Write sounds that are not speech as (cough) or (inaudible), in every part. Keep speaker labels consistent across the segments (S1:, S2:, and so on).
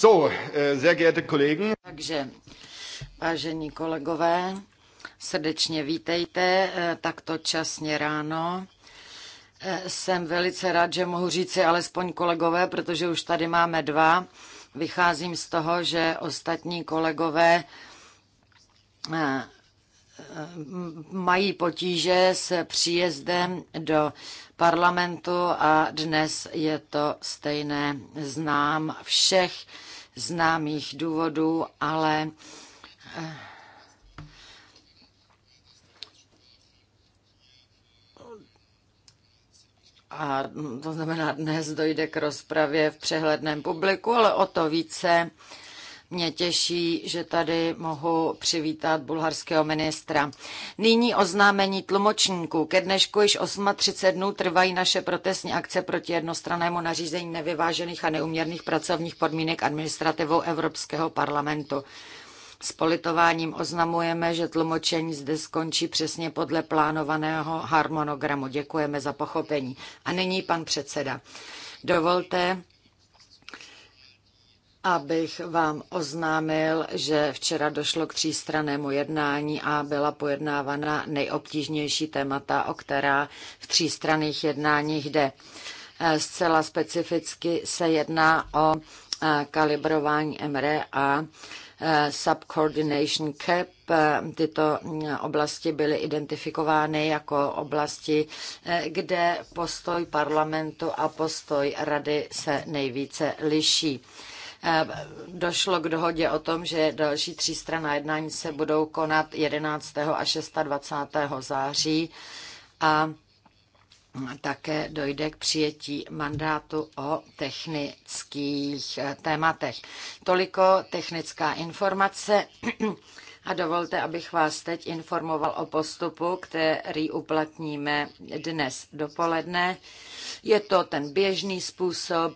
S1: So, äh, sehr geehrte Kollegen. Takže, vážení kolegové, srdečně vítejte äh, takto časně ráno. Äh, jsem velice rád, že mohu říci alespoň kolegové, protože už tady máme dva. Vycházím z toho, že ostatní kolegové mají potíže s příjezdem do parlamentu a dnes je to stejné. Znám všech známých důvodů, ale eh, a to znamená, dnes dojde k rozpravě v přehledném publiku, ale o to více mě těší, že tady mohu přivítat bulharského ministra. Nyní oznámení tlumočníků. Ke dnešku již 38 dnů trvají naše protestní akce proti jednostrannému nařízení nevyvážených a neuměrných pracovních podmínek administrativou Evropského parlamentu. S politováním oznamujeme, že tlumočení zde skončí přesně podle plánovaného harmonogramu. Děkujeme za pochopení. A nyní pan předseda. Dovolte, abych vám oznámil, že včera došlo k třístranému jednání a byla pojednávána nejobtížnější témata, o která v třístranných jednáních jde. Eh, zcela specificky se jedná o eh, kalibrování MRE a eh, subcoordination cap. Tyto oblasti byly identifikovány jako oblasti, kde postoj parlamentu a postoj rady se nejvíce liší. Eh, došlo k dohodě o tom, že další třístrana jednání se budou konat 11. a 26. září a také dojde k přijetí mandátu o technických eh, tématech. Toliko technická informace. A dovolte, abych vás teď informoval o postupu, který uplatníme dnes dopoledne. Je to ten běžný způsob,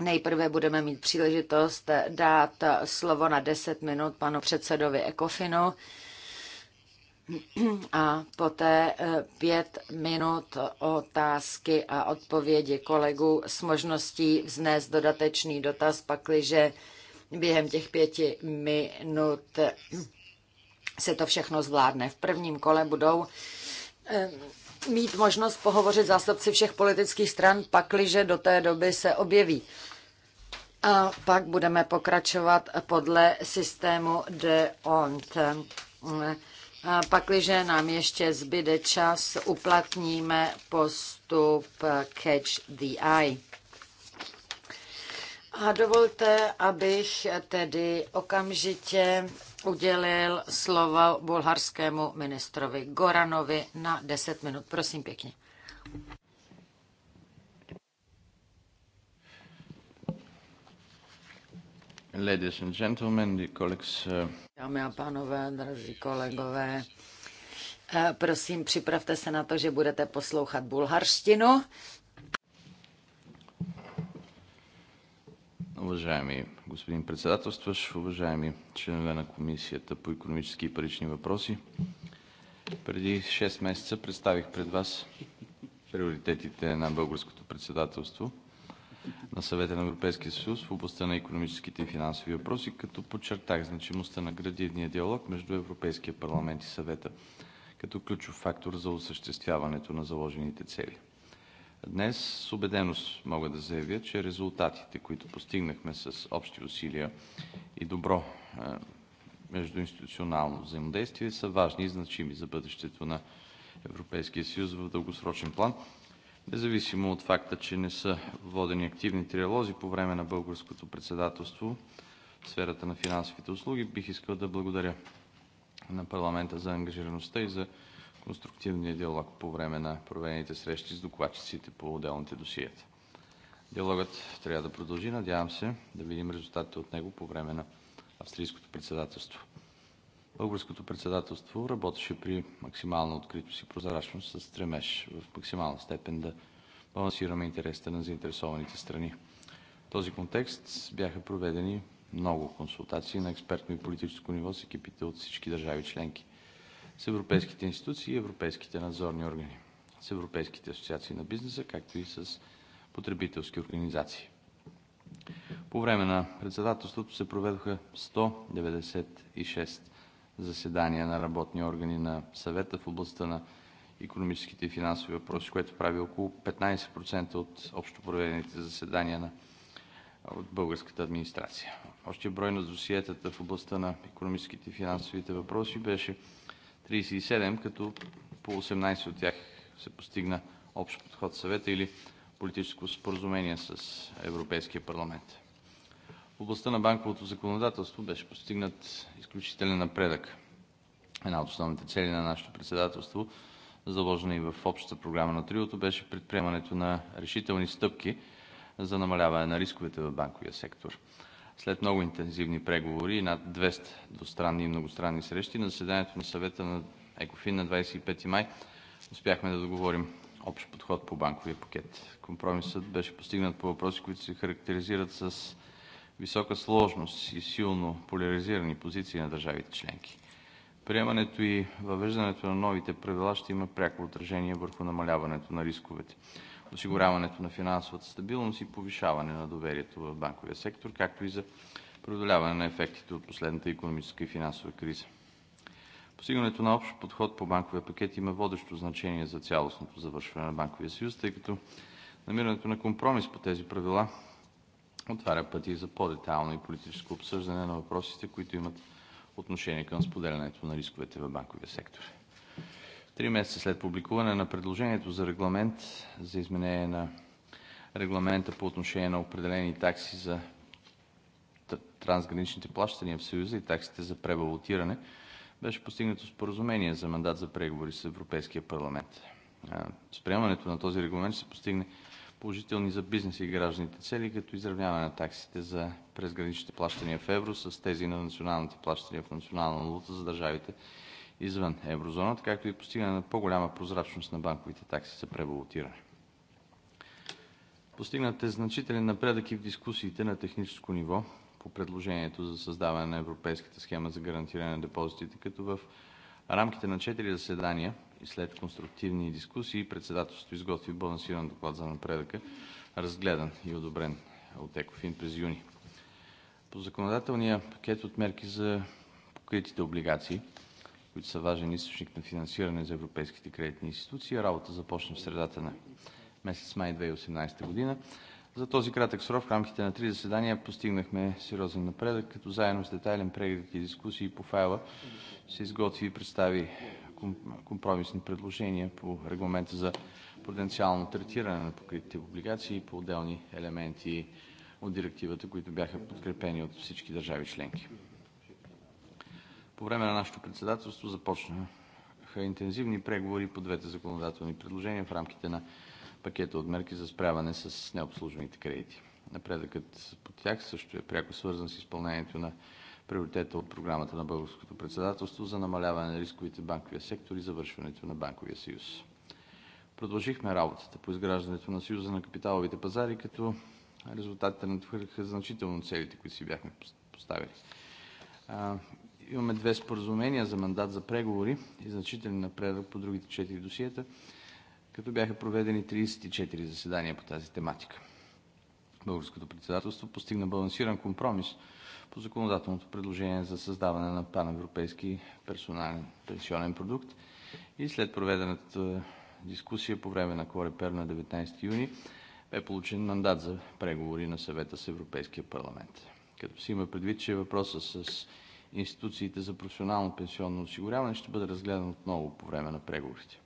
S1: Nejprve budeme mít příležitost dát slovo na 10 minut panu předsedovi Ekofinu a poté eh, pět minut otázky a odpovědi kolegů s možností vznést dodatečný dotaz, pakliže během těch pěti minut se to všechno zvládne. V prvním kole budou eh, mít možnost pohovořit zástupci všech politických stran, pakliže do té doby se objeví. A pak budeme pokračovat podle systému de ont. A pakliže nám ještě zbyde čas, uplatníme postup Catch the Eye. A dovolte, abych tedy okamžitě udělil slovo bulharskému ministrovi Goranovi na 10 minut. Prosím pěkně.
S2: Ladies and gentlemen, the colleagues, uh,
S1: Dámy a pánové, drazí kolegové, eh, prosím, připravte se na to, že budete poslouchat bulharštinu,
S2: Уважаеми господин председателстваш, уважаеми членове на Комисията по економически и парични въпроси! Преди 6 месеца представих пред Вас приоритетите на Българското председателство на Съвета на Европейския съюз в областта на економическите и финансови въпроси, като подчертах значимостта на градивния диалог между Европейския парламент и Съвета като ключов фактор за осъществяването на заложените цели. Днес с убеденост мога да заявя, че резултатите, които постигнахме с общи усилия и добро междуинституционално взаимодействие, са важни и значими за бъдещето на Европейския съюз в дългосрочен план, независимо от факта, че не са водени активни триалози по време на българското председателство в сферата на финансовите услуги. Бих искал да благодаря на парламента за ангажираността и за конструктивния диалог по време на проведените срещи с докладчиците по отделните досиета. Диалогът трябва да продължи. Надявам се да видим резултатите от него по време на австрийското председателство. Българското председателство работеше при максимална откритост и прозрачност с стремеж в максимална степен да балансираме интересите на заинтересованите страни. В този контекст бяха проведени много консултации на експертно и политическо ниво с екипите от всички държави членки с европейските институции и европейските надзорни органи, с европейските асоциации на бизнеса, както и с потребителски организации. По време на председателството се проведоха 196 заседания на работни органи на съвета в областта на економическите и финансови въпроси, което прави около 15% от общо проведените заседания на от българската администрация. Още брой на досиетата в областта на економическите и финансовите въпроси беше 37, като по 18 от тях се постигна общ подход съвета или политическо споразумение с Европейския парламент. В областта на банковото законодателство беше постигнат изключителен напредък. Една от основните цели на нашето председателство, заложена и в общата програма на триото, беше предприемането на решителни стъпки за намаляване на рисковете в банковия сектор. След много интензивни преговори и над 200 двустранни и многостранни срещи, на заседанието на съвета на ЕКОФИН на 25 май успяхме да договорим общ подход по банковия пакет. Компромисът беше постигнат по въпроси, които се характеризират с висока сложност и силно поляризирани позиции на държавите членки. Приемането и въвеждането на новите правила ще има пряко отражение върху намаляването на рисковете осигуряването на финансовата стабилност и повишаване на доверието в банковия сектор, както и за преодоляване на ефектите от последната економическа и финансова криза. Постигането на общ подход по банковия пакет има водещо значение за цялостното завършване на Банковия съюз, тъй като намирането на компромис по тези правила отваря пъти за по-детайлно и политическо обсъждане на въпросите, които имат отношение към споделянето на рисковете в банковия сектор. Три месеца след публикуване на предложението за регламент за изменение на регламента по отношение на определени такси за трансграничните плащания в Съюза и таксите за превалутиране, беше постигнато споразумение за мандат за преговори с Европейския парламент. С приемането на този регламент се постигне положителни за бизнес и гражданите цели, като изравняване на таксите за презграничните плащания в евро с тези на националните плащания в национална валута за държавите извън еврозоната, както и постигане на по-голяма прозрачност на банковите такси за превалутиране. Постигнат е значителен напредък и в дискусиите на техническо ниво по предложението за създаване на Европейската схема за гарантиране на депозитите, като в рамките на 4 заседания и след конструктивни дискусии председателството изготви балансиран доклад за напредъка, разгледан и одобрен от ЕКОФИН през юни. По законодателния пакет от мерки за покритите облигации които са важен източник на финансиране за европейските кредитни институции. Работа започна в средата на месец май 2018 година. За този кратък срок, в рамките на три заседания, постигнахме сериозен напредък, като заедно с детайлен преглед и дискусии по файла се изготви и представи компромисни предложения по регламента за потенциално третиране на покритите облигации по отделни елементи от директивата, които бяха подкрепени от всички държави членки. По време на нашето председателство започнаха интензивни преговори по двете законодателни предложения в рамките на пакета от мерки за справяне с необслужваните кредити. Напредъкът по тях също е пряко свързан с изпълнението на приоритета от програмата на българското председателство за намаляване на рисковите банковия сектор и завършването на банковия съюз. Продължихме работата по изграждането на Съюза на капиталовите пазари, като резултатите надхвърляха значително целите, които си бяхме поставили. Имаме две споразумения за мандат за преговори и значителен напредък по другите четири досиета, като бяха проведени 34 заседания по тази тематика. Българското председателство постигна балансиран компромис по законодателното предложение за създаване на паневропейски персонален пенсионен продукт и след проведената дискусия по време на Корепер на 19 юни бе получен мандат за преговори на съвета с Европейския парламент. Като си има предвид, че въпросът с институциите за професионално пенсионно осигуряване ще бъде разгледан отново по време на преговорите.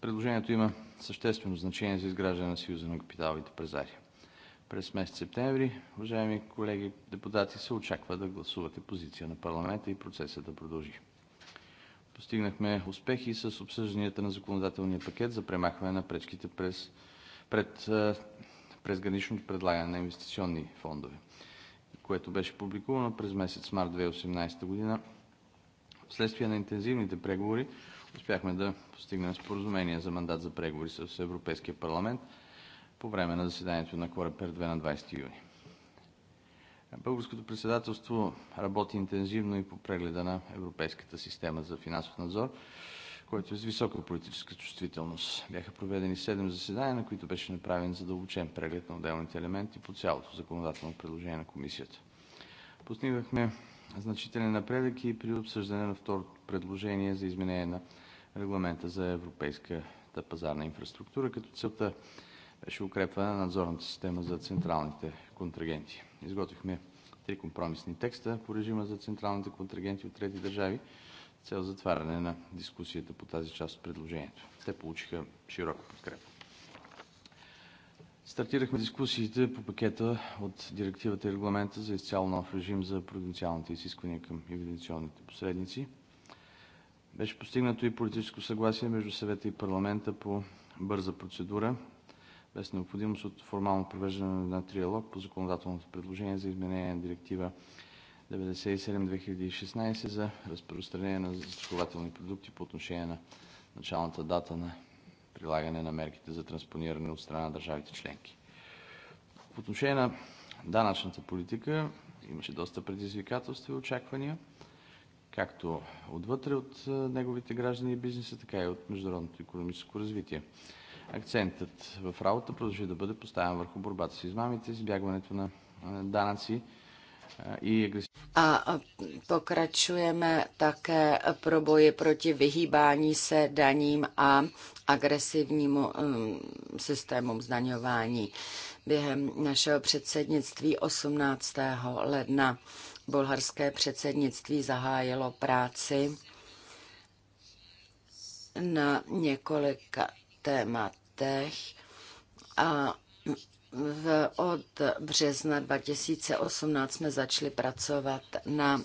S2: Предложението има съществено значение за изграждане на Съюза на капиталовите пазари. През месец септември, уважаеми колеги депутати, се очаква да гласувате позиция на парламента и процесът да продължи. Постигнахме успехи с обсъжданията на законодателния пакет за премахване на пречките през, пред граничното предлагане на инвестиционни фондове което беше публикувано през месец март 2018 година. Вследствие на интензивните преговори успяхме да постигнем споразумение за мандат за преговори с Европейския парламент по време на заседанието на Корепер 2 на 20 юни. Българското председателство работи интензивно и по прегледа на Европейската система за финансов надзор, който е с висока политическа чувствителност. Бяха проведени седем заседания, на които беше направен задълбочен преглед на отделните елементи по цялото законодателно предложение на комисията. Постигнахме значителен напредък и при обсъждане на второто предложение за изменение на регламента за европейската пазарна инфраструктура, като целта беше укрепване на надзорната система за централните контрагенти. Изготвихме три компромисни текста по режима за централните контрагенти от трети държави, цел затваряне на дискусията по тази част от предложението. Те получиха широка подкрепа. Стартирахме дискусиите по пакета от директивата и регламента за изцяло нов режим за провинциалните изисквания към евиденционните посредници. Беше постигнато и политическо съгласие между съвета и парламента по бърза процедура, без необходимост от формално провеждане на триалог по законодателното предложение за изменение на директива 97-2016 за разпространение на застрахователни продукти по отношение на началната дата на прилагане на мерките за транспониране от страна на държавите членки. По отношение на данъчната политика имаше доста предизвикателства и очаквания, както отвътре от неговите граждани и бизнеса, така и от международното економическо развитие. Акцентът в работа продължи да бъде поставен върху борбата с измамите, избягването на данъци a pokračujeme také pro boji proti vyhýbání
S1: se daním a agresivnímu um, systému zdaňování. Během našeho předsednictví 18. ledna bulharské předsednictví zahájilo práci na několika tématech a v, od března 2018 jsme začali pracovat na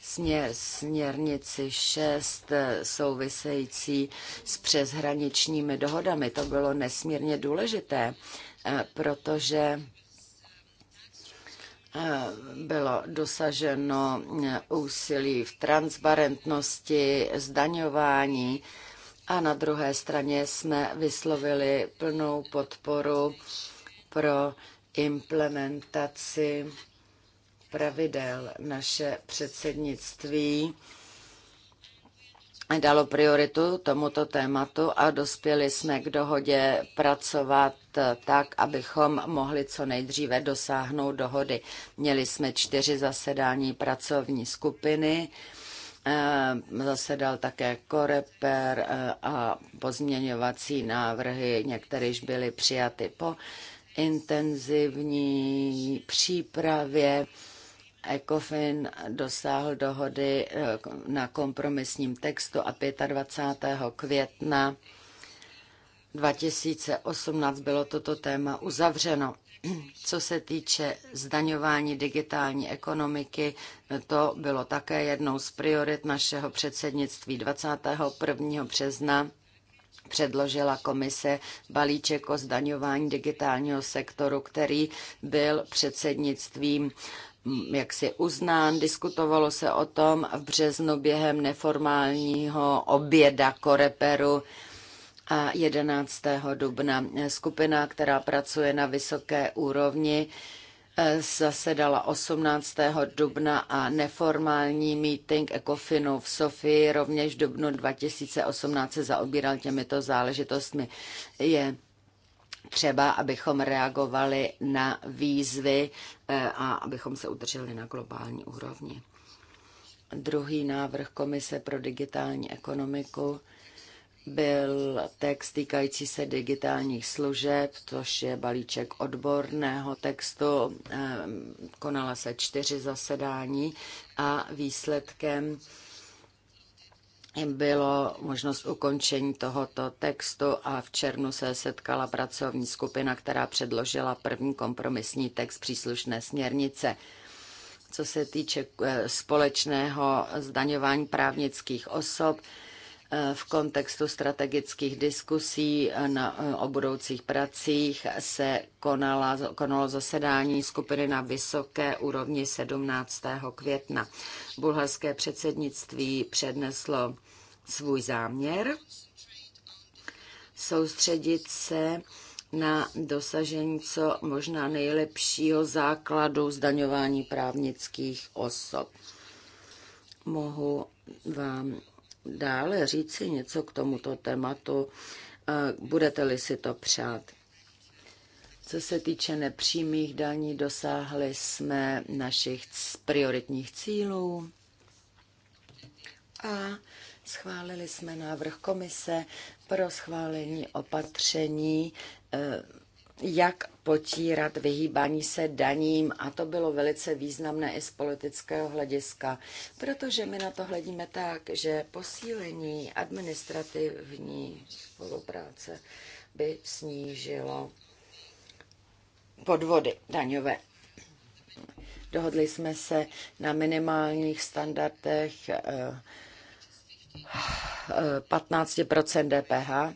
S1: směr, směrnici 6 související s přeshraničními dohodami. To bylo nesmírně důležité, eh, protože eh, bylo dosaženo eh, úsilí v transparentnosti, zdaňování, a na druhé straně jsme vyslovili plnou podporu pro implementaci pravidel. Naše předsednictví dalo prioritu tomuto tématu a dospěli jsme k dohodě pracovat tak, abychom mohli co nejdříve dosáhnout dohody. Měli jsme čtyři zasedání pracovní skupiny Eh, zasedal také koreper eh, a pozměňovací návrhy, některéž byly přijaty po intenzivní přípravě. ECOFIN dosáhl dohody eh, na kompromisním textu a 25. května 2018 bylo toto téma uzavřeno. Co se týče zdaňování digitální ekonomiky, to bylo také jednou z priorit našeho předsednictví 21. března předložila komise balíček o zdaňování digitálního sektoru, který byl předsednictvím mm, jak si uznán, diskutovalo se o tom v březnu během neformálního oběda Koreperu a 11. dubna. Skupina, která pracuje na vysoké úrovni, eh, zasedala 18. dubna a neformální meeting Ecofinu v Sofii rovněž v dubnu 2018 se zaobíral těmito záležitostmi. Je třeba, abychom reagovali na výzvy eh, a abychom se udrželi na globální úrovni. Druhý návrh Komise pro digitální ekonomiku byl text týkající se digitálních služeb, což je balíček odborného textu. Ehm, konala se čtyři zasedání a výsledkem bylo možnost ukončení tohoto textu a v červnu se setkala pracovní skupina, která předložila první kompromisní text příslušné směrnice co se týče eh, společného zdaňování právnických osob v kontextu strategických diskusí na, o budoucích pracích se konala, konalo zasedání skupiny na vysoké úrovni 17. května. Bulharské předsednictví předneslo svůj záměr soustředit se na dosažení co možná nejlepšího základu zdaňování právnických osob. Mohu vám dále říci něco k tomuto tématu, budete-li si to přát. Co se týče nepřímých daní, dosáhli jsme našich prioritních cílů a schválili jsme návrh komise pro schválení opatření eh, jak potírat vyhýbání se daním a to bylo velice významné i z politického hlediska, protože my na to hledíme tak, že posílení administrativní spolupráce by snížilo podvody daňové. Dohodli jsme se na minimálních standardech 15% eh, eh, DPH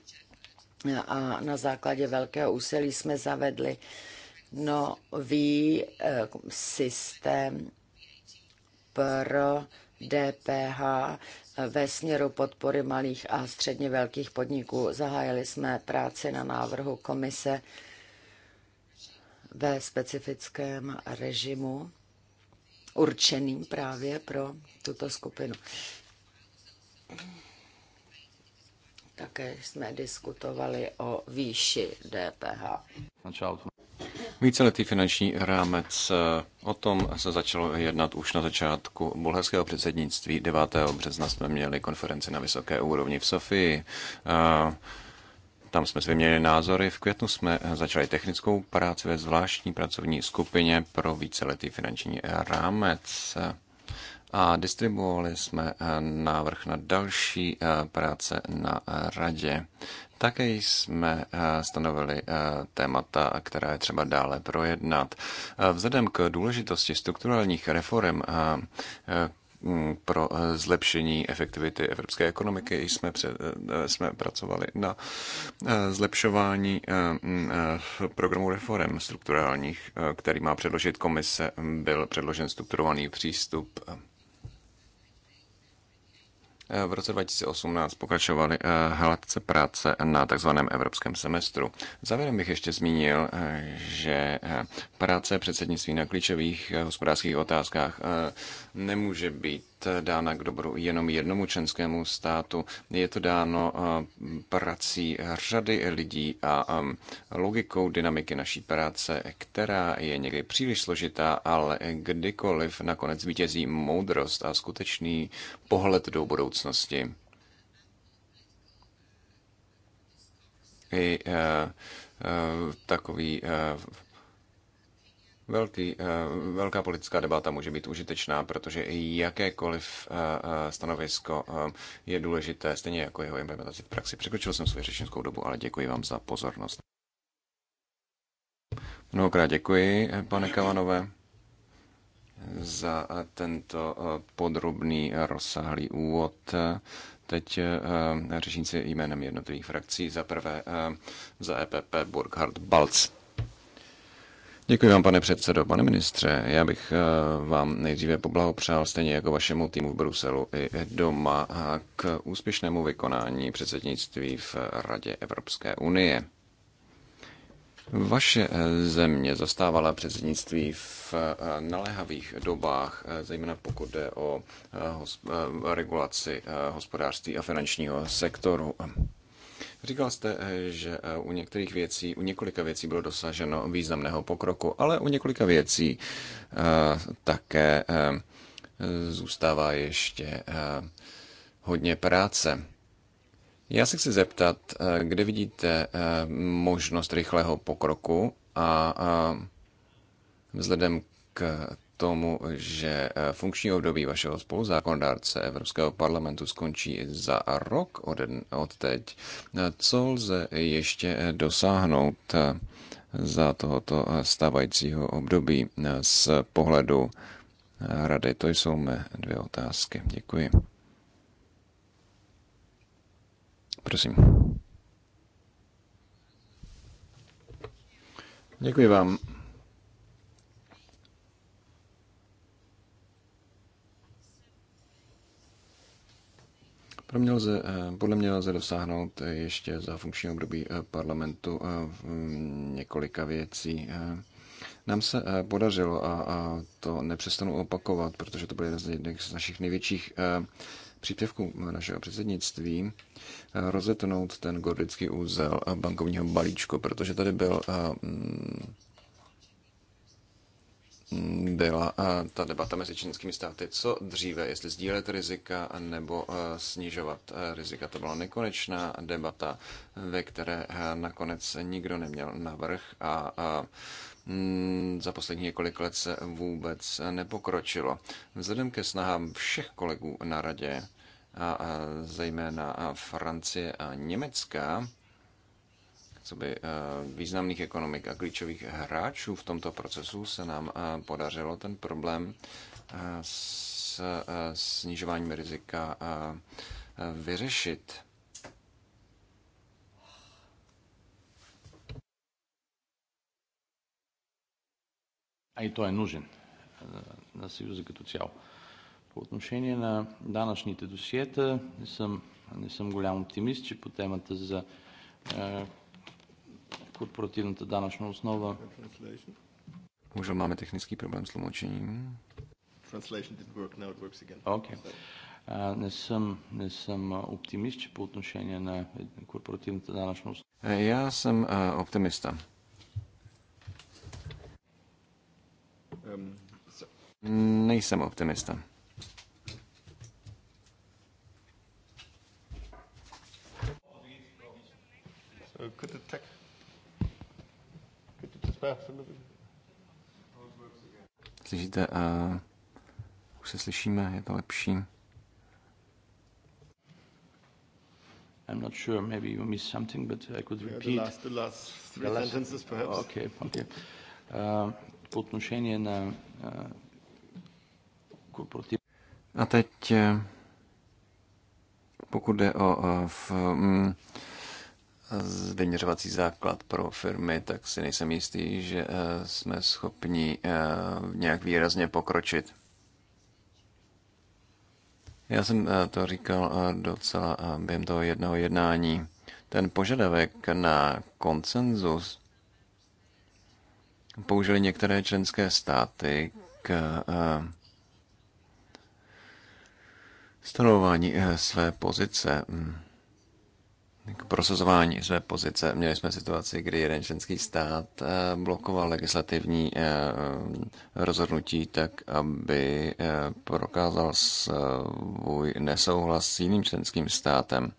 S1: a na základě velkého úsilí jsme zavedli nový eh, systém pro DPH eh, ve směru podpory malých a středně velkých podniků. Zahájili jsme práci na návrhu komise ve specifickém režimu určeným právě pro tuto skupinu. Také jsme diskutovali o výši DPH.
S3: Víceletý finanční rámec. Eh, o tom se začalo jednat už na začátku bulharského předsednictví. 9. března jsme měli konferenci na vysoké úrovni v Sofii. Eh, tam jsme si vyměnili názory. V květnu jsme začali technickou práci ve zvláštní pracovní skupině pro víceletý finanční rámec a distribuovali jsme eh, návrh na další eh, práce na eh, radě. Také jsme stanovili témata, která je třeba dále projednat. Vzhledem k důležitosti strukturálních reform, mm, pro zlepšení efektivity evropské ekonomiky. Jsme, před, jsme pracovali na zlepšování mm, programu reform strukturálních, který má předložit komise. Byl předložen strukturovaný přístup Eh, v roce 2018 pokračovaly eh, hladce práce na tzv. evropském semestru. Závěrem bych ještě zmínil, eh, že práce předsednictví na klíčových hospodářských otázkách nemůže být dána k dobru jenom jednomu členskému státu. Je to dáno eh, prací řady lidí a logikou dynamiky naší práce, která je někdy příliš složitá, ale kdykoliv nakonec vítězí moudrost a skutečný pohled do budoucnosti. I eh, eh, takový Velký, eh, velká politická debata může být užitečná, protože i jakékoliv eh, eh, stanovisko je důležité, stejně jako jeho implementaci v praxi. Překročil jsem svou řečnickou dobu, ale děkuji vám za pozornost. Mnohokrát děkuji, pane Kavanové, za tento podrobný rozsáhlý úvod. Teď řečníci jménem jednotlivých frakcí. Za prvé za EPP Burkhard Balc. Děkuji vám, pane předsedo. Pane ministře, já bych eh, vám nejdříve poblahopřál stejně jako vašemu týmu v Bruselu i doma eh, k úspěšnému vykonání předsednictví v Radě Evropské unie. Vaše eh, země zastávala předsednictví v naléhavých dobách, zejména pokud jde o regulaci hospodářství a finančního sektoru. Říkal jste, eh, že eh, u některých věcí, u několika věcí bylo dosaženo významného pokroku, ale u několika věcí eh, také zůstává ještě hodně práce. Já se chci zeptat, kde vidíte možnost rychlého pokroku a vzhledem k tomu, že eh, funkční období vašeho spoluzákonodárce Evropského parlamentu skončí za rok od, od teď, eh, co lze ještě eh, dosáhnout za tohoto stávajícího období z pohledu rady? To jsou mé dvě otázky. Děkuji. Prosím. Děkuji vám. Pro mě lze, eh, podle mě lze dosáhnout eh, ještě za funkční období eh, parlamentu mm, několika věcí. Nám se podařilo, a to nepřestanu opakovat, protože to byl jeden z našich největších příspěvku našeho předsednictví rozetnout ten gordický úzel bankovního balíčku, protože tady byl mm, byla eh, ta debata mezi čínskými státy, co dříve, jestli sdílet rizika nebo eh, snižovat eh, rizika. To byla nekonečná debata, ve které nakonec nikdo neměl navrh a, mm, za poslední několik let se vůbec nepokročilo. Vzhledem ke snahám všech kolegů na radě, a, zejména Francie a Německa, co by eh, významných ekonomik a klíčových hráčů v tomto procesu se nám eh, podařilo ten problém eh, s snižováním rizika vyřešit.
S2: A i to je nužen na Съюза като цяло. По отношение на данъчните досиета, не съм, не съм голям оптимист, че по темата за корпоративната данъчна основа. Možná máme technický problém s tlumočením.
S4: Translation didn't work, now it works again. Okay.
S2: Не съм, не съм оптимист, че по отношение на корпоративната данъчна основа.
S3: Já jsem uh, optimista.
S4: Um, so.
S3: Nejsem optimista. could the tech Slyšíte? Uh,
S2: už se slyšíme, je to lepší. I'm not sure, maybe you missed something, but I could repeat. Yeah,
S4: the, last, the last three the last, sentences, perhaps.
S2: Okay, okay. Uh, eh, по na uh,
S3: A teď, pokud jde o uh, v, um, vyměřovací základ pro firmy, tak si nejsem jistý, že eh, jsme schopni eh, nějak výrazně pokročit. Já jsem eh, to říkal docela během toho jednoho jednání. Ten požadavek na koncenzus použili některé členské státy k stanovování své pozice. Hmm k prosazování své pozice. Měli jsme situaci, kdy jeden členský stát eh, blokoval legislativní eh, rozhodnutí tak, aby eh, prokázal svůj nesouhlas s jiným členským státem.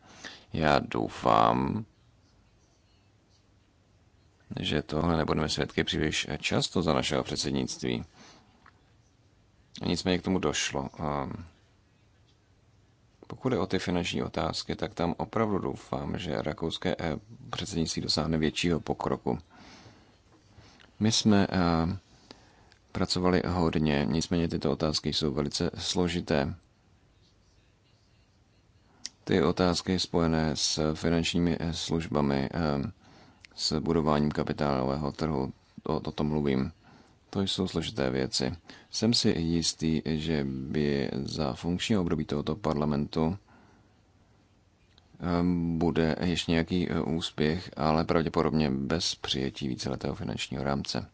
S3: Já doufám, že tohle nebudeme svědky příliš často za našeho předsednictví. Nicméně k tomu došlo. Pokud je o ty finanční otázky, tak tam opravdu doufám, že rakouské eh, předsednictví dosáhne většího pokroku. My jsme eh, pracovali hodně, nicméně tyto otázky jsou velice složité. Ty otázky spojené s finančními eh, službami, s budováním kapitálového trhu, o, o tom mluvím. To jsou složité věci. Jsem si jistý, že by za funkční období tohoto parlamentu ehm, bude ještě nějaký e, úspěch, ale pravděpodobně bez přijetí víceletého finančního rámce.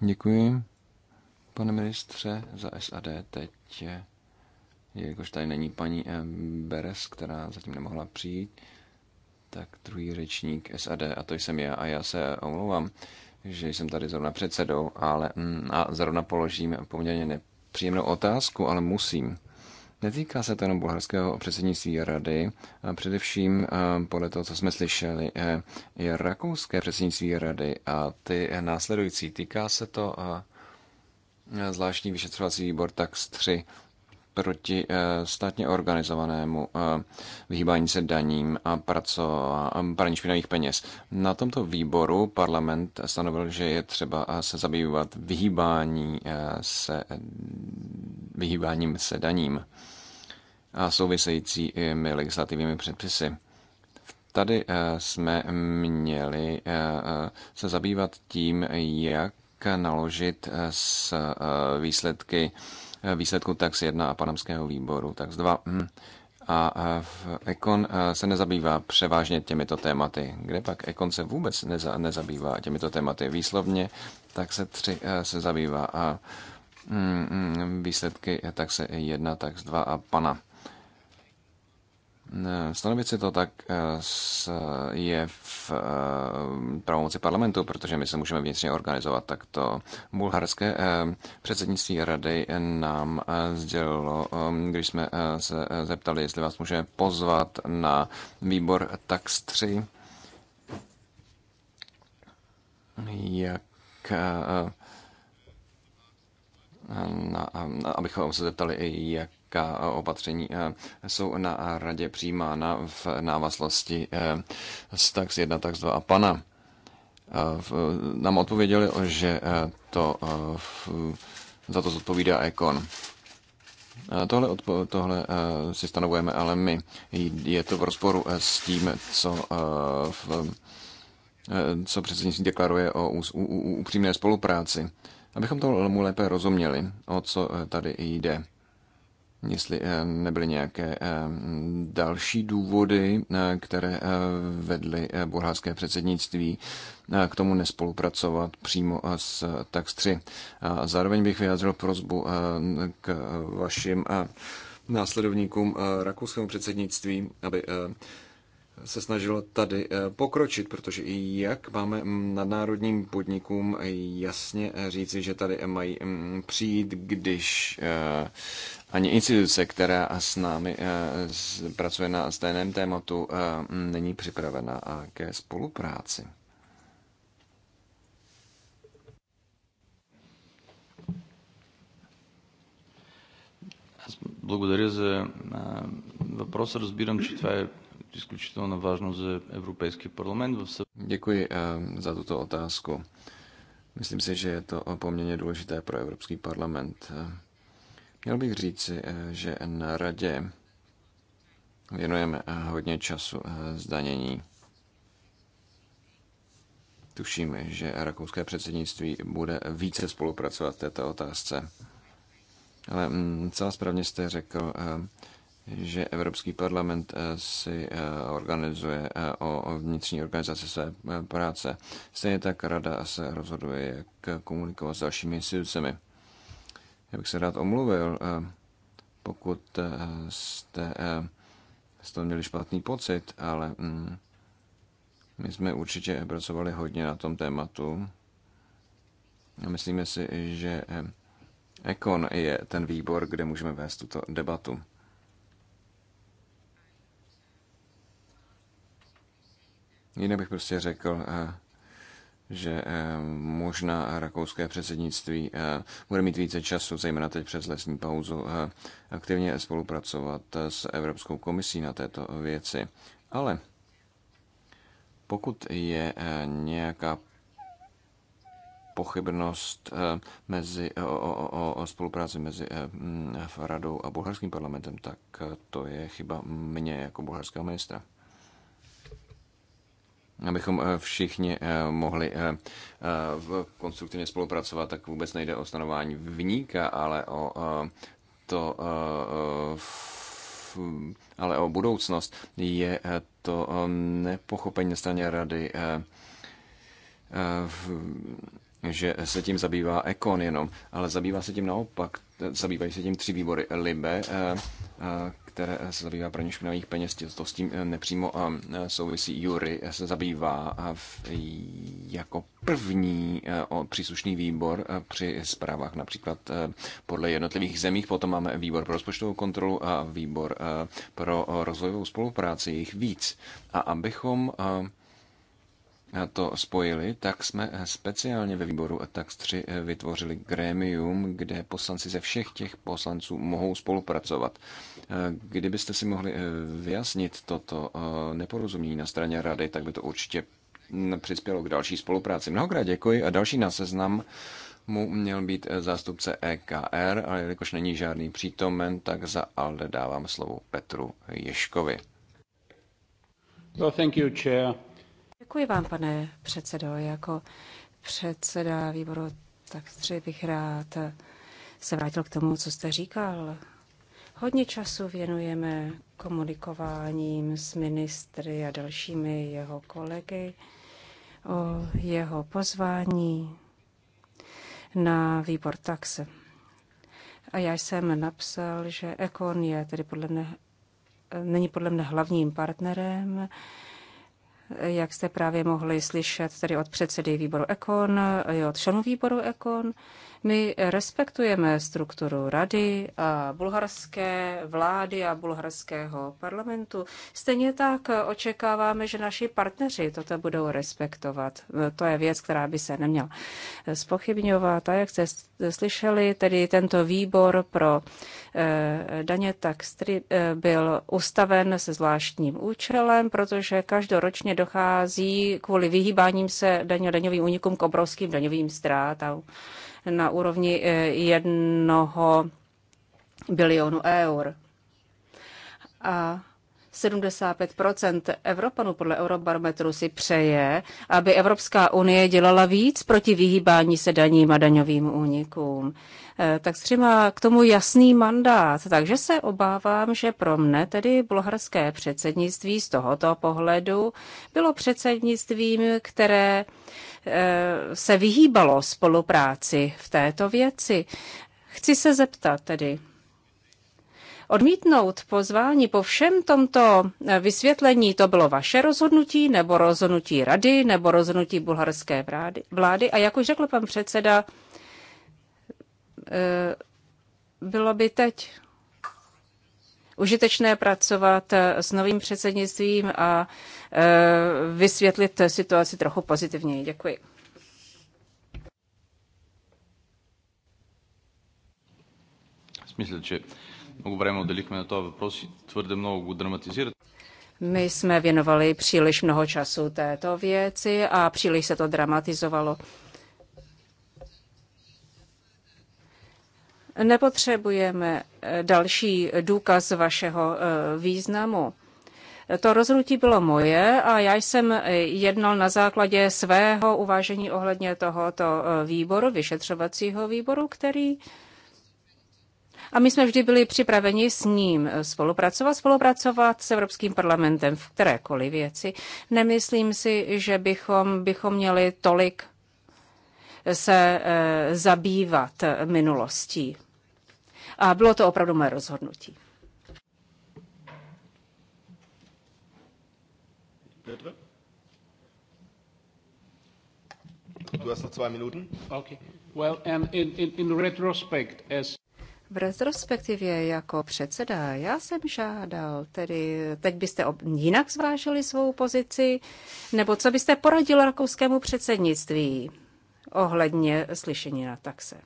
S3: Děkuji, pane ministře, za SAD. Teď, e, jelikož tady není paní e, Beres, která zatím nemohla přijít, tak druhý řečník SAD, a to jsem já, a já se omlouvám, že jsem tady zrovna předsedou, ale mm, a zrovna položím poměrně nepříjemnou otázku, ale musím. Netýká se to jenom bulharského předsednictví rady, a především podle toho, co jsme slyšeli, e, je rakouské předsednictví rady a ty následující. Týká se to zvláštní vyšetřovací výbor TAX 3 proti eh, státně organizovanému eh, vyhýbání se daním a praní špinavých peněz. Na tomto výboru parlament stanovil, že je třeba eh, se zabývat vyhýbání se, vyhýbáním se daním a souvisejícími legislativními předpisy. Tady jsme měli se zabývat tím, jak naložit s výsledky výsledku tax 1 a panamského výboru tax 2. Hmm. A v Ekon se nezabývá převážně těmito tématy. Kde pak Ekon se vůbec neza, nezabývá těmito tématy výslovně, tak se 3 se zabývá a mm, mm, výsledky tak tax 1, tax 2 a pana Eh, stanovit si to tak eh, je v eh, pravomoci parlamentu, protože my se můžeme vnitřně organizovat takto. Bulharské předsednictví rady nám sdělilo, když jsme se zeptali, jestli vás můžeme pozvat na výbor TAX 3, jak na, abychom se zeptali, jak jaká opatření eh, jsou na radě přijímána v návaznosti eh, z tax 1, tax 2 a pana. Eh, nám odpověděli, že to za to zodpovídá Ekon. Tohle, odpo- tohle uh, si stanovujeme, ale my. Je to v rozporu s tím, co, uh, v, uh, co předsednictví deklaruje o upřímné spolupráci. Abychom tomu lépe rozuměli, o co tady jde jestli eh, nebyly nějaké eh, další důvody, eh, které vedly bulharské předsednictví k tomu nespolupracovat přímo s TAX 3. zároveň bych vyjádřil prozbu k vašim následovníkům rakouskému předsednictví, aby se snažilo tady pokročit, protože i jak máme mm, nadnárodním podnikům jasně říci, že tady mají mm, přijít, když ani instituce, která s námi eh, pracuje na stejném tématu, eh, není připravena ke spolupráci.
S2: Благодаря за въпроса. Разбирам, че това е изключително важно за Европейския парламент. Děkuji za tuto otázku.
S3: Myslím si, že je to poměrně důležité pro Evropský parlament. Měl bych říci, eh, že na radě věnujeme eh, hodně času eh, zdanění. Tuším, že rakouské předsednictví bude více spolupracovat v této otázce. Ale mm, celá správně jste řekl, že Evropský parlament si organizuje o vnitřní organizaci své práce. Stejně tak rada se rozhoduje, jak komunikovat s dalšími institucemi. Já bych se rád omluvil, eh, pokud eh, jste, eh, toho měli špatný pocit, ale mm, my jsme určitě pracovali hodně na tom tématu. A myslíme si, že Ekon je ten výbor, kde můžeme vést tuto debatu. Jinak bych prostě řekl, že eh, možná rakouské předsednictví eh, bude mít více času, zejména teď přes lesní pauzu, eh, aktivně spolupracovat s Evropskou komisí na této věci. Ale pokud je nějaká pochybnost mezi, o, o, o spolupráci mezi radou a bulharským parlamentem, tak to je chyba mě jako bulharského ministra abychom eh, všichni eh, mohli eh, konstruktivně spolupracovat, tak vůbec nejde o stanování vníka, ale o to ale o budoucnost je to nepochopení na straně rady že se tím zabývá Ekon jenom, ale zabývá se tím naopak, zabývají se tím tři výbory Libe, které se zabývá praní špinavých peněz, to s tím eh, nepřímo eh, souvisí. Jury se zabývá jako první eh, o příslušný výbor při zprávách například podle jednotlivých zemích. Potom máme výbor pro rozpočtovou kontrolu a výbor pro rozvojovou spolupráci, jich víc. A abychom to spojili, tak jsme speciálně ve výboru TAX 3 eh, vytvořili grémium, kde poslanci ze všech těch poslanců mohou spolupracovat. Eh, kdybyste si mohli eh, vyjasnit toto neporozumění na straně rady, tak by to určitě mm, přispělo k další spolupráci. Mnohokrát děkuji a další na seznam mu měl být zástupce EKR, ale jelikož není žádný přítomen, tak za ALDE dávám slovo Petru Ješkovi.
S2: Well, thank you, chair.
S5: Děkuji vám, pane předsedo. Jako předseda výboru tak tři bych rád se vrátil k tomu, co jste říkal. Hodně času věnujeme komunikováním s ministry a dalšími jeho kolegy o jeho pozvání na výbor taxe. A já jsem napsal, že Ekon je tedy podle mne, není podle mne hlavním partnerem jak jste právě mohli slyšet tedy od předsedy výboru Ekon, i od členů výboru Ekon, my respektujeme strukturu rady a bulharské vlády a bulharského parlamentu. Stejně tak očekáváme, že naši partneři toto budou respektovat. To je věc, která by se neměla spochybňovat. A jak jste slyšeli, tedy tento výbor pro eh, daně tak eh, byl ustaven se zvláštním účelem, protože každoročně dochází kvůli vyhýbáním se daně daňovým únikům k obrovským daňovým ztrátám na úrovni eh, jednoho bilionu eur. A 75 Evropanů podle Eurobarometru si přeje, aby Evropská unie dělala víc proti vyhýbání se daním a daňovým únikům. Eh, tak třeba k tomu jasný mandát. Takže se obávám, že pro mne tedy bulharské předsednictví z tohoto pohledu bylo předsednictvím, které eh, se vyhýbalo spolupráci v této věci. Chci se zeptat tedy, Odmítnout pozvání po všem tomto eh, vysvětlení, to bylo vaše rozhodnutí, nebo rozhodnutí rady, nebo rozhodnutí bulharské vlády. A jak už řekl pan předseda, Eh, bylo by teď užitečné pracovat eh, s novým předsednictvím a eh, vysvětlit situaci trochu pozitivněji. Děkuji.
S2: Myslím, že много време отделихме na този въпрос и твърде много dramatizovat.
S5: My jsme věnovali příliš mnoho času této věci a příliš se to dramatizovalo. Nepotřebujeme eh, další důkaz vašeho eh, významu. To rozhodnutí bylo moje a já jsem eh, jednal na základě svého uvážení ohledně tohoto výboru, vyšetřovacího výboru, který. A my jsme vždy byli připraveni s ním spolupracovat, spolupracovat s Evropským parlamentem v kterékoliv věci. Nemyslím si, že bychom, bychom měli tolik se eh, zabývat minulostí. A bylo to opravdu moje rozhodnutí.
S4: Petr? Du hast noch zwei Minuten. Okay. Well, and in, in, in retrospect, as...
S5: V retrospektivě jako předseda já jsem žádal, tedy teď byste ob, jinak zvážili svou pozici, nebo co byste poradil rakouskému předsednictví? ohledně slyšení na taxe.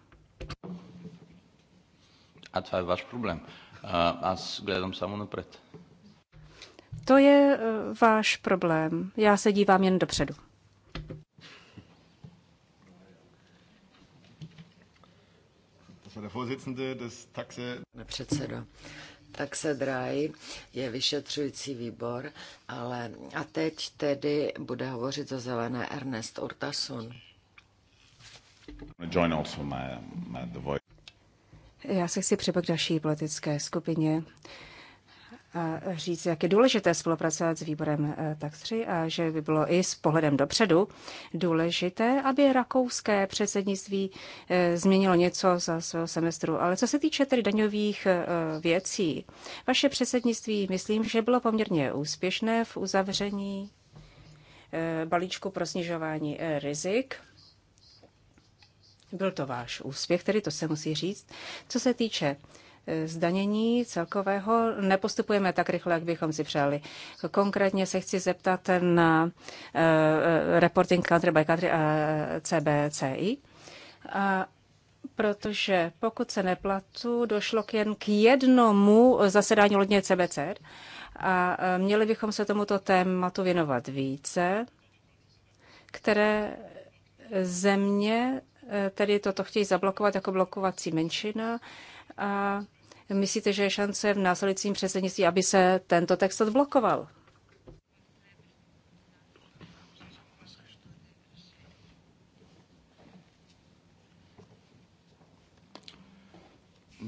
S2: A to je váš problém. A gledám samo napřed.
S5: To je e, váš problém. Já se dívám jen dopředu.
S1: Pane předsedo, tak se dráj, je vyšetřující výbor, ale a teď tedy bude hovořit za zelené Ernest Urtasun.
S5: Já se chci přepak další politické skupině a říct, jak je důležité spolupracovat s výborem eh, tak 3 a že by bylo i s pohledem dopředu důležité, aby rakouské předsednictví eh, změnilo něco za svého semestru. Ale co se týče tedy daňových eh, věcí, vaše předsednictví, myslím, že bylo poměrně úspěšné v uzavření balíčku pro snižování rizik byl to váš úspěch, tedy to se musí říct. Co se týče e, zdanění celkového nepostupujeme tak rychle, jak bychom si přáli. Konkrétně se chci zeptat na e, e, reporting country by country a CBCI. A protože pokud se neplatu, došlo k jen k jednomu zasedání lodně CBCR a měli bychom se tomuto tématu věnovat více, které země Eh, tedy toto chtějí zablokovat jako blokovací menšina. A myslíte, že je šance v následujícím předsednictví, aby se tento text odblokoval?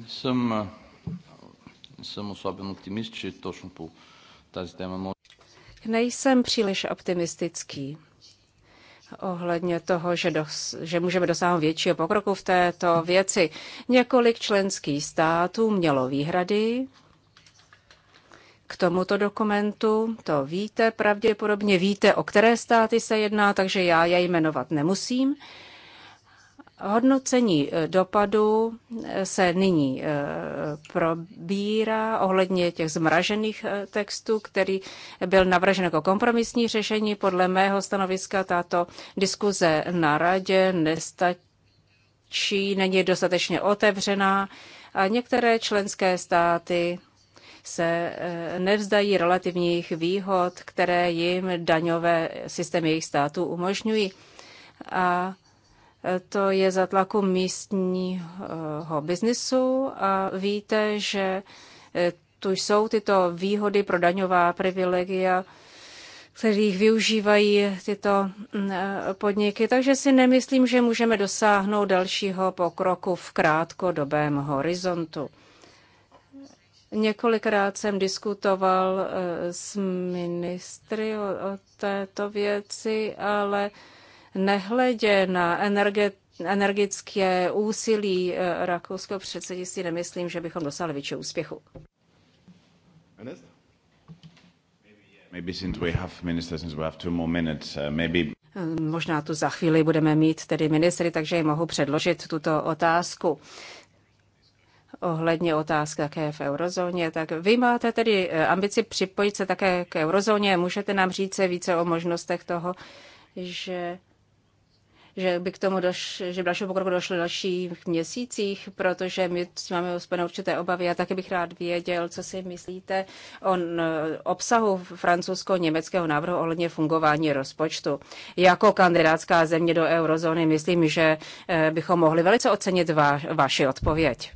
S2: Jsem, jsem oslaben optimist, že to, po tady téma
S5: Nejsem příliš optimistický ohledně toho, že, dos, že můžeme dosáhnout většího pokroku v této věci. Několik členských států mělo výhrady k tomuto dokumentu. To víte, pravděpodobně víte, o které státy se jedná, takže já je jmenovat nemusím. Hodnocení eh, dopadu eh, se nyní eh, probírá ohledně těch zmražených textů, který byl navržen jako kompromisní řešení. Podle mého stanoviska tato diskuze na radě nestačí, není dostatečně otevřená a některé členské státy se nevzdají relativních výhod, které jim daňové systémy jejich států umožňují. A Eh, to je za tlaku místního biznisu a víte, že eh, tu jsou tyto výhody pro daňová privilegia, kterých využívají tyto mm, eh, podniky. Takže si nemyslím, že můžeme dosáhnout dalšího pokroku v krátkodobém horizontu. Několikrát jsem diskutoval s ministry o, o této věci, ale nehledě na energetické energické úsilí eh, rakouského předsednictví, nemyslím, že bychom dosáhli větší úspěchu.
S4: Eh,
S2: eh,
S5: možná tu za chvíli budeme mít tedy ministry, takže jim mohu předložit tuto otázku ohledně otázky je v eurozóně. Tak vy máte tedy ambici připojit se také k eurozóně. Můžete nám říct více o možnostech toho, že že by k tomu doš, že dalšího pokroku došlo v dalších měsících, protože my máme uspojené určité obavy a taky bych rád věděl, co si myslíte o obsahu francouzsko-německého návrhu ohledně fungování rozpočtu. Jako kandidátská země do eurozóny myslím, že eh, bychom mohli velice ocenit va, vaši odpověď.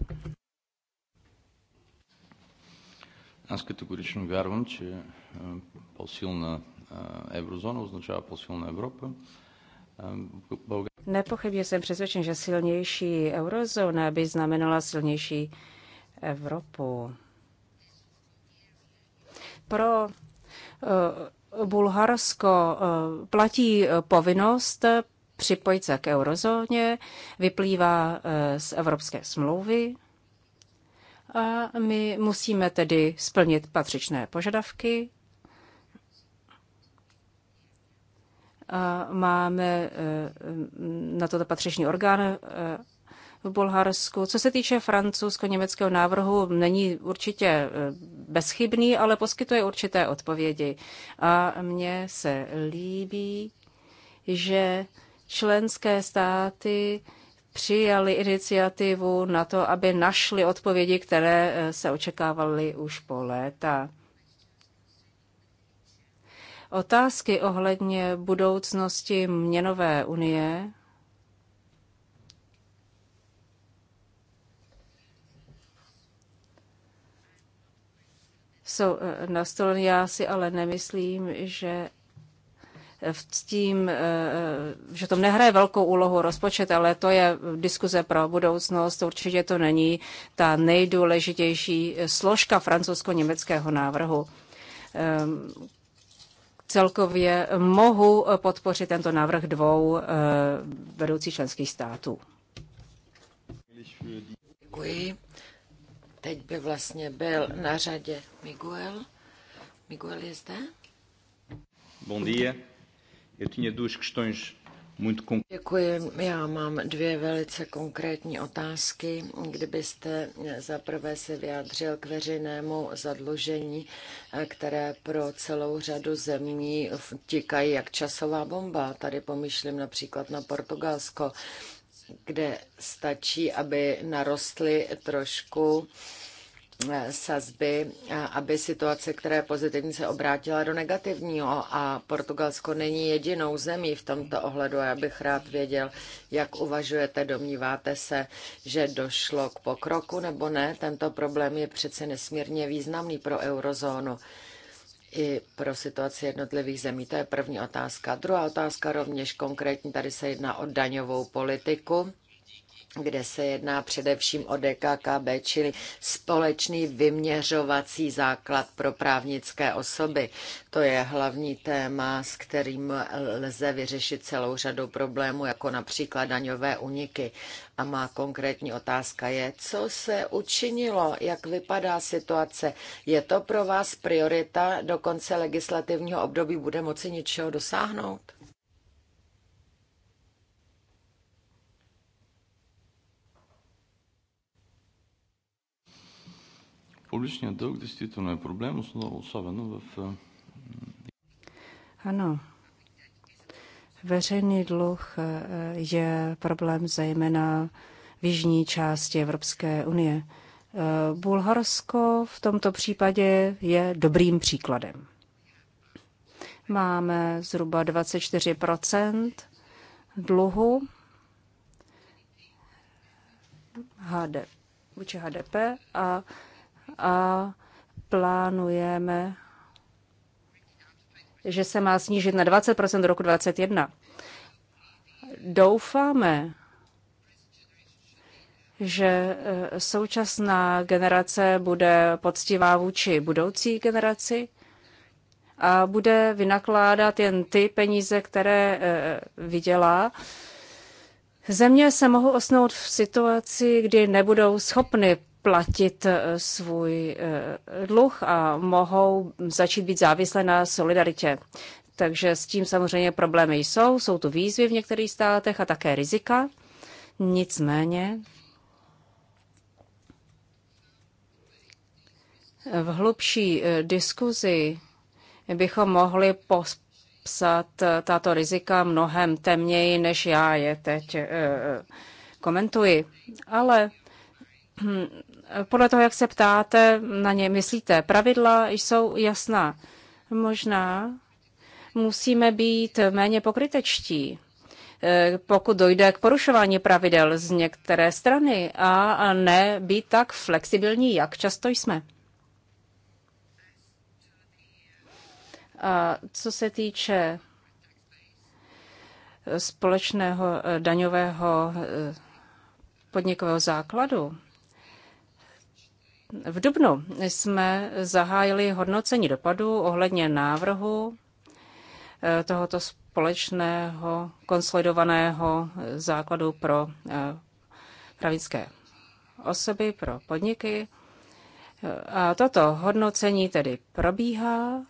S2: Аз категорично вярвам, че по-силна еврозона означава по Европа.
S5: Nepochybně jsem přesvědčen, že silnější eurozóna by znamenala silnější Evropu. Pro eh, Bulharsko eh, platí eh, povinnost připojit se k eurozóně, vyplývá z Evropské smlouvy a my musíme tedy splnit patřičné požadavky máme eh, na to patřičný orgán eh, v Bulharsku. Co se týče francouzsko-německého návrhu, není určitě eh, bezchybný, ale poskytuje určité odpovědi. A mně se líbí, že členské státy přijali iniciativu na to, aby našli odpovědi, které se očekávaly už po léta. Otázky ohledně budoucnosti měnové unie jsou eh, nastoleny. Já si ale nemyslím, že v tím, eh, eh, že tom nehraje velkou úlohu rozpočet, ale to je diskuze pro budoucnost. Určitě to není ta nejdůležitější složka francouzsko-německého návrhu. Ehm, celkově mohu podpořit tento návrh dvou eh, vedoucích členských
S1: států. Děkuji. Teď by vlastně byl na řadě Miguel. Miguel je zde?
S3: Bom dia. Eu tinha duas questões
S1: Děkuji. Já mám dvě velice konkrétní otázky. Kdybyste zaprvé se vyjádřil k veřejnému zadlužení, které pro celou řadu zemí tikají jak časová bomba. Tady pomýšlím například na Portugalsko, kde stačí, aby narostly trošku sazby, aby situace, která je pozitivní, se obrátila do negativního a Portugalsko není jedinou zemí v tomto ohledu a já bych rád věděl, jak uvažujete, domníváte se, že došlo k pokroku nebo ne. Tento problém je přece nesmírně významný pro eurozónu i pro situaci jednotlivých zemí. To je první otázka. Druhá otázka rovněž konkrétní, tady se jedná o daňovou politiku kde se jedná především o DKKB, čili společný vyměřovací základ pro právnické osoby. To je hlavní téma, s kterým lze vyřešit celou řadu problémů, jako například daňové uniky. A má konkrétní otázka je, co se učinilo, jak vypadá situace. Je to pro vás priorita do konce legislativního období? Bude moci něčeho dosáhnout?
S2: Публичният дълг действително е проблем, особено в...
S5: Ano, veřejný dluh eh, je problém zejména v jižní části Evropské unie. Eh, Bulharsko v tomto případě je dobrým příkladem. Máme zhruba 24 dluhu HD, vůči HDP a a plánujeme, že se má snížit na 20 do roku 2021. Doufáme, že eh, současná generace bude poctivá vůči budoucí generaci a bude vynakládat jen ty peníze, které eh, vydělá. Země se mohou osnout v situaci, kdy nebudou schopny platit eh, svůj eh, dluh a mohou začít být závislé na solidaritě. Takže s tím samozřejmě problémy jsou, jsou tu výzvy v některých státech a také rizika. Nicméně v hlubší eh, diskuzi bychom mohli popsat tato rizika mnohem temněji, než já je teď komentuji. Ale hm, podle toho, jak se ptáte, na ně myslíte. Pravidla jsou jasná. Možná musíme být méně pokrytečtí, eh, pokud dojde k porušování pravidel z některé strany a ne být tak flexibilní, jak často jsme. A co se týče eh, společného eh, daňového podnikového základu, v dubnu jsme zahájili hodnocení dopadu ohledně návrhu eh, tohoto společného konsolidovaného základu pro eh, pravické osoby, pro podniky. Eh, a toto hodnocení tedy probíhá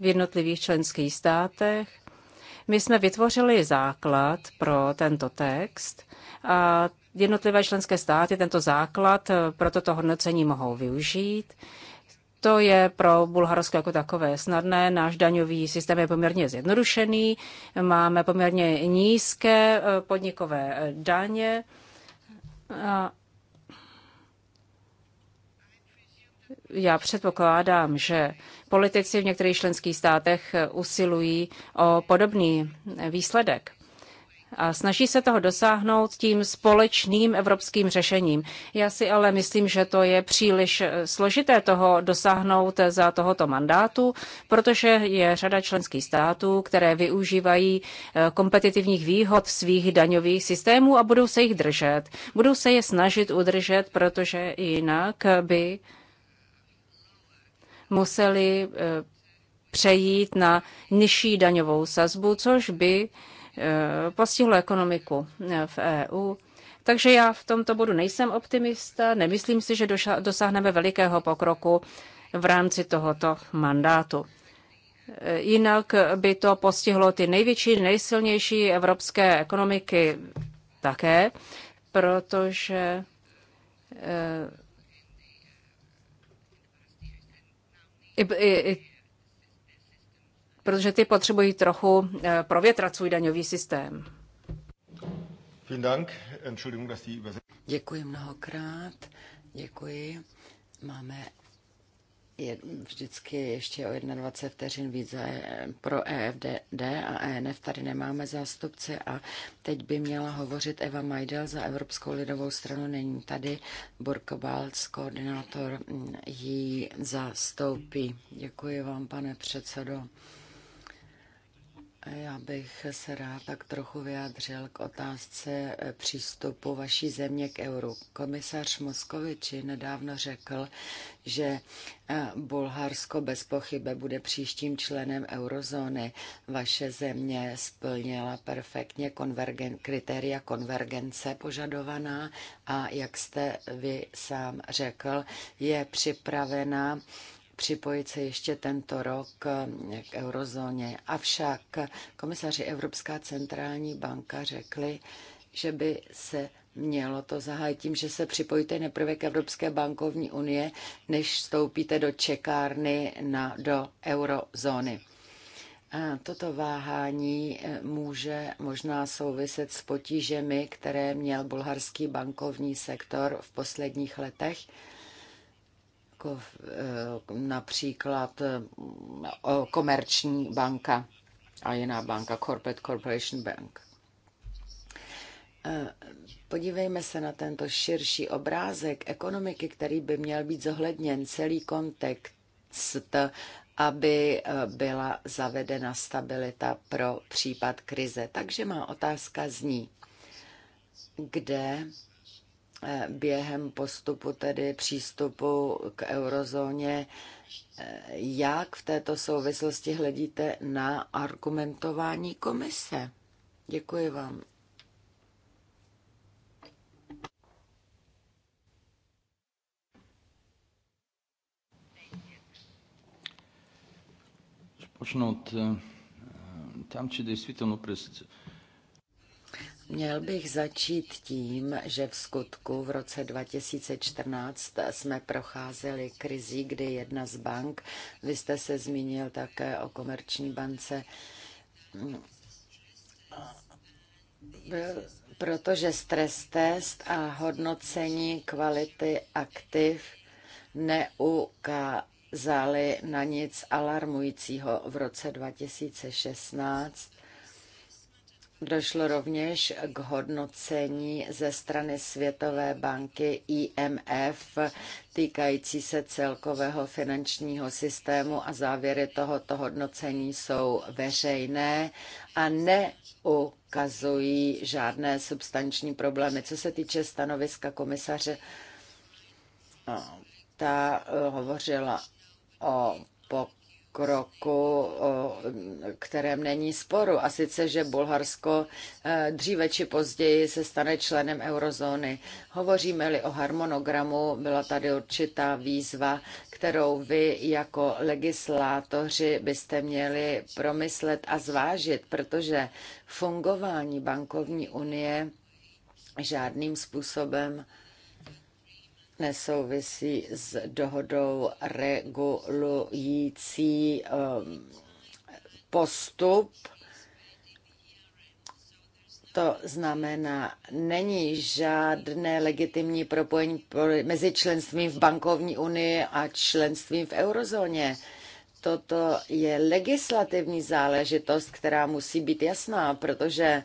S5: v jednotlivých členských státech. My jsme vytvořili základ pro tento text a jednotlivé členské státy tento základ eh, pro toto hodnocení mohou využít. To je pro Bulharsko jako takové snadné. Náš daňový systém je poměrně zjednodušený. Máme poměrně nízké eh, podnikové eh, daně. A já předpokládám, že politici v některých členských státech usilují o podobný výsledek a snaží se toho dosáhnout tím společným evropským řešením. Já si ale myslím, že to je příliš eh, složité toho dosáhnout za tohoto mandátu, protože je řada členských států, které využívají eh, kompetitivních výhod svých daňových systémů a budou se jich držet. Budou se je snažit udržet, protože jinak by museli eh, přejít na nižší daňovou sazbu, což by Eh, postihlo ekonomiku eh, v EU. Takže já v tomto bodu nejsem optimista, nemyslím si, že dosáhneme velikého pokroku v rámci tohoto mandátu. Eh, jinak by to postihlo ty největší, nejsilnější evropské ekonomiky také, protože i, i, protože ty potřebují trochu eh, provětrat svůj daňový systém.
S1: Děkuji mnohokrát. Děkuji. Máme je vždycky ještě o 21 vteřin více pro EFD a ENF. Tady nemáme zástupce a teď by měla hovořit Eva Majdel za Evropskou lidovou stranu. Není tady. Burko Balc, koordinátor, jí zastoupí. Děkuji vám, pane předsedo. Já bych se rád tak trochu vyjádřil k otázce eh, přístupu vaší země k euru. Komisař Moskoviči nedávno řekl, že eh, Bulharsko bez pochybe bude příštím členem eurozóny. Vaše země splnila perfektně konvergen, kritéria konvergence požadovaná a, jak jste vy sám řekl, je připravená připojit se ještě tento rok eh, k eurozóně. Avšak komisaři Evropská centrální banka řekli, že by se mělo to zahájit tím, že se připojíte nejprve k Evropské bankovní unie, než vstoupíte do čekárny na, do eurozóny. A toto váhání eh, může možná souviset s potížemi, které měl bulharský bankovní sektor v posledních letech Eh, například eh, komerční banka a jiná banka, Corporate Corporation Bank. Eh, podívejme se na tento širší obrázek ekonomiky, který by měl být zohledněn celý kontext, aby byla zavedena stabilita pro případ krize. Takže má otázka zní, kde Eh, během postupu, tedy přístupu k eurozóně. Eh, jak v této souvislosti hledíte na argumentování komise? Děkuji vám.
S2: Počnout od tam, či действително през
S1: Měl bych začít tím, že v skutku v roce 2014 jsme procházeli krizí, kdy jedna z bank, vy jste se zmínil také o komerční bance, byl protože stres test a hodnocení kvality aktiv neukázaly na nic alarmujícího v roce 2016. Došlo rovněž k hodnocení ze strany Světové banky IMF týkající se celkového finančního systému a závěry tohoto hodnocení jsou veřejné a neukazují žádné substanční problémy. Co se týče stanoviska komisaře, no, ta eh, hovořila o pok kroku, o kterém není sporu. A sice, že Bulharsko e, dříve či později se stane členem eurozóny. Hovoříme-li o harmonogramu, byla tady určitá výzva, kterou vy jako legislátoři byste měli promyslet a zvážit, protože fungování bankovní unie žádným způsobem nesouvisí s dohodou regulující um, postup. To znamená, není žádné legitimní propojení mezi členstvím v bankovní unii a členstvím v eurozóně. Toto je legislativní záležitost, která musí být jasná, protože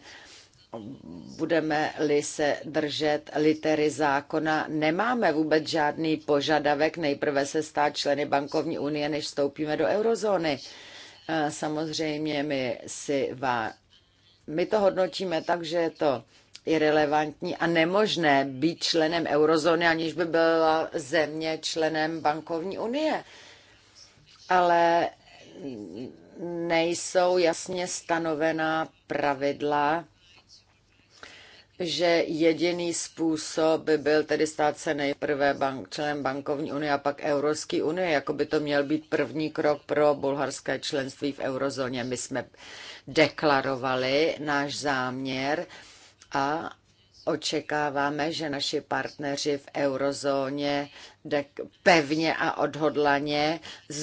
S1: budeme-li se držet litery zákona, nemáme vůbec žádný požadavek nejprve se stát členy bankovní unie, než vstoupíme do eurozóny. Samozřejmě my si vá... my to hodnotíme tak, že je to irrelevantní a nemožné být členem eurozóny, aniž by byla země členem bankovní unie. Ale nejsou jasně stanovená pravidla že jediný způsob by byl tedy stát se nejprve bank, členem bankovní unie a pak Evropské unie, jako by to měl být první krok pro bulharské členství v eurozóně. My jsme deklarovali náš záměr a Očekáváme, že naši partneři v eurozóně pevně a odhodlaně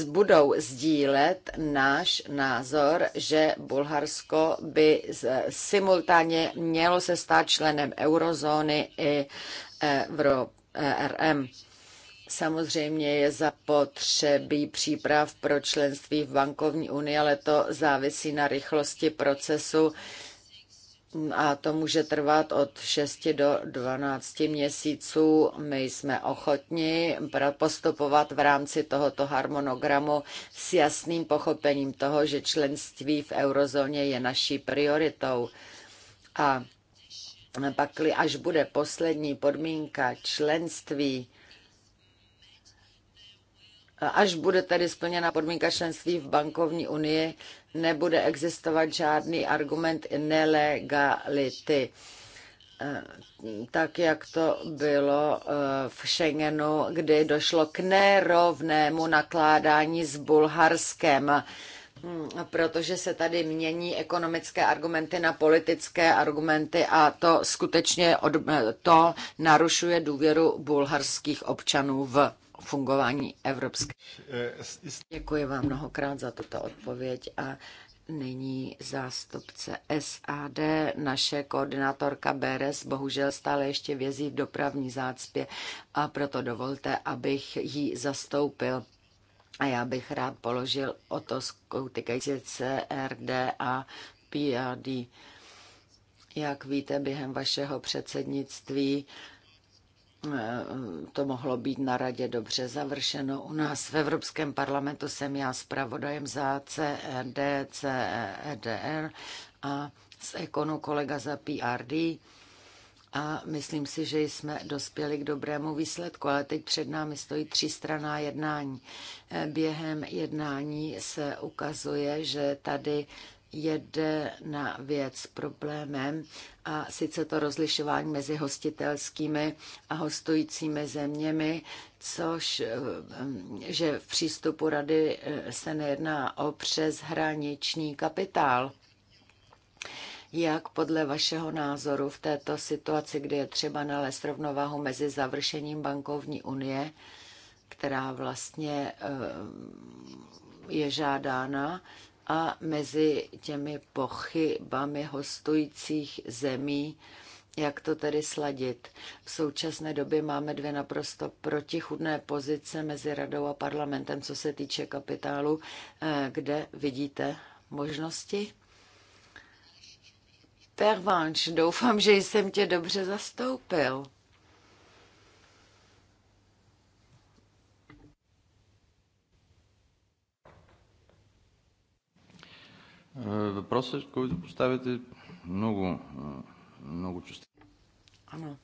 S1: budou sdílet náš názor, že Bulharsko by simultánně mělo se stát členem eurozóny i ERM. Samozřejmě je zapotřebí příprav pro členství v bankovní unii, ale to závisí na rychlosti procesu a to může trvat od 6 do 12 měsíců. My jsme ochotni postupovat v rámci tohoto harmonogramu s jasným pochopením toho, že členství v eurozóně je naší prioritou. A pak, až bude poslední podmínka členství, až bude tedy splněna podmínka členství v bankovní unii, nebude existovat žádný argument nelegality eh, tak jak to bylo eh, v Schengenu, kdy došlo k nerovnému nakládání s Bulharskem, hmm, protože se tady mění ekonomické argumenty na politické argumenty a to skutečně od, eh, to narušuje důvěru bulharských občanů v fungování evropské. Eh, Děkuji vám mnohokrát za tuto odpověď a nyní zástupce SAD. Naše koordinátorka Beres bohužel stále ještě vězí v dopravní zácpě a proto dovolte, abych ji zastoupil. A já bych rád položil otázku týkající CRD a PRD. Jak víte, během vašeho předsednictví to mohlo být na radě dobře završeno. U nás v Evropském parlamentu jsem já zpravodajem za CRD, e CEDR a s Ekonu kolega za PRD. A myslím si, že jsme dospěli k dobrému výsledku, ale teď před námi stojí třístraná jednání. Během jednání se ukazuje, že tady na věc problémem a sice to rozlišování mezi hostitelskými a hostujícími zeměmi, což, eh, že v přístupu rady eh, se nejedná o přeshraniční kapitál. Jak podle vašeho názoru v této situaci, kdy je třeba nalézt rovnováhu mezi završením bankovní unie, která vlastně eh, je žádána, a mezi těmi pochybami hostujících zemí, jak to tedy sladit. V současné době máme dvě naprosto protichudné pozice mezi radou a parlamentem, co se týče kapitálu, eh, kde vidíte možnosti. Pervanš, doufám, že jsem tě dobře zastoupil.
S2: Въпросът, който поставяте, много, много чувствен.
S1: Ано.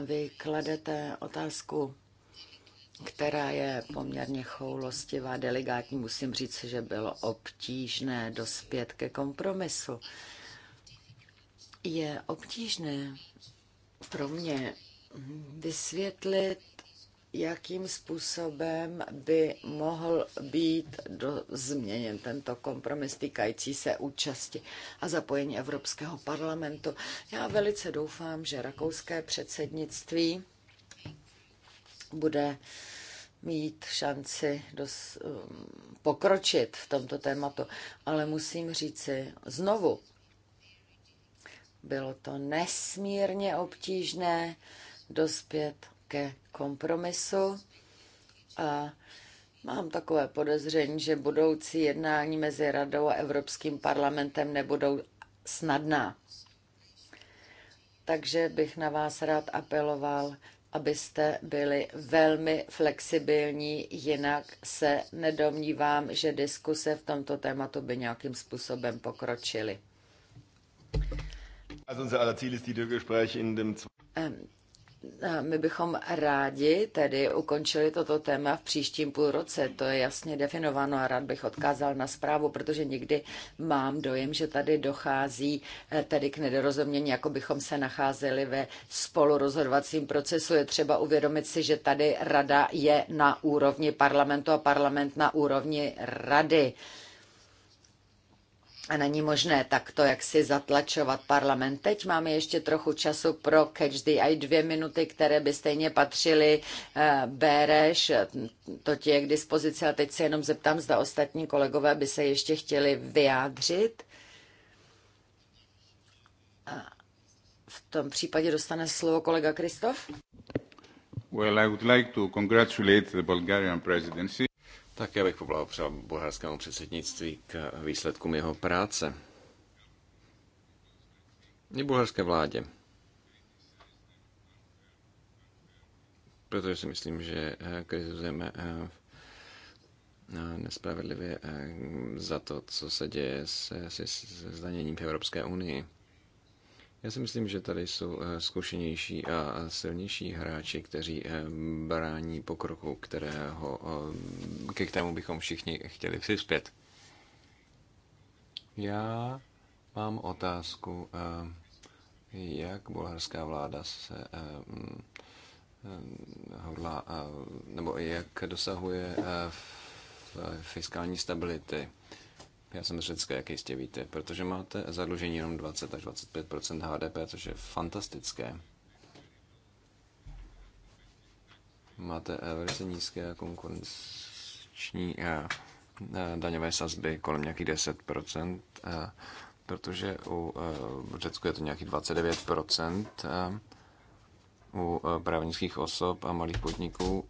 S1: Vy кладете otázku, která je poměrně choulostivá, delegátní. Musím říct, že bylo obtížné dospět ke kompromisu. Je obtížné pro mě vysvětlit jakým způsobem by mohl být do, změněn tento kompromis týkající se účasti a zapojení Evropského parlamentu. Já velice doufám, že rakouské předsednictví bude mít šanci dos, um, pokročit v tomto tématu. Ale musím říci znovu, bylo to nesmírně obtížné dospět ke kompromisu a Mám takové podezření, že budoucí jednání mezi Radou a Evropským parlamentem nebudou snadná. Takže bych na vás rád apeloval, abyste byli velmi flexibilní, jinak se nedomnívám, že diskuse v tomto tématu by nějakým způsobem pokročily. My bychom rádi tedy ukončili toto téma v příštím půlroce. To je jasně definováno a rád bych odkázal na zprávu, protože někdy mám dojem, že tady dochází eh, tedy k nedorozumění, jako bychom se nacházeli ve spolurozhodovacím procesu. Je třeba uvědomit si, že tady rada je na úrovni parlamentu a parlament na úrovni rady a není možné takto, jak si zatlačovat parlament. Teď máme ještě trochu času pro Catch the Eye, dvě minuty, které by stejně patřily eh, Béreš, to ti je k dispozici a teď se jenom zeptám, zda ostatní kolegové by se ještě chtěli vyjádřit. V tom případě dostane slovo kolega Kristof.
S3: Well, I would like to congratulate the Bulgarian presidency. Tak já bych poblahopřál bulharskému předsednictví k výsledkům jeho práce. I bulharské vládě. Protože si myslím, že eh, kritizujeme eh, nespravedlivě eh, za to, co se děje se, se, se zdaněním v Evropské unii. Já si myslím, že tady jsou eh, zkušenější a silnější hráči, kteří eh, brání pokroku, kterého, eh, ke kterému bychom všichni chtěli přispět. Já mám otázku, jak bulharská vláda se mm, hodla, nebo jak dosahuje fiskální stability já jsem z Řecka, jak jistě víte, protože máte zadlužení jenom 20 až 25 HDP, což je fantastické. Máte eh, velice nízké konkurenční eh, eh, daňové sazby kolem nějakých 10 protože u Řecku je to nějakých 29 u právnických osob a malých podniků.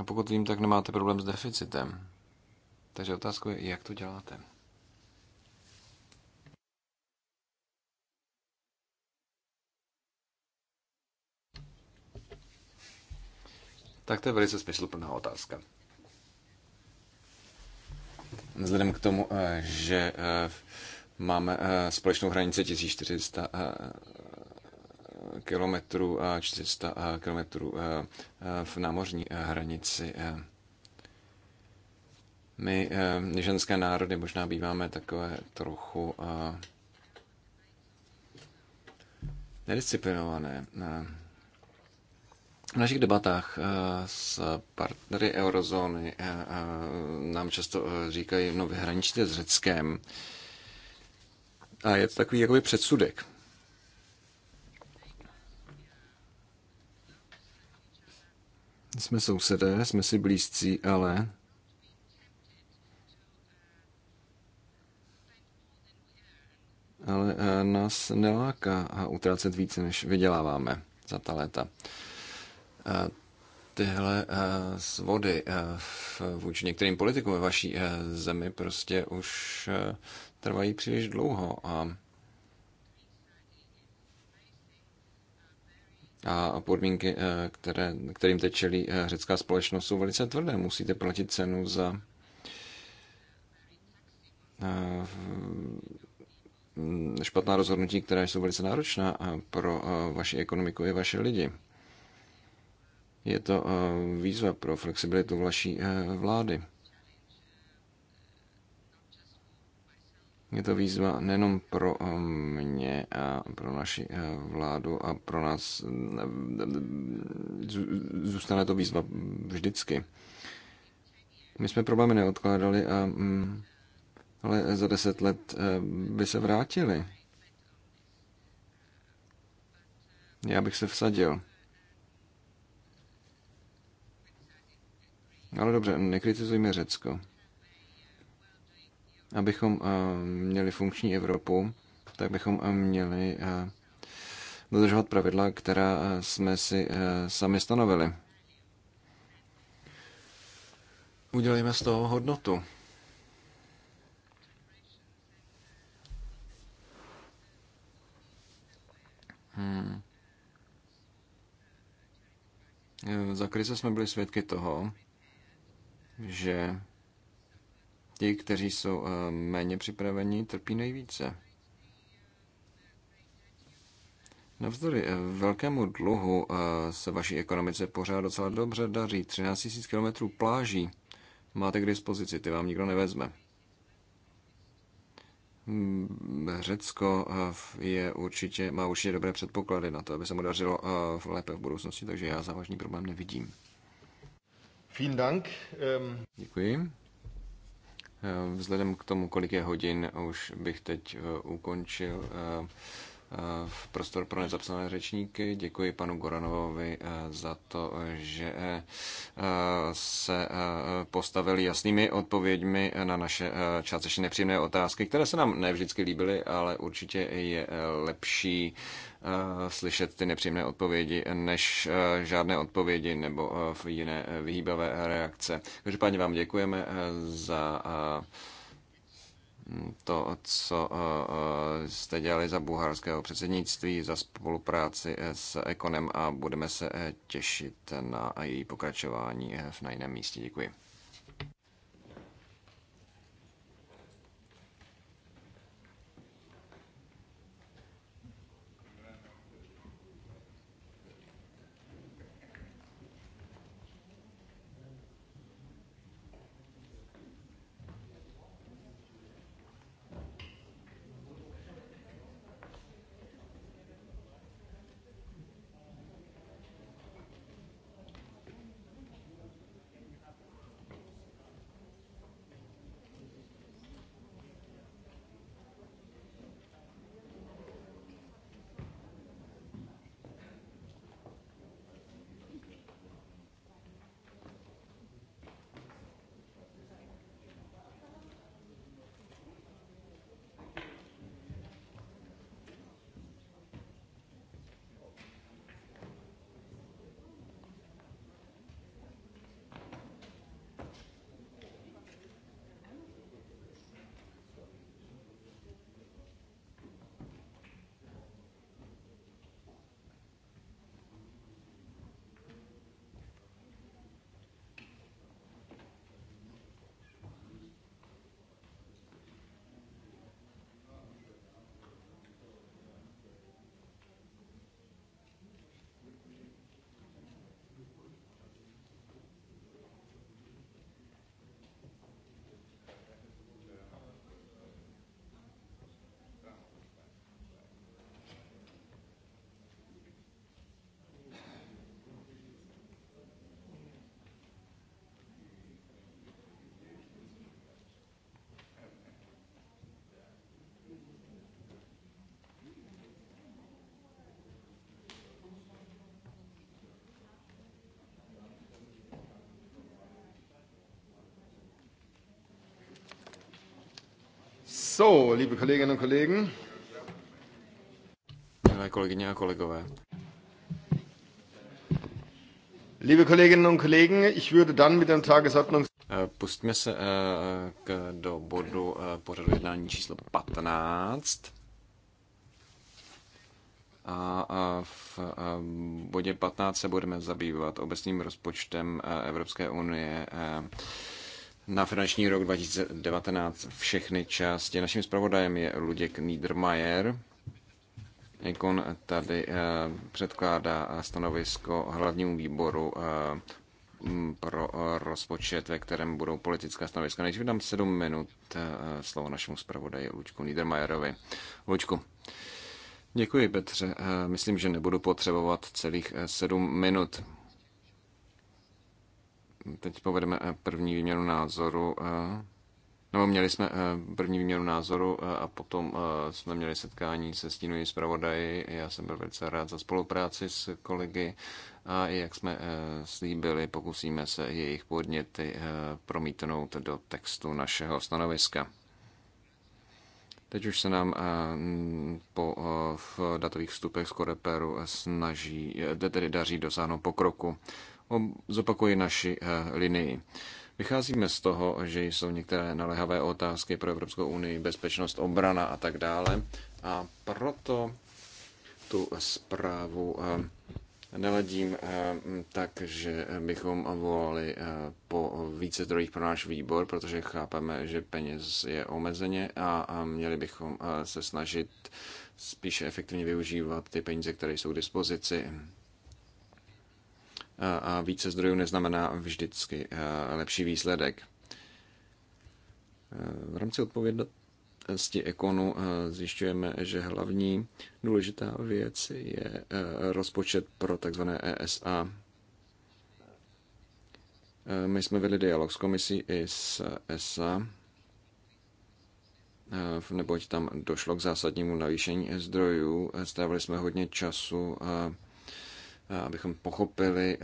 S3: A pokud vím, tak nemáte problém s deficitem. Takže otázka je, jak to děláte. Tak to je velice smysluplná otázka. Vzhledem k tomu, eh, že eh, máme eh, společnou hranici 1400 kilometrů a 400 kilometrů v námořní hranici. My, ženské národy, možná býváme takové trochu nedisciplinované. V našich debatách s partnery eurozóny nám často říkají, no vyhraničte s Řeckém. A je to takový jakoby předsudek. Jsme sousedé, jsme si blízcí, ale ale eh, nás neláká a eh, utrácet více, než vyděláváme za ta léta. Eh, tyhle svody vůči některým politikům ve vaší zemi prostě už trvají příliš dlouho a A podmínky, eh, které, kterým teď čelí eh, řecká společnost, jsou velice tvrdé. Musíte platit cenu za eh, špatná rozhodnutí, která jsou velice náročná pro vaši ekonomiku i vaše lidi. Je to výzva pro flexibilitu vaší vlády. Je to výzva nejenom pro um, mě a pro naši uh, vládu a pro nás eh, zůstane to výzva vždycky. My jsme problémy neodkládali, a, mm, ale za deset let eh, by se vrátili. Já bych se vsadil. Ale dobře, nekritizujme Řecko abychom eh, měli funkční Evropu, tak bychom eh, měli eh, dodržovat pravidla, která jsme si sami stanovili. Udělejme z toho hodnotu. Hmm. Za krize jsme byli svědky toho, že Ti, kteří jsou eh, méně připraveni, trpí nejvíce. Navzdory eh, velkému dluhu eh, se vaší ekonomice pořád docela dobře daří. 13 000 km pláží máte k dispozici, ty vám nikdo nevezme. Hmm, Řecko je určitě, má určitě dobré předpoklady na to, aby se mu dařilo lépe v budoucnosti, takže já závažný problém nevidím. Vielen Dank. Ähm, Děkuji. Vzhledem k tomu, kolik je hodin, už bych teď eh, ukončil eh, v prostor pro nezapsané řečníky. Děkuji panu Goranovovi eh, za to, že eh, se eh, postavil jasnými odpověďmi na naše částečně nepříjemné otázky, které se nám nevždycky líbily, ale určitě je lepší slyšet ty nepříjemné odpovědi, než žádné odpovědi nebo jiné vyhýbavé reakce. Každopádně vám děkujeme za to, co eh, eh, jste dělali za bulharského předsednictví, za spolupráci eh, s Ekonem a budeme se těšit na její pokračování na jiném místě. Děkuji.
S4: So, liebe Kolleginnen und Kollegen.
S3: Milé kolegyně a kolegové. Liebe Kolleginnen und Kollegen, ich würde dann mit dem Tagesordnungs... Eh, Pustme se eh, k, do bodu eh, pořadu jednání číslo 15. A v bodě 15 se budeme zabývat obecným rozpočtem Evropské unie na finanční rok 2019 všechny části. Naším zpravodajem je Luděk Niedermayer. Ekon tady eh, předkládá stanovisko hlavnímu výboru eh, pro eh, rozpočet, ve kterém budou politická stanoviska. Než dám sedm minut slovo našemu zpravodaji Lučku Niedermayerovi. Lučku, děkuji Petře. Myslím, že nebudu potřebovat celých sedm minut teď povedeme eh, první výměnu názoru. Eh, nebo měli jsme eh, první výměnu názoru a potom jsme měli setkání se stínovými zpravodaji. Já jsem byl velice rád za spolupráci s kolegy a jak jsme slíbili, pokusíme se jejich podněty promítnout do textu našeho stanoviska. Teď už se nám po v datových vstupech z Koreperu snaží, tedy daří dosáhnout pokroku zopakuji naši eh, linii. Vycházíme z toho, že jsou některé naléhavé otázky pro Evropskou unii, bezpečnost, obrana a tak dále. A proto tu zprávu eh, neladím eh, tak, že bychom volali po více zdrojích pro náš výbor, protože chápeme, že peněz je omezeně a měli bychom se snažit spíše efektivně využívat ty peníze, které jsou k dispozici a více zdrojů neznamená vždycky eh, lepší výsledek. Eh, v rámci odpovědnosti ekonu eh, zjišťujeme, že hlavní důležitá věc je rozpočet pro tzv. ESA. My jsme vedli dialog s komisí i s ESA, neboť tam došlo k zásadnímu navýšení zdrojů. Strávili jsme hodně času abychom pochopili,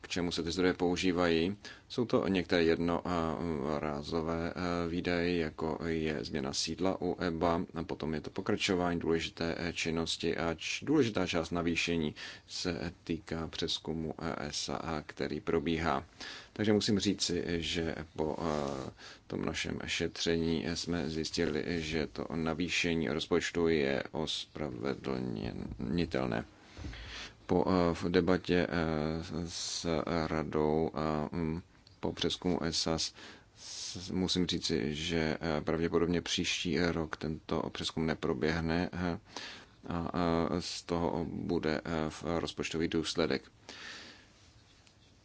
S3: k čemu se ty zdroje používají. Jsou to některé jednorázové výdaje, jako je změna sídla u EBA, a potom je to pokračování důležité e, činnosti a důležitá část navýšení se týká přeskumu ESA, e který probíhá. Takže musím říci, že po tom našem šetření jsme zjistili, že to navýšení rozpočtu je ospravedlnitelné po, eh, v debatě eh, s radou a mm, po přeskumu ESAS musím říci, že eh, pravděpodobně příští rok tento přeskum neproběhne a z toho bude v rozpočtový důsledek.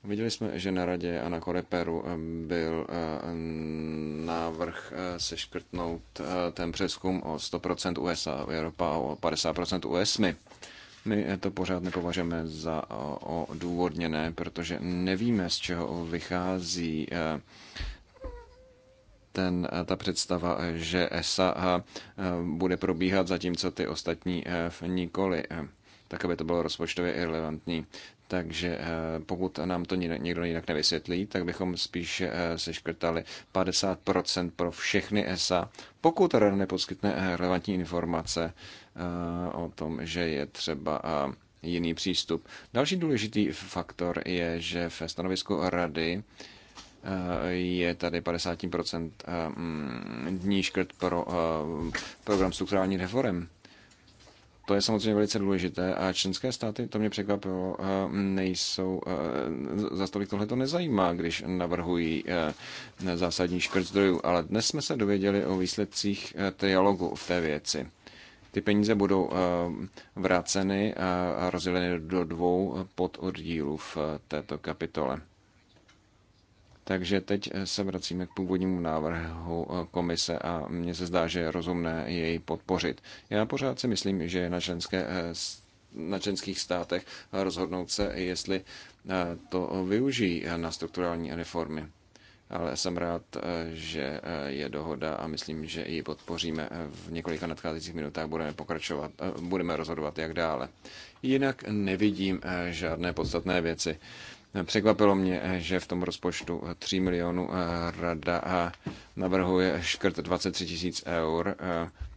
S3: Viděli jsme, že na radě a na Koreperu byl návrh seškrtnout ten přeskum o 100% USA, Evropa o 50% USMI. My to pořád nepovažujeme za odůvodněné, protože nevíme, z čeho vychází eh, ten, eh, ta představa, že ESA eh, bude probíhat, zatímco ty ostatní v nikoli, tak aby to bylo rozpočtově irrelevantní. Takže pokud nám to někdo jinak nevysvětlí, tak bychom spíš seškrtali 50% pro všechny ESA, pokud rada neposkytne relevantní informace Eh, o tom, že je třeba eh, jiný přístup. Další důležitý faktor je, že ve stanovisku rady eh, je tady 50% dní škrt pro program strukturální reform. To je samozřejmě velice důležité a členské státy, to mě překvapilo, nejsou, za tolik tohle to nezajímá, když navrhují zásadní škrt zdrojů, ale dnes jsme se dověděli o výsledcích trialogu v té věci. Ty peníze budou eh, vráceny eh, a rozděleny do dvou pododdílů v eh, této kapitole. Takže teď se vracíme k původnímu návrhu komise a mně se zdá, že je rozumné jej podpořit. Já pořád si myslím, že na, členské, na členských státech rozhodnout se, jestli to využijí na strukturální reformy ale jsem rád, eh, že eh, je dohoda a myslím, že ji podpoříme. Eh, v několika nadcházejících minutách budeme pokračovat, budeme rozhodovat, jak dále. Jinak nevidím žádné podstatné věci. Překvapilo mě, že v tom rozpočtu 3 milionů rada navrhuje škrt 23 tisíc eur.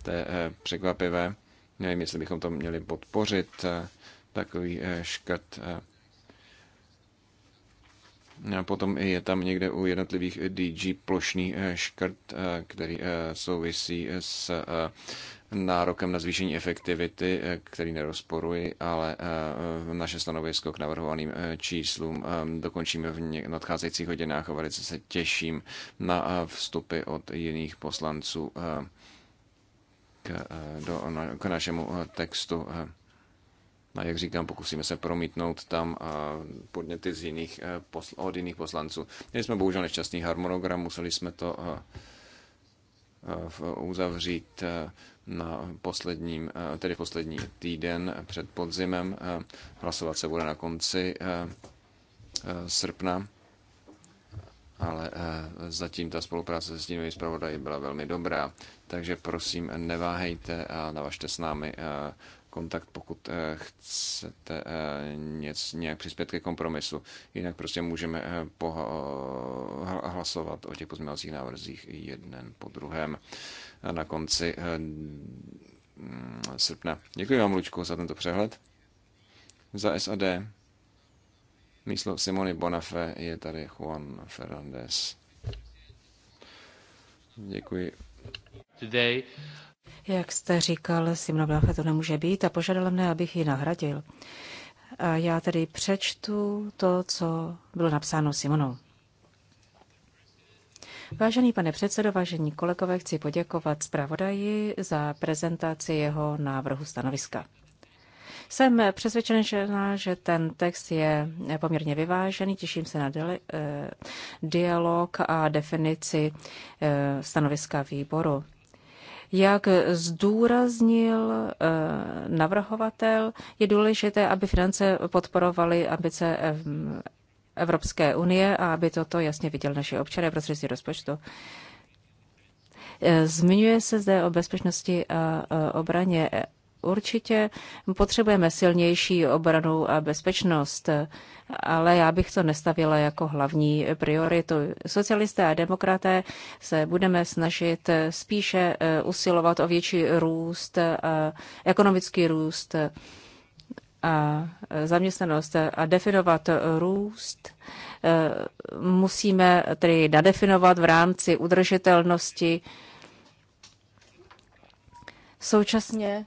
S3: To je překvapivé. Nevím, jestli bychom to měli podpořit, takový škrt Potom je tam někde u jednotlivých DG plošný eh, škrt, eh, který eh, souvisí s nárokem na zvýšení efektivity, který nerozporuji, ale naše stanovisko k navrhovaným číslům dokončíme v nadcházejících hodinách a velice se těším na vstupy od jiných poslanců k, do, k našemu textu. A jak říkám, pokusíme se promítnout tam eh, podněty z jiných, eh, od jiných poslanců. Měli jsme bohužel nešťastný harmonogram, museli jsme to eh, uzavřít na posledním, tedy poslední týden před podzimem. Hlasovat se bude na konci srpna, ale zatím ta spolupráce s tím zpravodaji byla velmi dobrá, takže prosím neváhejte a navažte s námi kontakt, pokud eh, chcete eh, něc, nějak přispět ke kompromisu. Jinak prostě můžeme eh, hlasovat o těch pozměňovacích návrzích jeden po druhém na konci mm, srpna. Děkuji vám, Lučku, za tento přehled. Za SAD místo Simony Bonafé je tady Juan Fernandez.
S2: Děkuji. Today,
S5: jak jste říkal, Simona Blacha to nemůže být a požádala mne, abych ji nahradil. A já tedy přečtu to, co bylo napsáno Simonou. Vážený pane předsedo, vážení kolegové, chci poděkovat zpravodaji za prezentaci jeho návrhu stanoviska. Jsem přesvědčen, že ten text je poměrně vyvážený. Těším se na eh, dialog a definici eh, stanoviska výboru. Jak zdůraznil eh, navrhovatel, je důležité, aby finance podporovaly ambice eh, Evropské unie a aby toto jasně viděl naše občané prostřednictvím rozpočtu. Eh, zmiňuje se zde o bezpečnosti a obraně. Určitě potřebujeme silnější obranu a bezpečnost, ale já bych to nestavila jako hlavní prioritu. Socialisté a demokraté se budeme snažit spíše eh, usilovat o větší růst, ekonomický růst a zaměstnanost a definovat růst, eh, musíme tedy nadefinovat v rámci udržitelnosti. Současně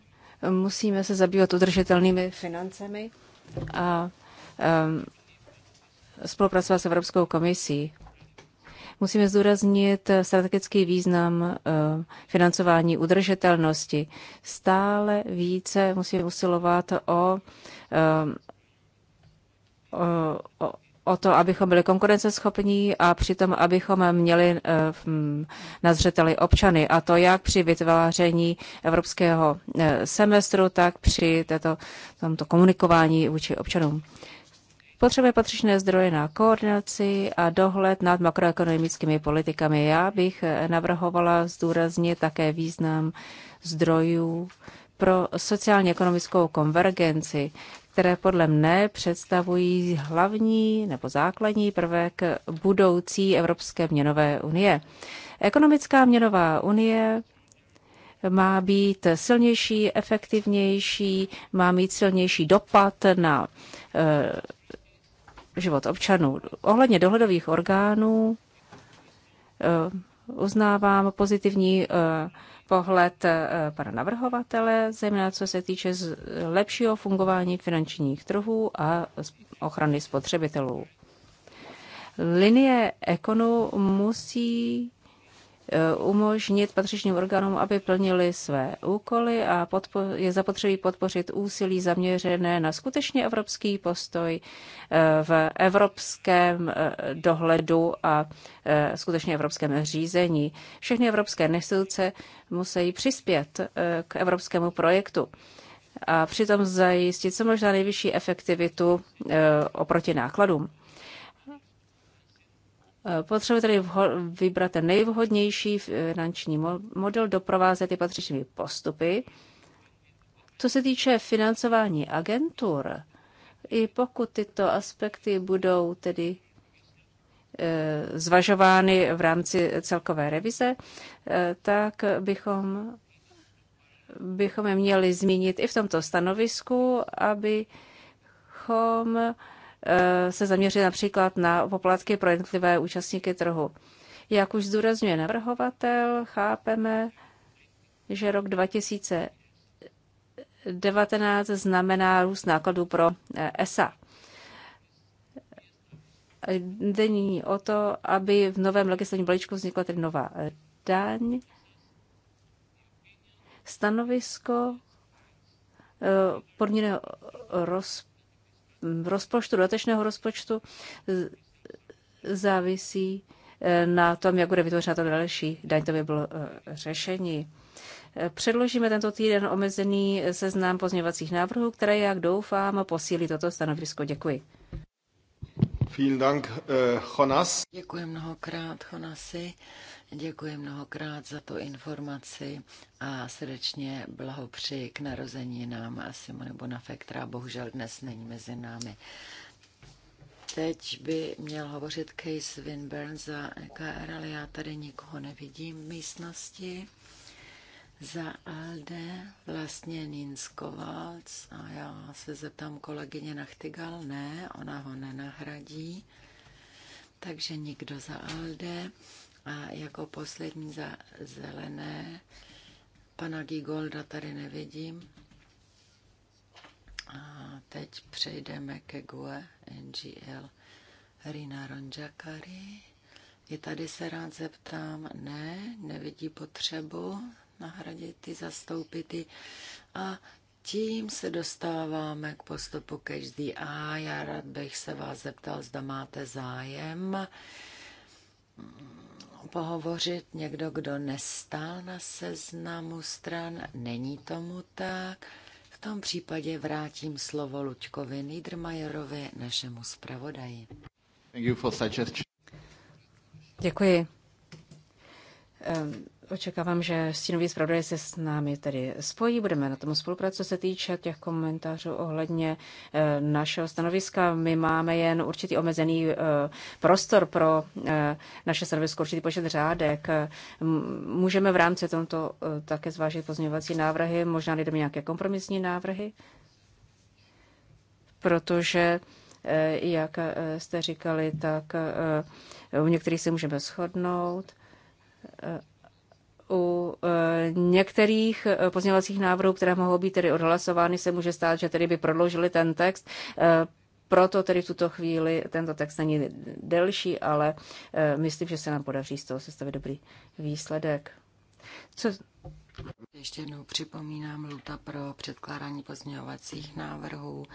S5: Musíme se zabývat udržitelnými financemi a spolupracovat s Evropskou komisí. Musíme zdůraznit strategický význam financování udržitelnosti. Stále více musíme usilovat o, o, o o to, abychom byli konkurenceschopní a přitom, abychom měli eh, na zřeteli občany. A to jak při vytváření evropského eh, semestru, tak při této, tomto komunikování vůči občanům. Potřebuje patřičné zdroje na koordinaci a dohled nad makroekonomickými politikami. Já bych eh, navrhovala zdůraznit také význam zdrojů pro sociálně-ekonomickou konvergenci, které podle mne představují hlavní nebo základní prvek budoucí Evropské měnové unie. Ekonomická měnová unie má být silnější, efektivnější, má mít silnější dopad na e, život občanů. Ohledně dohledových orgánů e, uznávám pozitivní e, pohled eh, pana navrhovatele, zejména co se týče lepšího fungování finančních trhů a ochrany spotřebitelů. Linie ekonu musí E, umožnit patřičným orgánům, aby plnili své úkoly a je zapotřebí podpořit úsilí zaměřené na skutečně evropský postoj e, v evropském e, dohledu a skutečně evropském řízení. Všechny evropské instituce musí přispět k evropskému projektu a přitom zajistit co možná nejvyšší efektivitu oproti nákladům. Eh, potřebuje tedy vybrat ten nejvhodnější finanční model, doprovázet ty patřičnými postupy. Co se týče financování agentur, i pokud tyto aspekty budou tedy eh, zvažovány v rámci celkové revize, eh, tak bychom, bychom je měli zmínit i v tomto stanovisku, abychom Eh, se zaměřit například na poplatky pro jednotlivé účastníky trhu. Jak už zdůrazňuje navrhovatel, chápeme, že rok 2019 znamená růst nákladů pro eh, ESA. Jde nyní o to, aby v novém legislativním balíčku vznikla tedy nová eh, daň. Stanovisko podmíněného rozpočtu rozpočtu, dotečného rozpočtu závisí eh, na tom, jak bude vytvořena to další daň, to by bylo eh, řešení. Eh, předložíme tento týden omezený seznám pozměňovacích návrhů, které, jak doufám, posílí toto stanovisko.
S1: Děkuji.
S4: Vielen Dank, Jonas.
S1: Děkuji mnohokrát, Honasi. Děkuji mnohokrát za tu informaci a srdečně blahopřeji k narození nám a Simone Bonafé, která bohužel dnes není mezi námi. Teď by měl hovořit Case Winburn za EKR, ale já tady nikoho nevidím v místnosti. Za Alde vlastně Ninskovalc a já se zeptám kolegyně Nachtigal, ne, ona ho nenahradí, takže nikdo za Alde. A jako poslední za zelené, pana Gigolda tady nevidím. A teď přejdeme ke GUE NGL Rina Ronjakari. Je tady se rád zeptám, ne, nevidí potřebu nahradit ty, zastoupit ty. A tím se dostáváme k postupu každý. A Já rád bych se vás zeptal, zda máte zájem pohovořit někdo, kdo nestál na seznamu stran? Není tomu tak. V tom případě vrátím slovo Luďkovi Niedermayerovi, našemu zpravodaji.
S5: Děkuji. Očekávám, že stínový zpravodaj se s námi tedy spojí, budeme na tom spolupracovat. Co se týče těch komentářů ohledně eh, našeho stanoviska, my máme jen určitý omezený eh, prostor pro eh, naše stanovisko, určitý počet řádek. Můžeme v rámci tomto také zvážit pozměňovací návrhy, možná lidem nějaké kompromisní návrhy, protože jak jste říkali, tak u některých se můžeme shodnout u e, některých e, pozměňovacích návrhů, které mohou být tedy odhlasovány, se může stát, že tedy by prodloužili ten text. E, proto tedy v tuto chvíli tento text není delší, ale myslím, že se nám
S1: podaří z toho sestavit dobrý výsledek. Co, ještě jednou připomínám luta pro předkládání pozměňovacích návrhů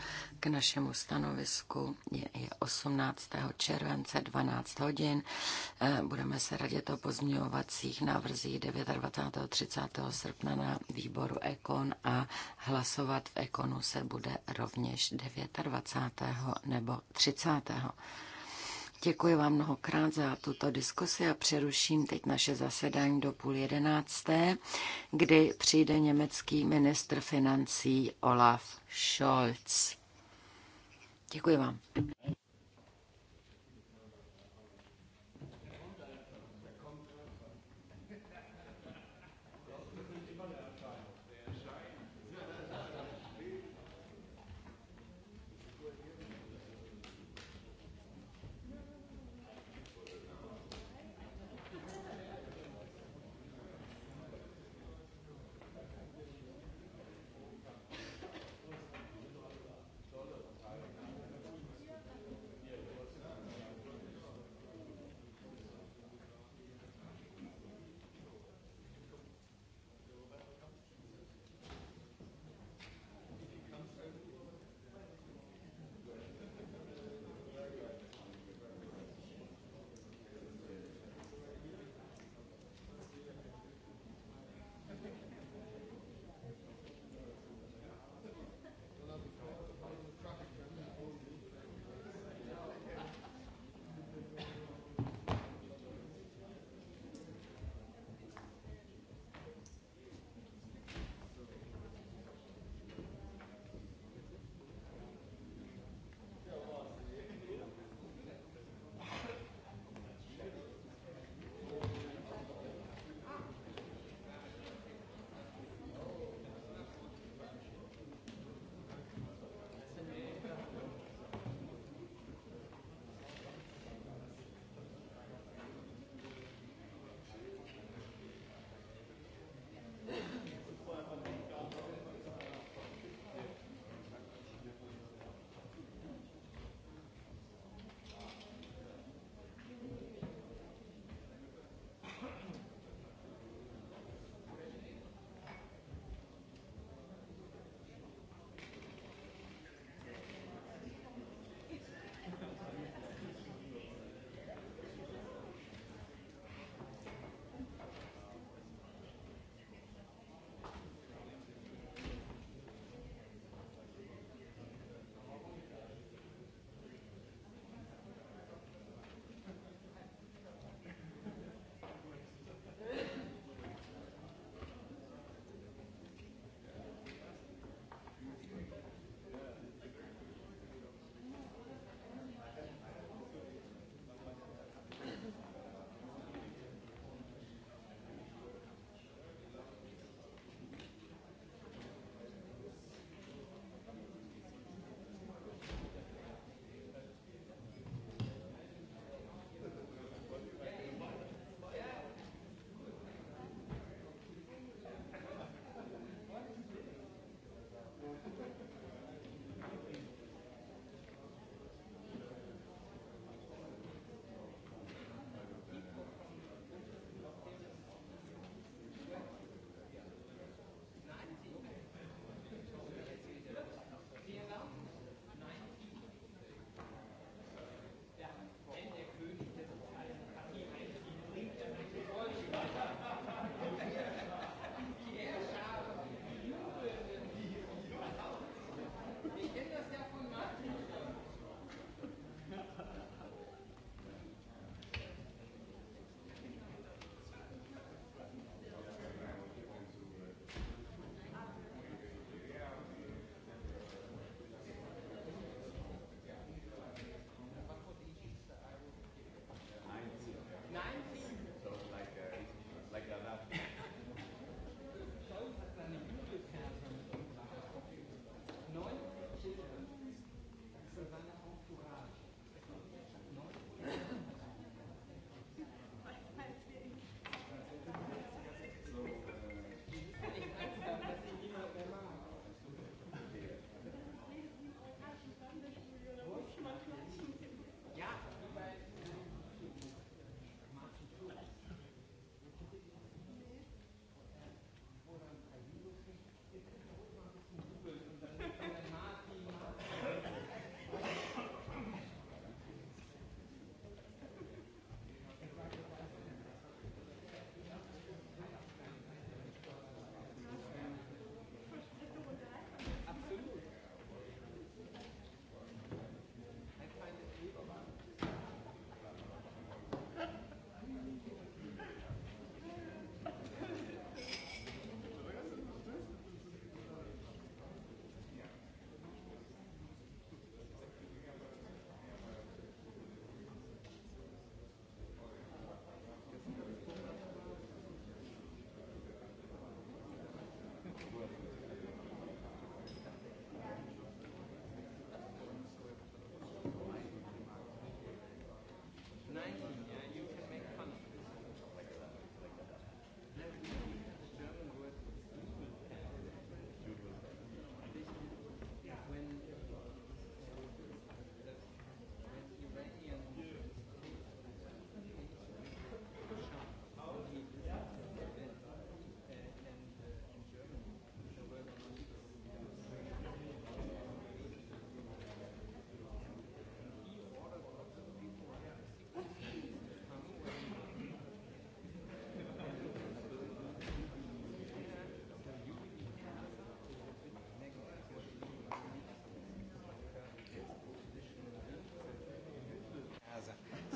S1: k našemu stanovisku je, 18. července 12 hodin. Eh, budeme se radit o pozměňovacích návrzích 29. 30. srpna na výboru Ekon a hlasovat v Ekonu se bude rovněž 29. nebo 30. Děkuji vám mnohokrát za tuto diskusi a přeruším teď naše zasedání do půl jedenácté, kdy přijde německý ministr financí Olaf Scholz. Děkuji vám.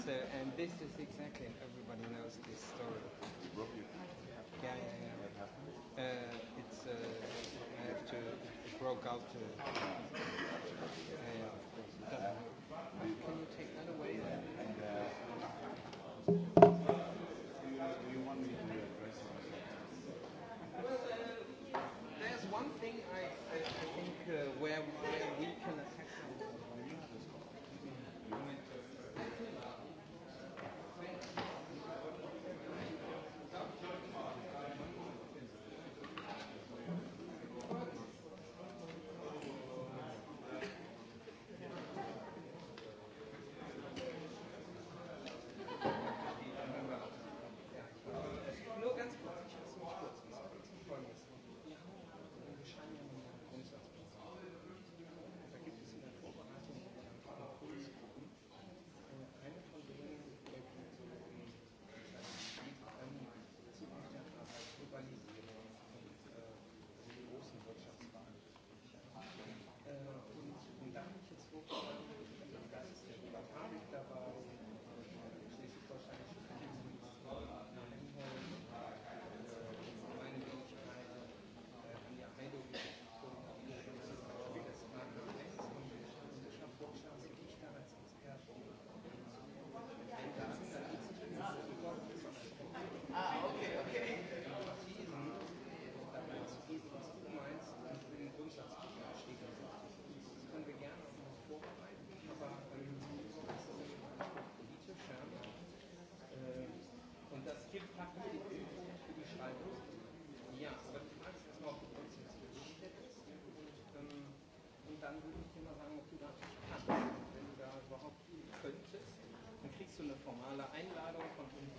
S4: So, and this is exactly, everybody knows this story. Yeah, yeah, yeah. Uh, it's, uh, I have to, it broke out. To, uh, uh, can you take that away? And, uh, eine formale Einladung von uns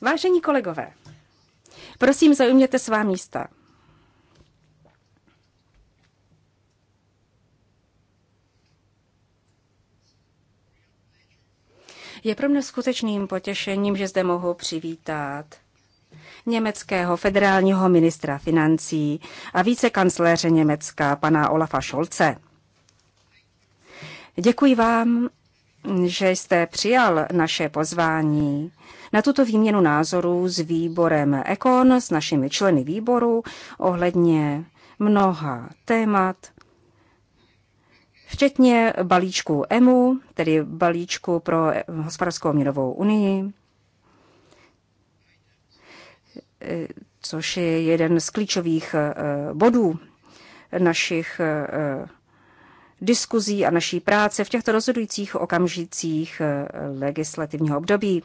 S5: Vážení kolegové, prosím zaujměte svá místa. Je pro mě skutečným potěšením, že zde mohu přivítat německého federálního ministra financí a vicekancléře Německa, pana Olafa Scholze. Děkuji vám že jste přijal naše pozvání na tuto výměnu názorů s výborem Ekon, s našimi členy výboru ohledně mnoha témat, včetně balíčku EMU, tedy balíčku pro hospodářskou měnovou unii, což je jeden z klíčových eh, bodů našich eh, diskuzí a naší práce v těchto rozhodujících okamžicích eh, legislativního období.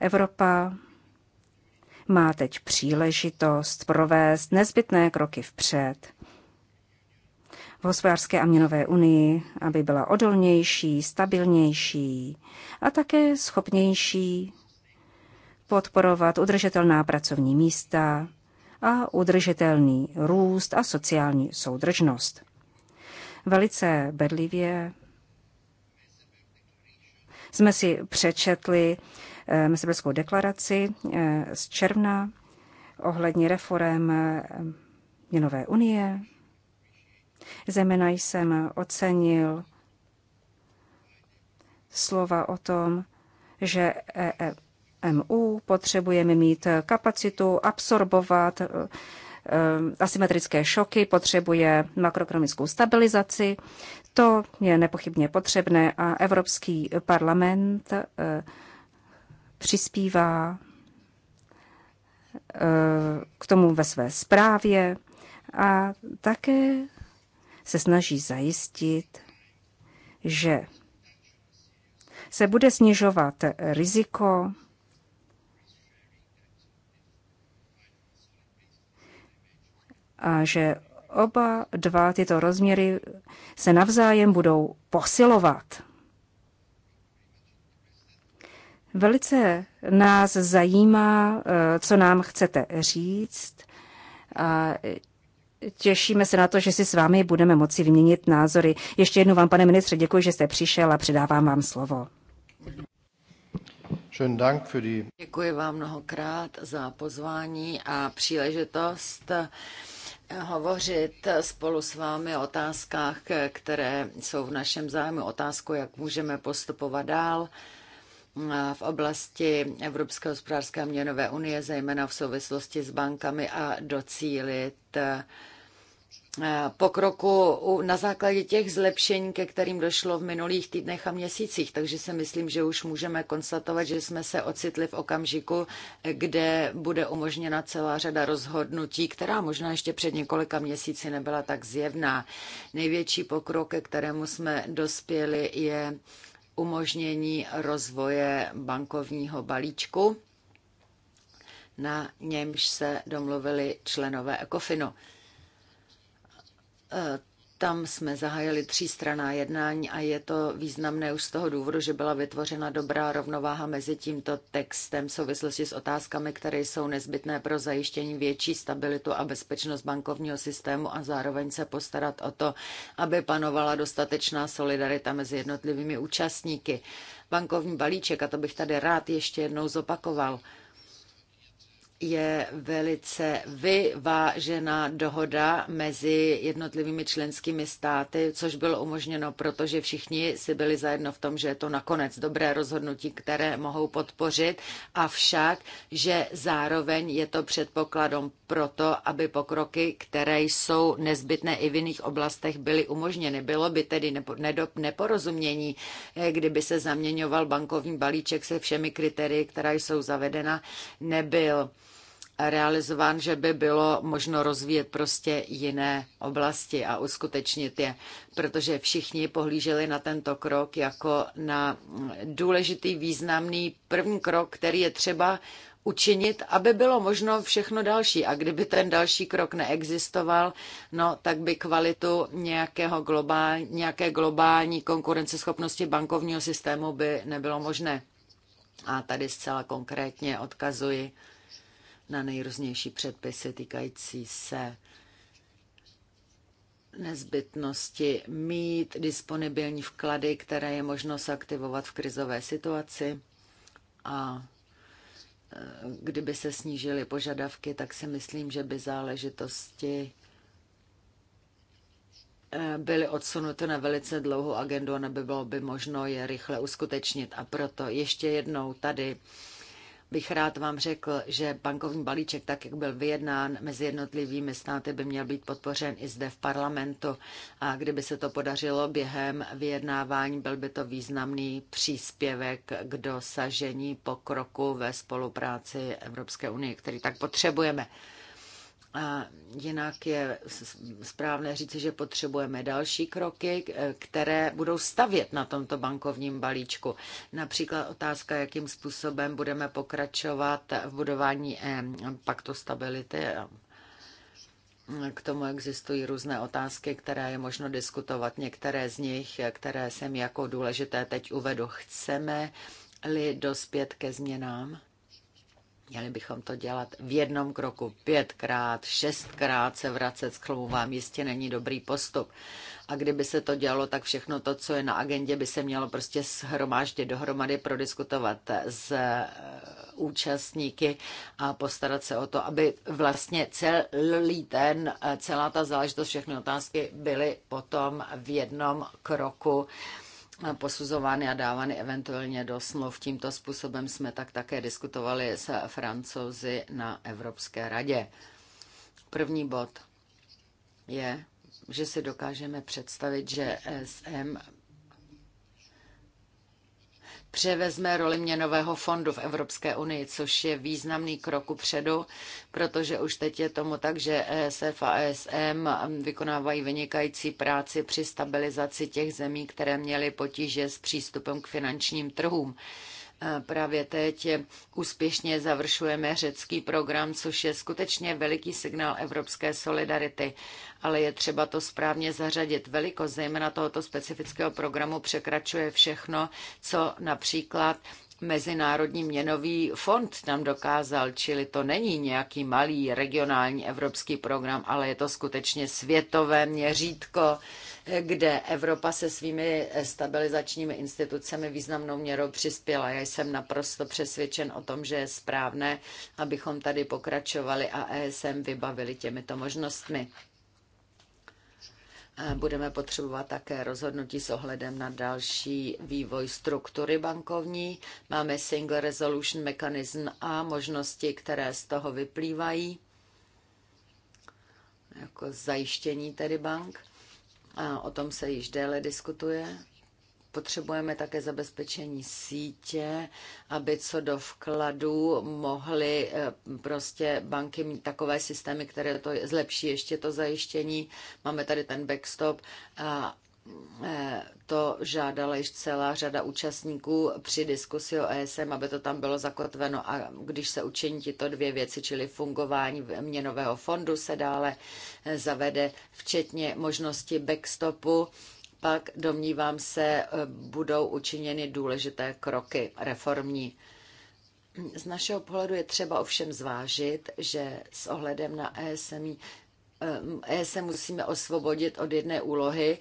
S5: Evropa má teď příležitost provést nezbytné kroky vpřed v hospodářské a měnové unii, aby byla odolnější, stabilnější a také schopnější podporovat udržitelná pracovní místa a udržitelný růst a sociální soudržnost. Velice bedlivě jsme si přečetli eh, Mesebelskou deklaraci eh, z června ohledně reform eh, měnové unie. Zejména jsem ocenil slova o tom, že EMU e potřebujeme mít kapacitu absorbovat Eh, asymetrické šoky, potřebuje makroekonomickou stabilizaci. To je nepochybně potřebné a Evropský parlament eh, přispívá eh, k tomu ve své zprávě a také se snaží zajistit, že se bude snižovat riziko a že oba dva tyto rozměry se navzájem budou posilovat. Velice nás zajímá, eh, co nám chcete říct. A těšíme se na to, že si s vámi budeme moci vyměnit názory. Ještě jednou vám, pane ministře, děkuji, že jste přišel a předávám vám
S2: slovo.
S1: Děkuji vám mnohokrát za pozvání a příležitost hovořit spolu s vámi o otázkách, které jsou v našem zájmu. Otázku, jak můžeme postupovat dál v oblasti Evropské hospodářské a měnové unie, zejména v souvislosti s bankami a docílit Eh, pokroku na základě těch zlepšení, ke kterým došlo v minulých týdnech a měsících. Takže si myslím, že už můžeme konstatovat, že jsme se ocitli v okamžiku, kde bude umožněna celá řada rozhodnutí, která možná ještě před několika měsíci nebyla tak zjevná. Největší pokrok, ke kterému jsme dospěli, je umožnění rozvoje bankovního balíčku, na němž se domluvili členové ECOFINu. Eh, tam jsme zahájili třístraná jednání a je to významné už z toho důvodu, že byla vytvořena dobrá rovnováha mezi tímto textem v souvislosti s otázkami, které jsou nezbytné pro zajištění větší stabilitu a bezpečnost bankovního systému a zároveň se postarat o to, aby panovala dostatečná solidarita mezi jednotlivými účastníky. Bankovní balíček, a to bych tady rád ještě jednou zopakoval, je velice vyvážená dohoda mezi jednotlivými členskými státy, což bylo umožněno, protože všichni si byli zajedno v tom, že je to nakonec dobré rozhodnutí, které mohou podpořit, avšak, že zároveň je to předpokladem pro to, aby pokroky, které jsou nezbytné i v jiných oblastech, byly umožněny. Bylo by tedy neporozumění, kdyby se zaměňoval bankovní balíček se všemi kritérii, která jsou zavedena, nebyl realizován, že by bylo možno rozvíjet prostě jiné oblasti a uskutečnit je, protože všichni pohlíželi na tento krok jako na důležitý, významný první krok, který je třeba učinit, aby bylo možno všechno další. A kdyby ten další krok neexistoval, no, tak by kvalitu nějakého globál, nějaké globální konkurenceschopnosti bankovního systému by nebylo možné. A tady zcela konkrétně odkazuji na nejrůznější předpisy týkající se nezbytnosti mít disponibilní vklady, které je možno aktivovat v krizové situaci a e, kdyby se snížily požadavky, tak si myslím, že by záležitosti e, byly odsunuty na velice dlouhou agendu a nebylo by možno je rychle uskutečnit. A proto ještě jednou tady bych rád vám řekl, že bankovní balíček, tak jak byl vyjednán mezi jednotlivými státy, by měl být podpořen i zde v parlamentu. A kdyby se to podařilo během vyjednávání, byl by to významný příspěvek k dosažení pokroku ve spolupráci Evropské unie, který tak potřebujeme. A jinak je správné říci, že potřebujeme další kroky, které budou stavět na tomto bankovním balíčku. Například otázka, jakým způsobem budeme pokračovat v budování paktu stability. K tomu existují různé otázky, které je možno diskutovat. Některé z nich, které jsem jako důležité teď uvedu, chceme-li dospět ke změnám Měli bychom to dělat v jednom kroku pětkrát, šestkrát se vracet s vám jistě není dobrý postup. A kdyby se to dělalo, tak všechno to, co je na agendě, by se mělo prostě shromáždit dohromady, prodiskutovat s eh, účastníky a postarat se o to, aby vlastně celý ten, eh, celá ta záležitost, všechny otázky byly potom v jednom kroku posuzovány a dávány eventuálně do smluv. Tímto způsobem jsme tak také diskutovali s francouzi na Evropské radě. První bod je, že si dokážeme představit, že SM převezme roli měnového fondu v Evropské unii, což je významný krok upředu, protože už teď je tomu tak, že ESF a ESM vykonávají vynikající práci při stabilizaci těch zemí, které měly potíže s přístupem k finančním trhům. Právě teď úspěšně završujeme řecký program, což je skutečně veliký signál evropské solidarity, ale je třeba to správně zařadit. Velikost zejména tohoto specifického programu překračuje všechno, co například Mezinárodní měnový fond nám dokázal, čili to není nějaký malý regionální evropský program, ale je to skutečně světové měřítko kde Evropa se svými stabilizačními institucemi významnou měrou přispěla. Já jsem naprosto přesvědčen o tom, že je správné, abychom tady pokračovali a ESM vybavili těmito možnostmi. Budeme potřebovat také rozhodnutí s ohledem na další vývoj struktury bankovní. Máme Single Resolution Mechanism a možnosti, které z toho vyplývají, jako zajištění tedy bank. A o tom se již déle diskutuje. Potřebujeme také zabezpečení sítě, aby co do vkladů mohly eh, prostě banky mít takové systémy, které to zlepší ještě to zajištění. Máme tady ten backstop a to žádala již celá řada účastníků při diskusi o ESM, aby to tam bylo zakotveno a když se učiní tyto dvě věci, čili fungování měnového fondu se dále eh, zavede, včetně možnosti backstopu, pak domnívám se, eh, budou učiněny důležité kroky reformní. Z našeho pohledu je třeba ovšem zvážit, že s ohledem na ESM Eh, se musíme osvobodit od jedné úlohy,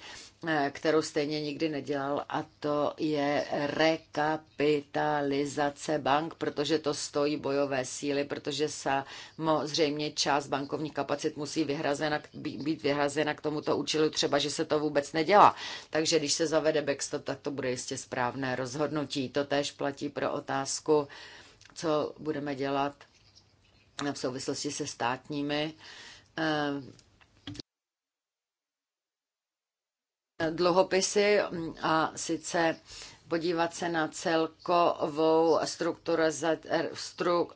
S1: eh, kterou stejně nikdy nedělal, a to je rekapitalizace bank, protože to stojí bojové síly, protože samozřejmě část bankovních kapacit musí vyhrazena, být vyhrazena k tomuto účelu, třeba, že se to vůbec nedělá. Takže když se zavede backstop, tak to bude jistě správné rozhodnutí. To též platí pro otázku, co budeme dělat v souvislosti se státními Eh, dluhopisy a sice podívat se na celkovou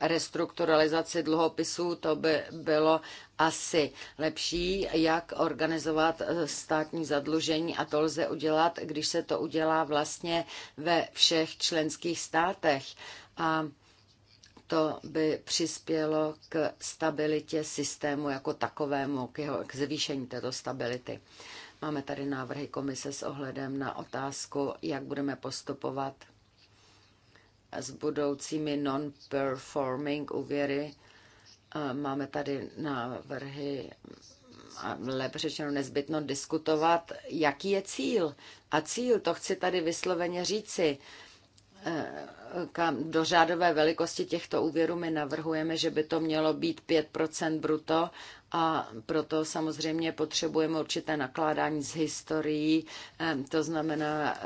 S1: restrukturalizaci dluhopisů, to by bylo asi lepší, jak organizovat eh, státní zadlužení a to lze udělat, když se to udělá vlastně ve všech členských státech. A to by přispělo k stabilitě systému jako takovému, k, jeho, k zvýšení této stability. Máme tady návrhy komise s ohledem na otázku, jak budeme postupovat s budoucími non-performing úvěry. Máme tady návrhy, lépe řečeno nezbytno diskutovat, jaký je cíl. A cíl, to chci tady vysloveně říci, kam, do řádové velikosti těchto úvěrů my navrhujeme, že by to mělo být 5% bruto a proto samozřejmě potřebujeme určité nakládání s historií, to znamená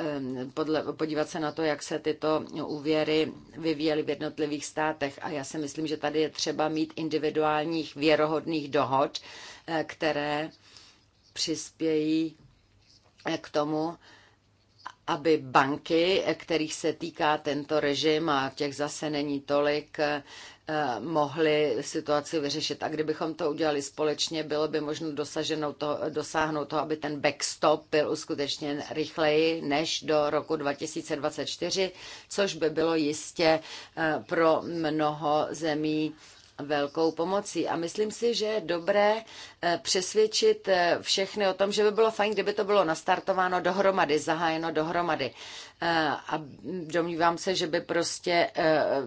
S1: podle, podívat se na to, jak se tyto úvěry vyvíjely v jednotlivých státech. A já si myslím, že tady je třeba mít individuálních věrohodných dohod, eh, které přispějí eh, k tomu, aby banky, kterých se týká tento režim a těch zase není tolik, eh, mohly situaci vyřešit. A kdybychom to udělali společně, bylo by možno dosaženo to, dosáhnout toho, aby ten backstop byl uskutečněn rychleji než do roku 2024, což by bylo jistě eh, pro mnoho zemí velkou pomocí. A myslím si, že je dobré eh, přesvědčit eh, všechny o tom, že by bylo fajn, kdyby to bylo nastartováno dohromady, zahájeno dohromady. Eh, a domnívám se, že by prostě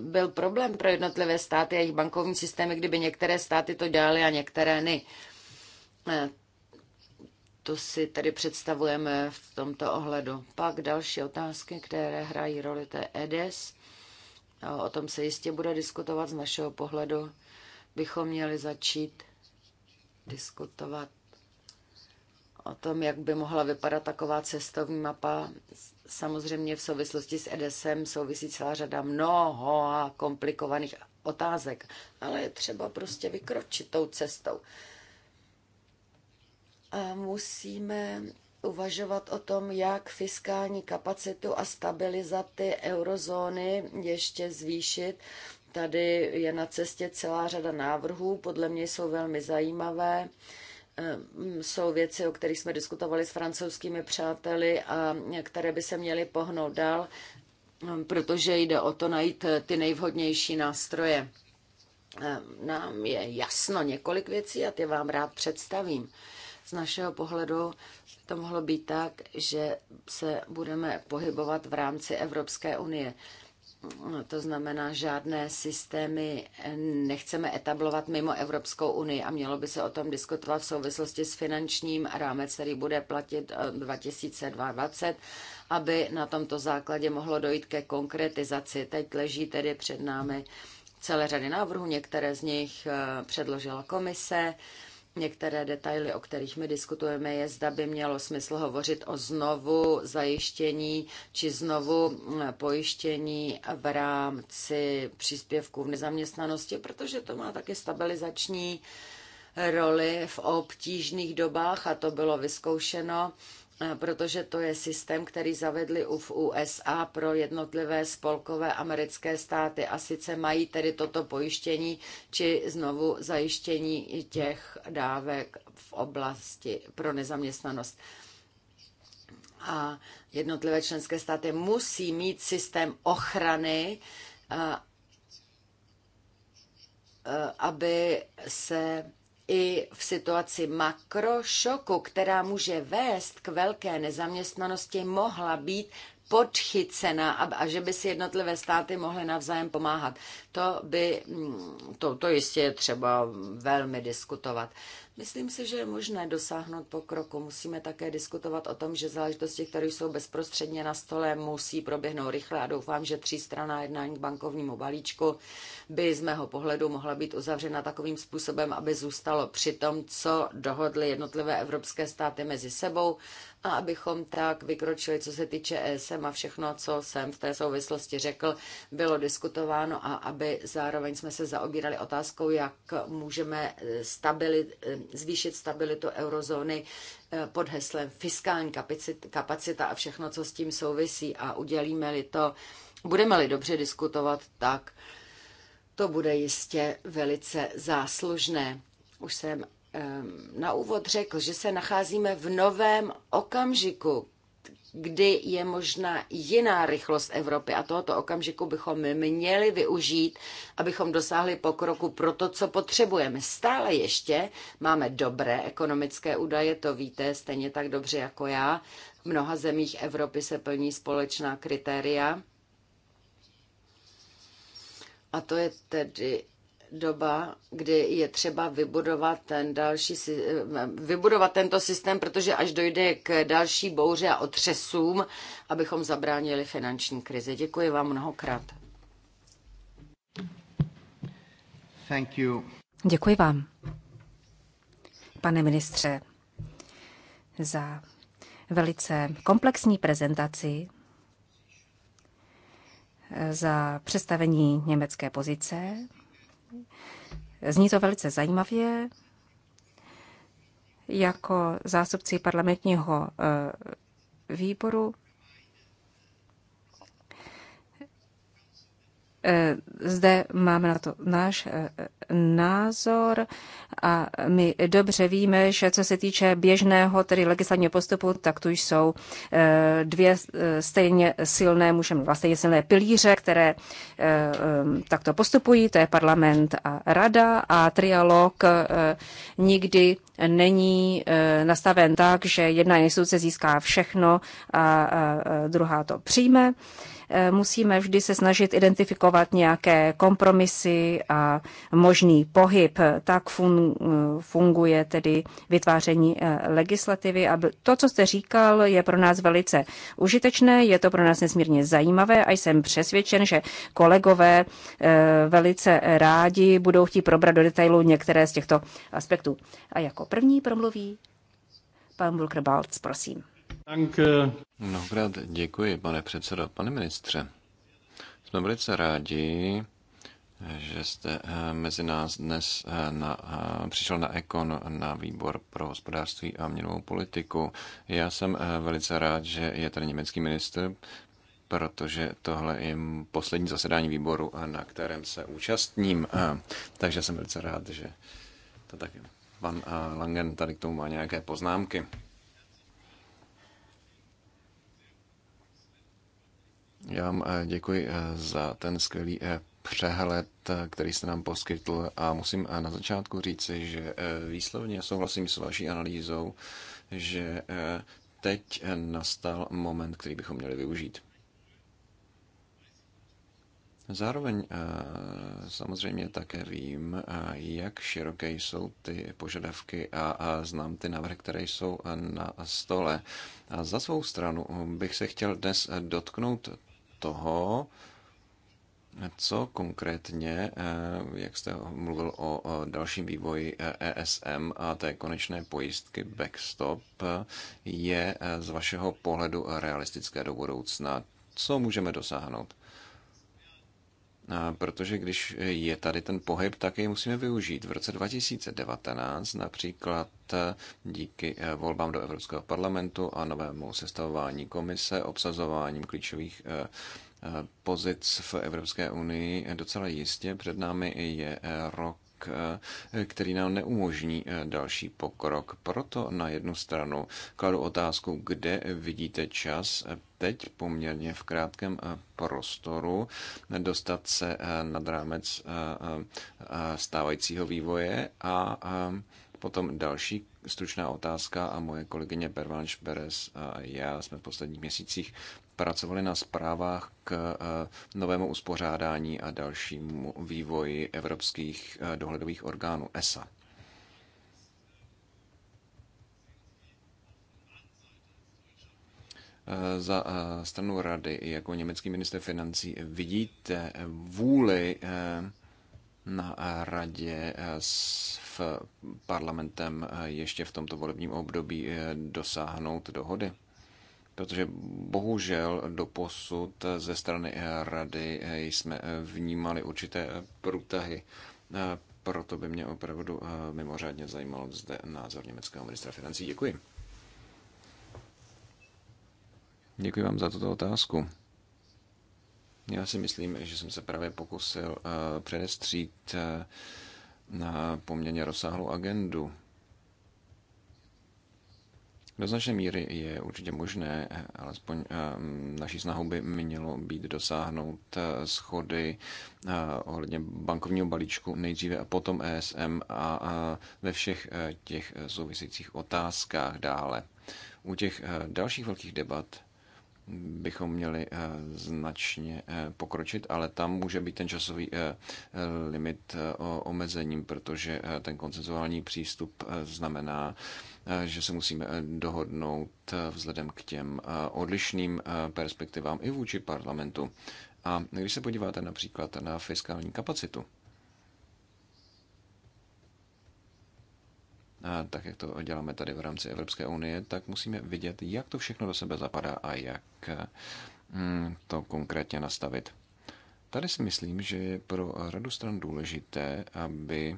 S1: byl problém pro jednotlivé státy a jejich bankovní systémy, kdyby některé státy to dělaly a některé ne. To si tedy představujeme v tomto ohledu. Pak další otázky, které hrají roli je EDES o tom se jistě bude diskutovat z našeho pohledu, bychom měli začít diskutovat o tom, jak by mohla vypadat taková cestovní mapa. Samozřejmě v souvislosti s EDSem souvisí celá řada mnoho a komplikovaných otázek, ale je třeba prostě vykročit tou cestou. A musíme uvažovat o tom, jak fiskální kapacitu a stabilizaci eurozóny ještě zvýšit. Tady je na cestě celá řada návrhů, podle mě jsou velmi zajímavé ehm, jsou věci, o kterých jsme diskutovali s francouzskými přáteli a které by se měly pohnout dál, ehm, protože jde o to najít eh, ty nejvhodnější nástroje. Ehm, nám je jasno několik věcí a ty vám rád představím. Z našeho pohledu to mohlo být tak, že se budeme pohybovat v rámci Evropské unie. To znamená, žádné systémy nechceme etablovat mimo Evropskou unii a mělo by se o tom diskutovat v souvislosti s finančním rámec, který bude platit 2020, eh, aby na tomto základě mohlo dojít ke konkretizaci. Teď leží tedy před námi celé řady návrhů, některé z nich eh, předložila komise. Některé detaily, o kterých my diskutujeme, je, zda by mělo smysl hovořit o znovu zajištění či znovu eh, pojištění v rámci příspěvků v nezaměstnanosti, protože to má také stabilizační eh, roli v obtížných dobách a to bylo vyzkoušeno Eh, protože to je systém, který zavedli v USA pro jednotlivé spolkové americké státy a sice mají tedy toto pojištění či znovu zajištění těch dávek v oblasti pro nezaměstnanost. A jednotlivé členské státy musí mít systém ochrany, eh, eh, aby se i v situaci makrošoku, která může vést k velké nezaměstnanosti, mohla být podchycena a, a že by si jednotlivé státy mohly navzájem pomáhat. To by, mm, to, to jistě je třeba velmi diskutovat. Myslím si, že je možné dosáhnout pokroku. Musíme také diskutovat o tom, že záležitosti, které jsou bezprostředně na stole, musí proběhnout rychle a doufám, že třístraná jednání k bankovnímu balíčku by z mého pohledu mohla být uzavřena takovým způsobem, aby zůstalo při tom, co dohodly jednotlivé evropské státy mezi sebou a abychom tak vykročili, co se týče ESM a všechno, co jsem v té souvislosti řekl, bylo diskutováno a aby zároveň jsme se zaobírali otázkou, jak můžeme stabilit, zvýšit stabilitu eurozóny eh, pod heslem fiskální kapacita a všechno, co s tím souvisí a udělíme-li to, budeme-li dobře diskutovat, tak to bude jistě velice záslužné. Už jsem Ehm, na úvod řekl, že se nacházíme v novém okamžiku, kdy je možná jiná rychlost Evropy a tohoto okamžiku bychom měli využít, abychom dosáhli pokroku pro to, co potřebujeme. Stále ještě máme dobré ekonomické údaje, to víte stejně tak dobře jako já. V mnoha zemích Evropy se plní společná kritéria. A to je tedy doba, kdy je třeba vybudovat, ten další, vybudovat tento systém, protože až dojde k další bouře a otřesům, abychom zabránili finanční krizi. Děkuji vám mnohokrát.
S2: Thank you.
S5: Děkuji vám, pane ministře, za velice komplexní prezentaci, za představení německé pozice Zní to velice zajímavě. Jako zástupci parlamentního eh, výboru Eh, zde máme na to náš eh, názor a my dobře víme, že co se týče běžného, tedy legislativního postupu, tak tu jsou eh, dvě stejně silné, můžeme vlastně stejně silné pilíře, které takto postupují, to je parlament a rada a trialog nikdy není nastaven tak, že jedna instituce získá všechno a druhá to přijme. Eh, musíme vždy se snažit identifikovat nějaké kompromisy a možný pohyb. Tak fun, eh, funguje tedy vytváření eh, legislativy. A to, co jste říkal, je pro nás velice užitečné, je to pro nás nesmírně zajímavé a jsem přesvědčen, že kolegové velice rádi budou chtít probrat do detailu některé z těchto aspektů. A jako první promluví pan Bulkrbalc,
S3: prosím. Mnohokrát děkuji, pane předsedo. Pane ministře, jsme velice rádi, že jste eh, mezi nás dnes eh, na, eh, přišel na Ekon, na výbor pro hospodářství a měnovou politiku. Já jsem velice rád, že je tady německý ministr, protože tohle je poslední zasedání výboru, na kterém se účastním. Takže jsem velice rád, že to taky pan Langen tady k tomu má nějaké poznámky. Já vám eh, děkuji eh, za ten skvělý eh, přehled, který jste nám poskytl a musím na začátku říci, že výslovně souhlasím s vaší analýzou, že teď nastal moment, který bychom měli využít. Zároveň samozřejmě také vím, jak široké jsou ty požadavky a znám ty návrhy, které jsou na stole. A za svou stranu bych se chtěl dnes dotknout toho, co konkrétně, eh, jak jste mluvil o dalším vývoji ESM eh, e a té konečné pojistky backstop, eh, je z vašeho pohledu realistické do budoucna? Co můžeme dosáhnout? protože když je tady ten pohyb, tak jej musíme využít. V roce 2019 například díky eh, volbám do Evropského parlamentu a novému sestavování komise, obsazováním klíčových eh, eh, pozic v Evropské unii, docela jistě před námi je rok tlak, eh, který nám neumožní eh, další pokrok. Proto na jednu stranu kladu otázku, kde vidíte čas eh, teď poměrně v krátkém prostoru dostat se nad rámec stávajícího vývoje a Potom další stručná otázka a moje kolegyně Bervanš Beres a já jsme v posledních měsících pracovali na zprávách k e, novému uspořádání a dalšímu vývoji evropských e, dohledových orgánů ESA. E, za stranu rady jako německý minister financí vidíte vůli na radě s parlamentem ještě v tomto volebním období dosáhnout dohody? protože bohužel do posud ze strany rady jsme vnímali určité průtahy. Proto by mě opravdu mimořádně zajímal zde názor německého ministra financí. Děkuji. Děkuji vám za tuto otázku. Já si myslím, že jsem se právě pokusil eh, předestřít eh, na poměrně rozsáhlou agendu do značné míry je určitě možné, eh, alespoň eh, naší snahou by mělo být dosáhnout eh, schody ohledně bankovního balíčku nejdříve a potom ESM a ve všech těch souvisejících otázkách dále. U těch dalších velkých debat bychom měli eh, značně eh, pokročit, ale tam může být ten časový eh, limit omezením, protože ten koncenzuální přístup znamená, že se musíme dohodnout vzhledem k těm odlišným perspektivám i vůči parlamentu. A když se podíváte například na fiskální kapacitu, tak jak to děláme tady v rámci Evropské unie, tak musíme vidět, jak to všechno do sebe zapadá a jak mm, to konkrétně nastavit. Tady si myslím, že je pro radu stran důležité, aby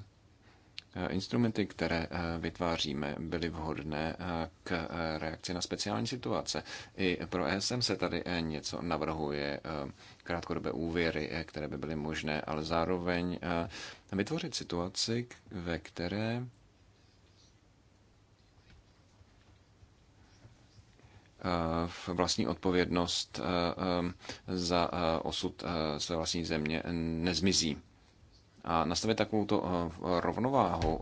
S3: eh, instrumenty, které eh, vytváříme, byly vhodné eh, k reakci na speciální situace. I pro ESM se tady něco navrhuje, krátkodobé úvěry, které by byly možné, ale zároveň vytvořit situaci, ve které vlastní odpovědnost eh, eh, za eh, osud své vlastní země nezmizí. A nastavit takovouto rovnováhu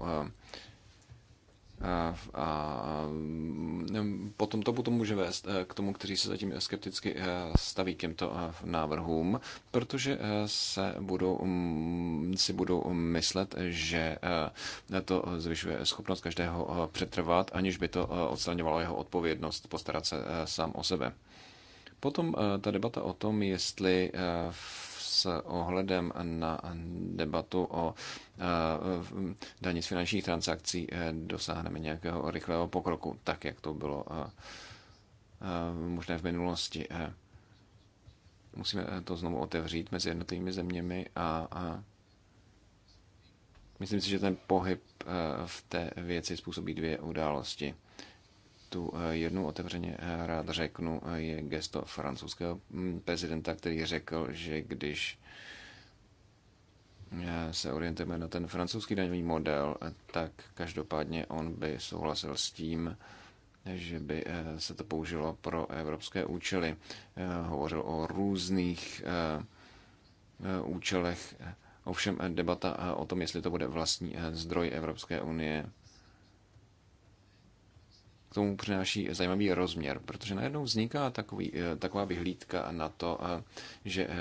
S3: a potom to potom může vést eh, k tomu, kteří se zatím skepticky eh, staví k těmto eh, návrhům, protože se budou, si budou myslet, že to zvyšuje schopnost každého přetrvat, aniž by to odstraňovalo jeho odpovědnost postarat se sám o sebe. Potom ta debata o tom, jestli v s ohledem na debatu o eh, daní z finančních transakcí eh, dosáhneme nějakého rychlého pokroku, tak jak to bylo eh, možné v minulosti. Musíme to znovu otevřít mezi jednotlivými zeměmi a, a myslím si, že ten pohyb v té věci způsobí dvě události tu eh, jednu otevřeně eh, rád řeknu, eh, je gesto francouzského mm, prezidenta, který řekl, že když se orientujeme na ten francouzský daňový model, tak každopádně on by souhlasil s tím, že by se to použilo pro evropské účely. Hovořil o různých účelech. Ovšem debata o tom, jestli to bude vlastní zdroj Evropské unie, k tomu přináší zajímavý rozměr, protože najednou vzniká takový, eh, taková vyhlídka na to, eh, že eh,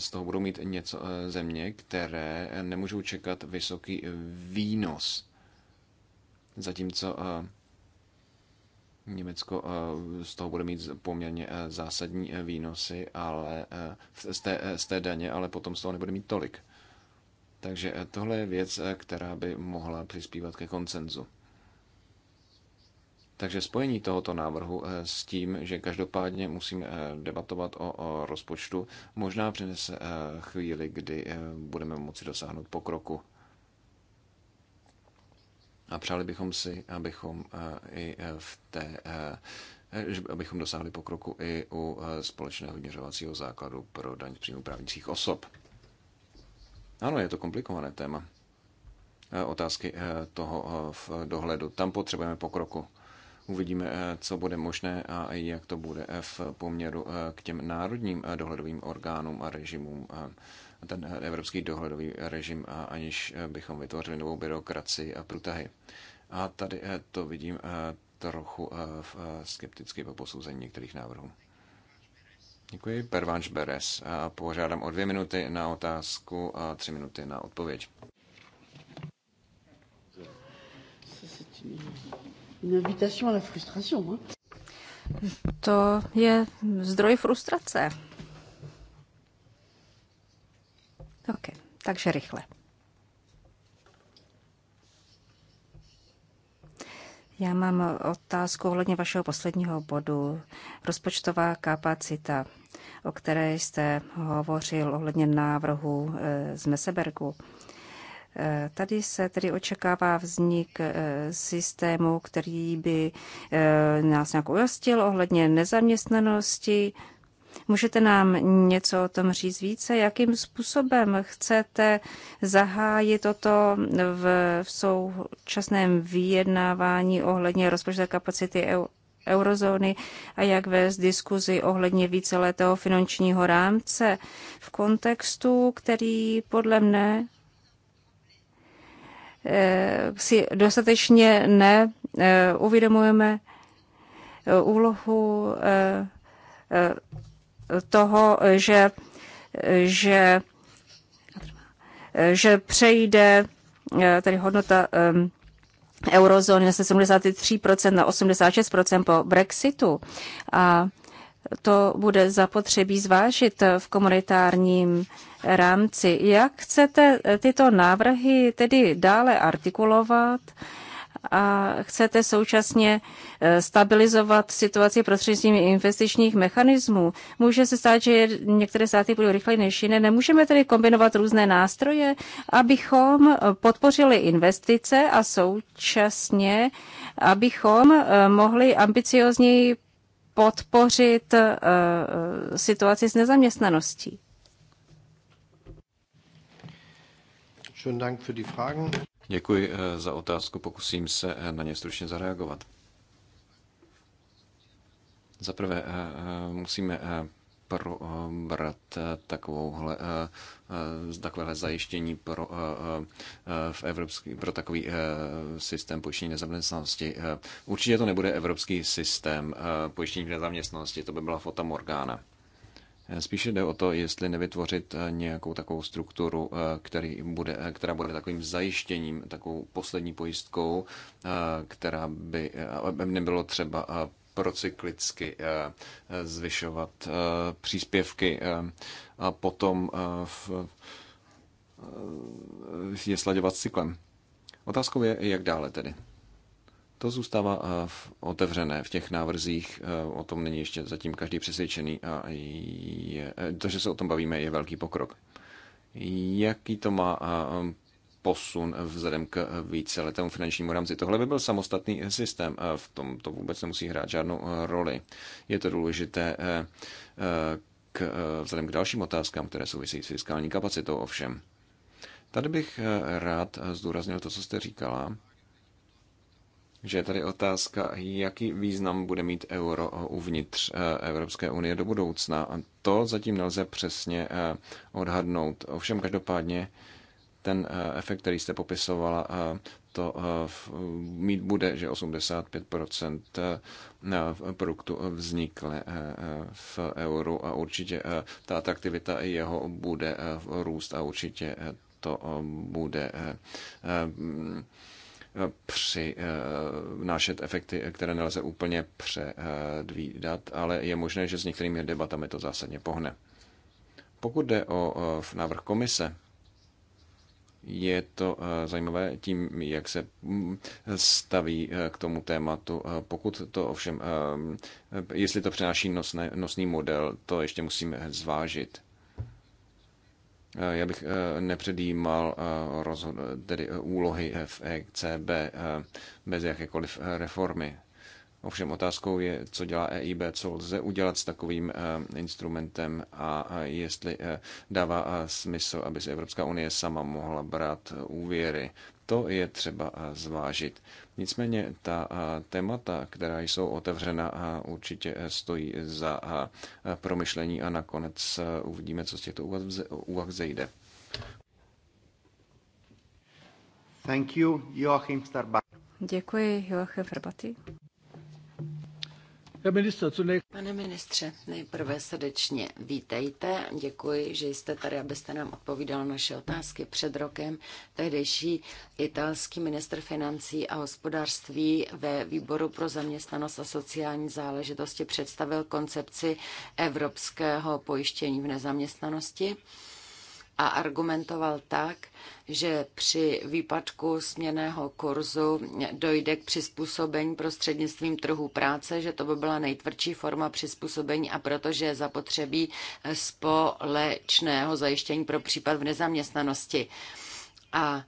S3: z toho budou mít něco země, které nemůžou čekat vysoký výnos. Zatímco Německo z toho bude mít poměrně zásadní výnosy, ale z té, z té daně, ale potom z toho nebude mít tolik. Takže tohle je věc, která by mohla přispívat ke koncenzu. Takže spojení tohoto návrhu eh, s tím, že každopádně musíme eh, debatovat o, o rozpočtu, možná přinese eh, chvíli, kdy budeme moci dosáhnout pokroku. A přáli bychom si, abychom i v té abychom dosáhli pokroku i u společného měřovacího základu pro daň z příjmu právnických osob. Ano, je to komplikované téma. Otázky toho v dohledu. Tam potřebujeme pokroku. Uvidíme, eh, co bude možné a jak to bude eh, v poměru eh, k těm národním dohledovým orgánům a režimům. Ten evropský dohledový režim, aniž bychom vytvořili novou byrokracii a průtahy. A tady to vidím trochu skepticky po posouzení některých návrhů. Děkuji. Pervanš Beres. Požádám o dvě minuty na otázku a tři minuty na odpověď.
S4: Co se tím
S5: to je zdroj frustrace. OK, takže rychle. Já mám otázku ohledně vašeho posledního bodu. Rozpočtová kapacita, o které jste hovořil ohledně návrhu eh, z Mesebergu. Tady se tedy očekává vznik eh, systému, který by eh, nás nějak ujastil ohledně nezaměstnanosti. Můžete nám něco o tom říct více? Jakým způsobem chcete zahájit toto v, současném vyjednávání ohledně rozpočtové kapacity EU? eurozóny a jak vést diskuzi ohledně víceletého finančního rámce v kontextu, který podle mne Eh, si dostatečně neuvědomujeme eh, úlohu eh, toho, že, že, že přejde tedy hodnota eurozóny na 73% na 86% po Brexitu. A to bude zapotřebí zvážit v komunitárním rámci. Jak chcete tyto návrhy tedy dále artikulovat a chcete současně eh, stabilizovat situaci prostřednictvím investičních mechanismů? Může se stát, že některé státy budou rychleji než jiné. Nemůžeme tedy kombinovat různé nástroje, abychom podpořili investice a současně abychom eh, mohli ambiciozněji podpořit eh, eh, situaci s nezaměstnaností?
S3: Děkuji eh, za otázku, pokusím se na ně stručně zareagovat. Za prvé musíme probrat eh, eh, takovouhle, eh, takovéhle zajištění pro, v evropský, pro takový systém pojištění nezaměstnanosti. Určitě to nebude evropský systém pojištění nezaměstnanosti, to by byla fota Morgana. Spíše jde o to, jestli nevytvořit nějakou takovou strukturu, který bude, která bude takovým zajištěním, takovou poslední pojistkou, která by nebylo třeba procyklicky eh, zvyšovat eh, příspěvky eh, a potom je sladěvat s cyklem. Otázkou je, jak dále tedy. To zůstává v otevřené v těch návrzích, o tom není ještě zatím každý přesvědčený a je, to, že se o tom bavíme, je velký pokrok. Jaký to má posun vzhledem k více letému finančnímu rámci. Tohle by byl samostatný systém, v tom to vůbec nemusí hrát žádnou eh, roli. Je to důležité eh, eh, k, vzhledem k dalším otázkám, které souvisí s fiskální kapacitou ovšem. Tady bych rád zdůraznil to, co jste říkala, že je tady otázka, jaký význam bude mít euro uvnitř Evropské unie do budoucna. to zatím nelze přesně odhadnout. Ovšem každopádně ten eh, efekt, který jste popisovala, eh, to eh, mít bude, že 85% produktu vznikne v euru a určitě ta atraktivita jeho bude růst a určitě to bude při přinášet efekty, které nelze úplně předvídat, ale je možné, že s některými debatami to zásadně pohne. Pokud jde o návrh komise, je to eh, zajímavé tím, jak se mm, staví eh, k tomu tématu. Eh, pokud to ovšem, jestli to přenáší nosné, nosný model, to ještě musíme zvážit. Já bych nepředjímal rozhod, tedy úlohy v ECB bez jakékoliv reformy. Ovšem otázkou je, co dělá EIB, co lze udělat s takovým eh, instrumentem a jestli eh, dává eh, smysl, aby se Evropská unie sama mohla brát úvěry. To je třeba zvážit. Nicméně ta témata, která jsou otevřena, určitě stojí za promyšlení a nakonec uvidíme, co z těchto úvah zejde.
S2: Thank you, Joachim Starbat.
S5: Děkuji, Joachim Verbaty.
S1: Pane ministře, nejprve srdečně vítejte. Děkuji, že jste tady, abyste nám odpovídal naše otázky. Před rokem tehdejší italský minister financí a hospodářství ve výboru pro zaměstnanost a sociální záležitosti představil koncepci evropského pojištění v nezaměstnanosti a argumentoval tak, že při výpadku směného kurzu dojde k přizpůsobení prostřednictvím trhu práce, že to by byla nejtvrdší forma přizpůsobení a protože je zapotřebí společného zajištění pro případ v nezaměstnanosti. A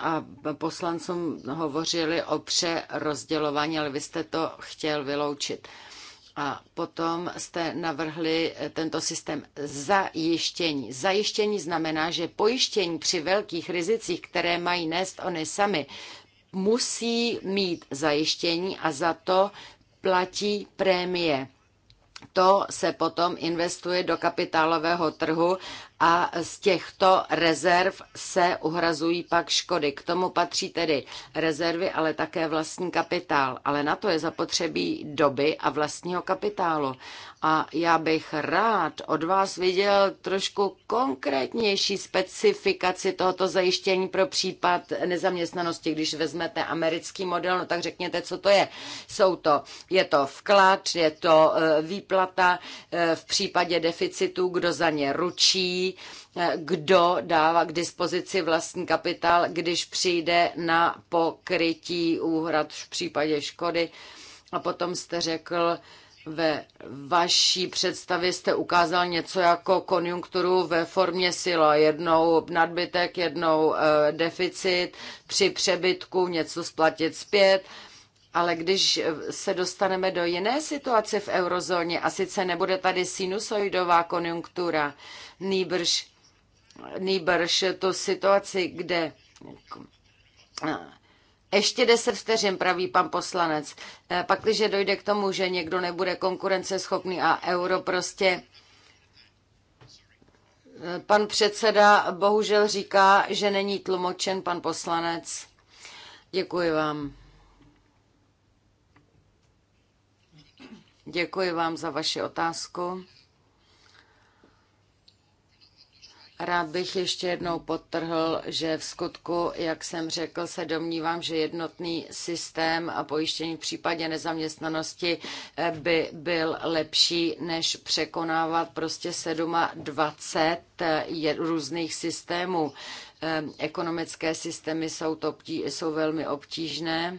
S1: a poslancům hovořili o přerozdělování, ale vy jste to chtěl vyloučit. A potom jste navrhli tento systém zajištění. Zajištění znamená, že pojištění při velkých rizicích, které mají nést oni sami, musí mít zajištění a za to platí prémie. To se potom investuje do kapitálového trhu a z těchto rezerv se uhrazují pak škody. K tomu patří tedy rezervy, ale také vlastní kapitál. Ale na to je zapotřebí doby a vlastního kapitálu. A já bych rád od vás viděl trošku konkrétnější specifikaci tohoto zajištění pro případ nezaměstnanosti. Když vezmete americký model, no tak řekněte, co to je. Jsou to, je to vklad, je to e, výplata e, v případě deficitu? kdo za ně ručí, kdo dává k dispozici vlastní kapitál, když přijde na pokrytí úhrad v případě škody. A potom jste řekl, ve vaší představě jste ukázal něco jako konjunkturu ve formě sila. Jednou nadbytek, jednou eh, deficit, při přebytku něco splatit zpět. Ale když eh, se dostaneme do jiné situace v eurozóně, a sice nebude tady sinusoidová konjunktura, nýbrž, nýbrž tu situaci, kde ještě deset vteřin, praví pan poslanec. Eh, Pak, když dojde k tomu, že někdo nebude konkurenceschopný a euro prostě eh, Pan předseda bohužel říká, že není tlumočen pan poslanec. Děkuji vám. Děkuji vám za vaši otázku. Rád bych ještě jednou podtrhl, že v skutku, jak jsem řekl, se domnívám, že jednotný systém a pojištění v případě nezaměstnanosti eh, by byl lepší, než překonávat prostě 27 eh, různých systémů. Eh, ekonomické systémy jsou, to, jsou velmi obtížné.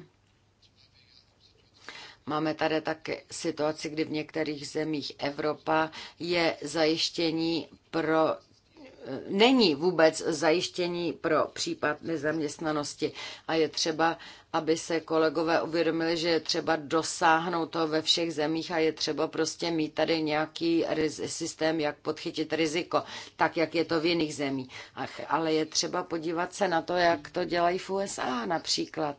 S1: Máme tady také situaci, kdy v některých zemích Evropa je zajištění pro není vůbec zajištění pro případ nezaměstnanosti a je třeba, aby se kolegové uvědomili, že je třeba dosáhnout toho ve všech zemích a je třeba prostě mít tady nějaký systém, jak podchytit riziko, tak jak je to v jiných zemích. Ach, ale je třeba podívat se na to, jak to dělají v USA například.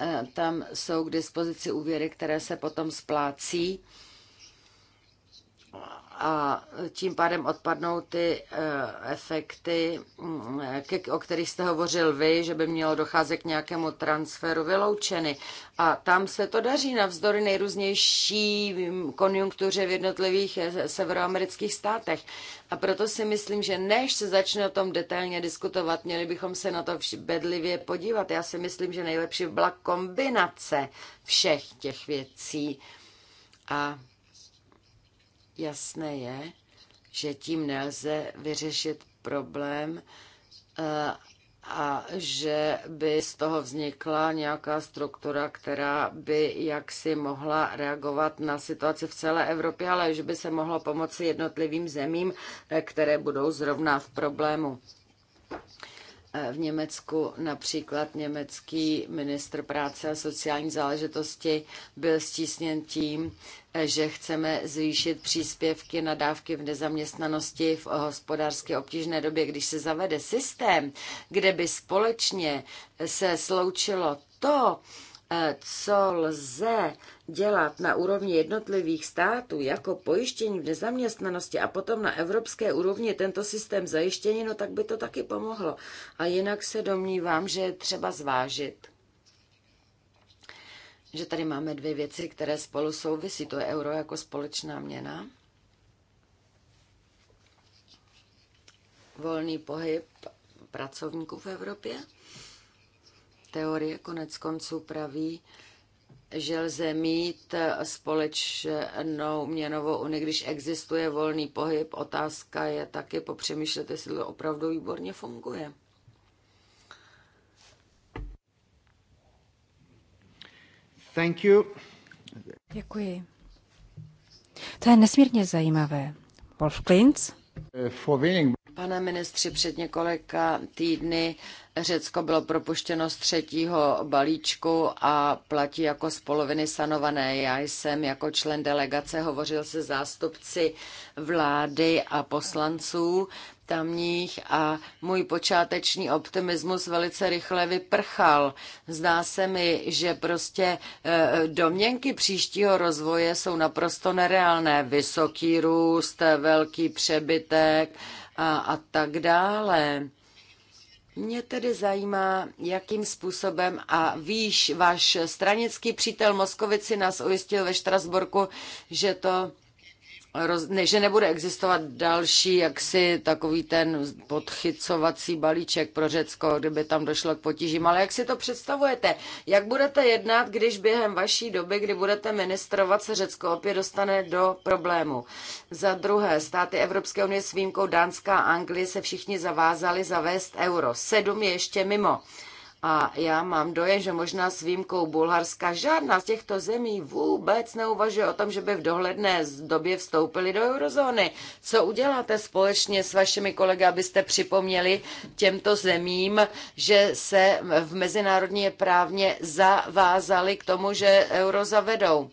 S1: E, tam jsou k dispozici úvěry, které se potom splácí a tím pádem odpadnou ty eh, efekty, mm, o kterých jste hovořil vy, že by mělo docházet k nějakému transferu vyloučeny. A tam se to daří navzdory nejrůznější mm, konjunktuře v jednotlivých eh, severoamerických státech. A proto si myslím, že než se začne o tom detailně diskutovat, měli bychom se na to bedlivě podívat. Já si myslím, že nejlepší byla kombinace všech těch věcí. A Jasné je, že tím nelze vyřešit problém eh, a že by z toho vznikla nějaká struktura, která by jaksi mohla reagovat na situaci v celé Evropě, ale že by se mohlo pomoci jednotlivým zemím, eh, které budou zrovna v problému. E, v Německu například německý ministr práce a sociální záležitosti byl stísněn tím, e, že chceme zvýšit příspěvky na dávky v nezaměstnanosti v hospodářské obtížné době, když se zavede systém, kde by společně se sloučilo to, co lze dělat na úrovni jednotlivých států jako pojištění v nezaměstnanosti a potom na evropské úrovni tento systém zajištění, no tak by to taky pomohlo. A jinak se domnívám, že je třeba zvážit že tady máme dvě věci, které spolu souvisí. To je euro jako společná měna. Volný pohyb pracovníků v Evropě Teorie konec konců praví, že lze mít společnou měnovou unii, když existuje volný pohyb. Otázka je taky popřemýšlet, jestli to opravdu výborně funguje. Thank you. Děkuji.
S5: To je nesmírně zajímavé. Wolf Klintz? Eh,
S1: Pane ministři, před několika týdny Řecko bylo propuštěno z třetího balíčku a platí jako z poloviny sanované. Já jsem jako člen delegace hovořil se zástupci vlády a poslanců tamních a můj počáteční optimismus velice rychle vyprchal. Zdá se mi, že prostě e, domněnky příštího rozvoje jsou naprosto nereálné. Vysoký růst, velký přebytek a, a tak dále mě tedy zajímá, jakým způsobem a víš, váš stranický přítel Moskovici nás ujistil ve Štrasburku, že to roz, ne, že nebude existovat další jaksi takový ten podchycovací balíček pro Řecko, kdyby tam došlo k potížím. Ale jak si to představujete? Jak budete jednat, když během vaší doby, kdy budete ministrovat, se Řecko opět dostane do problému? Za druhé, státy Evropské unie s výjimkou Dánska, a Anglie se všichni zavázali zavést euro. Sedm je ještě mimo. A já mám dojem, že možná s výjimkou Bulharska žádná z těchto zemí vůbec neuvažuje o tom, že by v dohledné době vstoupili do eurozóny. Co uděláte společně s vašimi kolegy, abyste připomněli těmto zemím, že se v mezinárodní právně zavázali k tomu, že euro zavedou?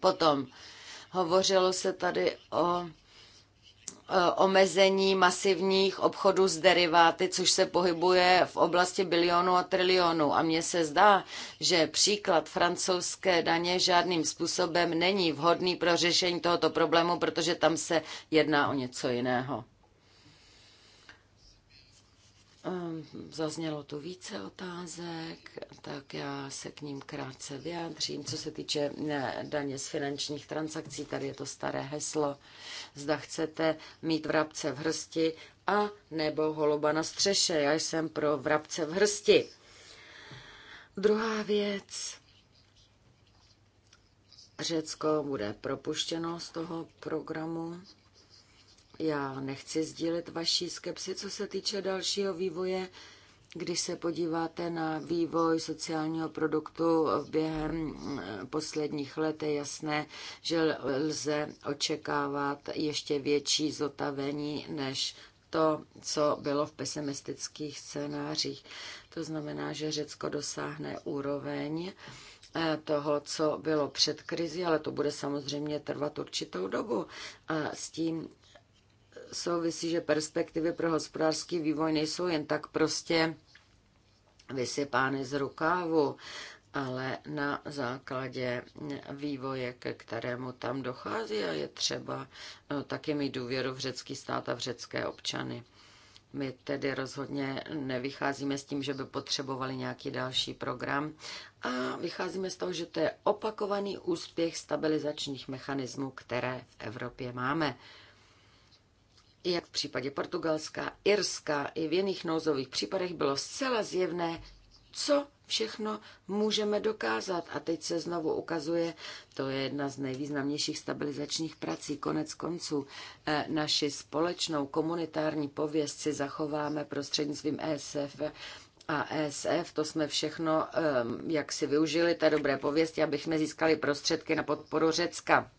S1: Potom hovořilo se tady o Eh, omezení masivních obchodů s deriváty, což se pohybuje v oblasti bilionu a trilionu. A mně se zdá, že příklad francouzské daně žádným způsobem není vhodný pro řešení tohoto problému, protože tam se jedná o něco jiného. Ehm, zaznělo tu více otázek, tak já se k ním krátce vyjádřím. Co se týče daně z finančních transakcí, tady je to staré heslo. Zda chcete mít vrabce v hrsti a nebo holuba na střeše. Já jsem pro vrabce v hrsti. Druhá věc. Řecko bude propuštěno z toho programu. Já nechci sdílet vaší skepsi, co se týče dalšího vývoje. Když se podíváte na vývoj sociálního produktu během eh, posledních let, je jasné, že lze očekávat ještě větší zotavení než to, co bylo v pesimistických scénářích. To znamená, že Řecko dosáhne úroveň eh, toho, co bylo před krizi, ale to bude samozřejmě trvat určitou dobu. A s tím souvisí, že perspektivy pro hospodářský vývoj nejsou jen tak prostě vysypány z rukávu, ale na základě vývoje, ke kterému tam dochází a je třeba no, taky mít důvěru v řecký stát a v řecké občany. My tedy rozhodně nevycházíme s tím, že by potřebovali nějaký další program a vycházíme z toho, že to je opakovaný úspěch stabilizačních mechanismů, které v Evropě máme jak v případě Portugalska, Irska i v jiných nouzových případech bylo zcela zjevné, co všechno můžeme dokázat. A teď se znovu ukazuje, to je jedna z nejvýznamnějších stabilizačních prací. Konec konců eh, naši společnou komunitární pověst si zachováme prostřednictvím ESF a ESF, to jsme všechno, eh, jak si využili té dobré pověsti, abychom získali prostředky na podporu Řecka.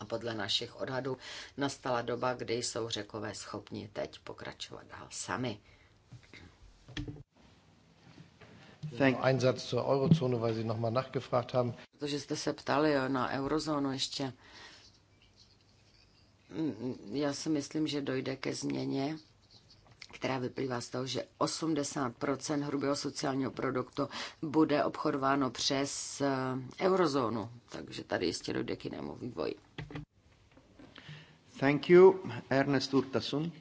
S1: A podle našich odhadů nastala doba, kdy jsou řekové schopni teď pokračovat dál sami. Einsatz zur Protože jste se ptali jo, na eurozónu ještě. Mm, mm, já si myslím, že dojde ke změně která vyplývá z toho, že 80 hrubého sociálního produktu bude obchodováno přes eh, eurozónu. Takže tady jistě dojde k jinému vývoji.
S3: Thank you, Ernest Urtasun.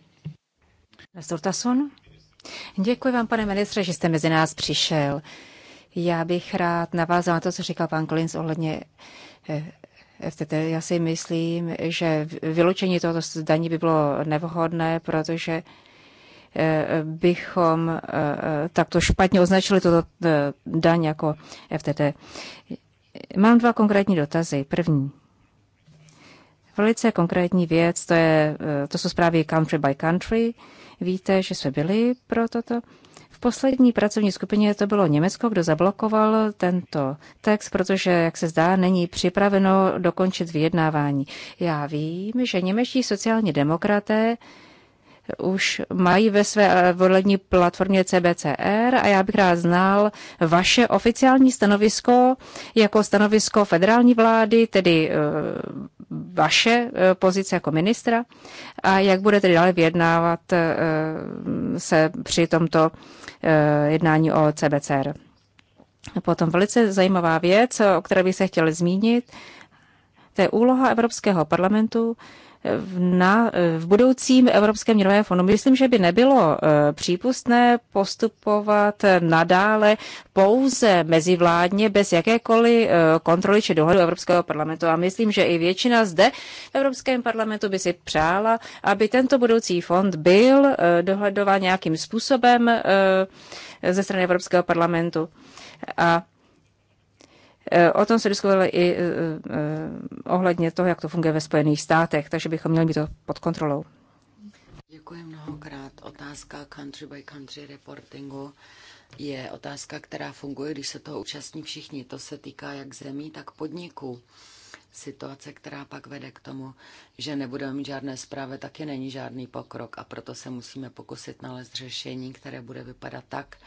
S5: Ernest Urtasun. Děkuji vám, pane ministře, že jste mezi nás přišel. Já bych rád navázal na to, co říkal pan Collins ohledně eh, FTT. Já si myslím, že vyloučení tohoto zdaní by bylo nevhodné, protože Eh, bychom eh, eh, takto špatně označili toto daň jako FTT. Mám dva konkrétní dotazy. První. Velice konkrétní věc, to, je, to jsou zprávy country by country. Víte, že jsme byli pro toto. V poslední pracovní skupině to bylo Německo, kdo zablokoval tento text, protože, jak se zdá, není připraveno dokončit vyjednávání. Já vím, že němečtí sociální demokraté už mají ve své eh, volební platformě CBCR a já bych rád znal vaše oficiální stanovisko jako stanovisko federální vlády, tedy eh, vaše eh, pozice jako ministra a jak bude tedy dále vyjednávat se při tomto jednání o CBCR. Potom velice zajímavá věc, o které bych se chtěl zmínit, to je úloha Evropského parlamentu v, na, v budoucím Evropském měnovém fondu. Myslím, že by nebylo e, přípustné postupovat nadále pouze mezivládně bez jakékoliv e, kontroly či dohodu Evropského parlamentu. A myslím, že i většina zde v Evropském parlamentu by si přála, aby tento budoucí fond byl e, dohledován nějakým způsobem ze strany Evropského parlamentu. A O tom se diskutovalo i e, e, ohledně toho, jak to funguje ve Spojených státech, takže bychom měli být to pod kontrolou. Děkuji
S1: mnohokrát. Otázka country by country reportingu je otázka, která funguje, když se toho účastní všichni. To se týká jak zemí, tak podniků. Situace, která pak vede k tomu, že nebudeme mít žádné zprávy, taky není žádný pokrok a proto se musíme pokusit nalézt řešení, které bude vypadat tak,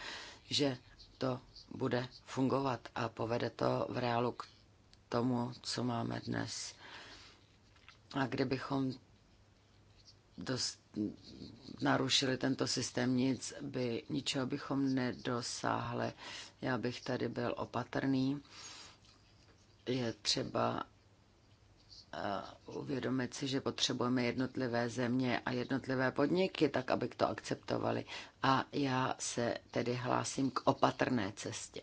S1: že to bude fungovat a povede to v reálu k tomu, co máme dnes. A kdybychom dost narušili tento systém, nic by, ničeho bychom nedosáhli. Já bych tady byl opatrný. Je třeba uvědomit si, že potřebujeme jednotlivé země a jednotlivé podniky, tak aby to akceptovali. A já se tedy hlásím k opatrné cestě.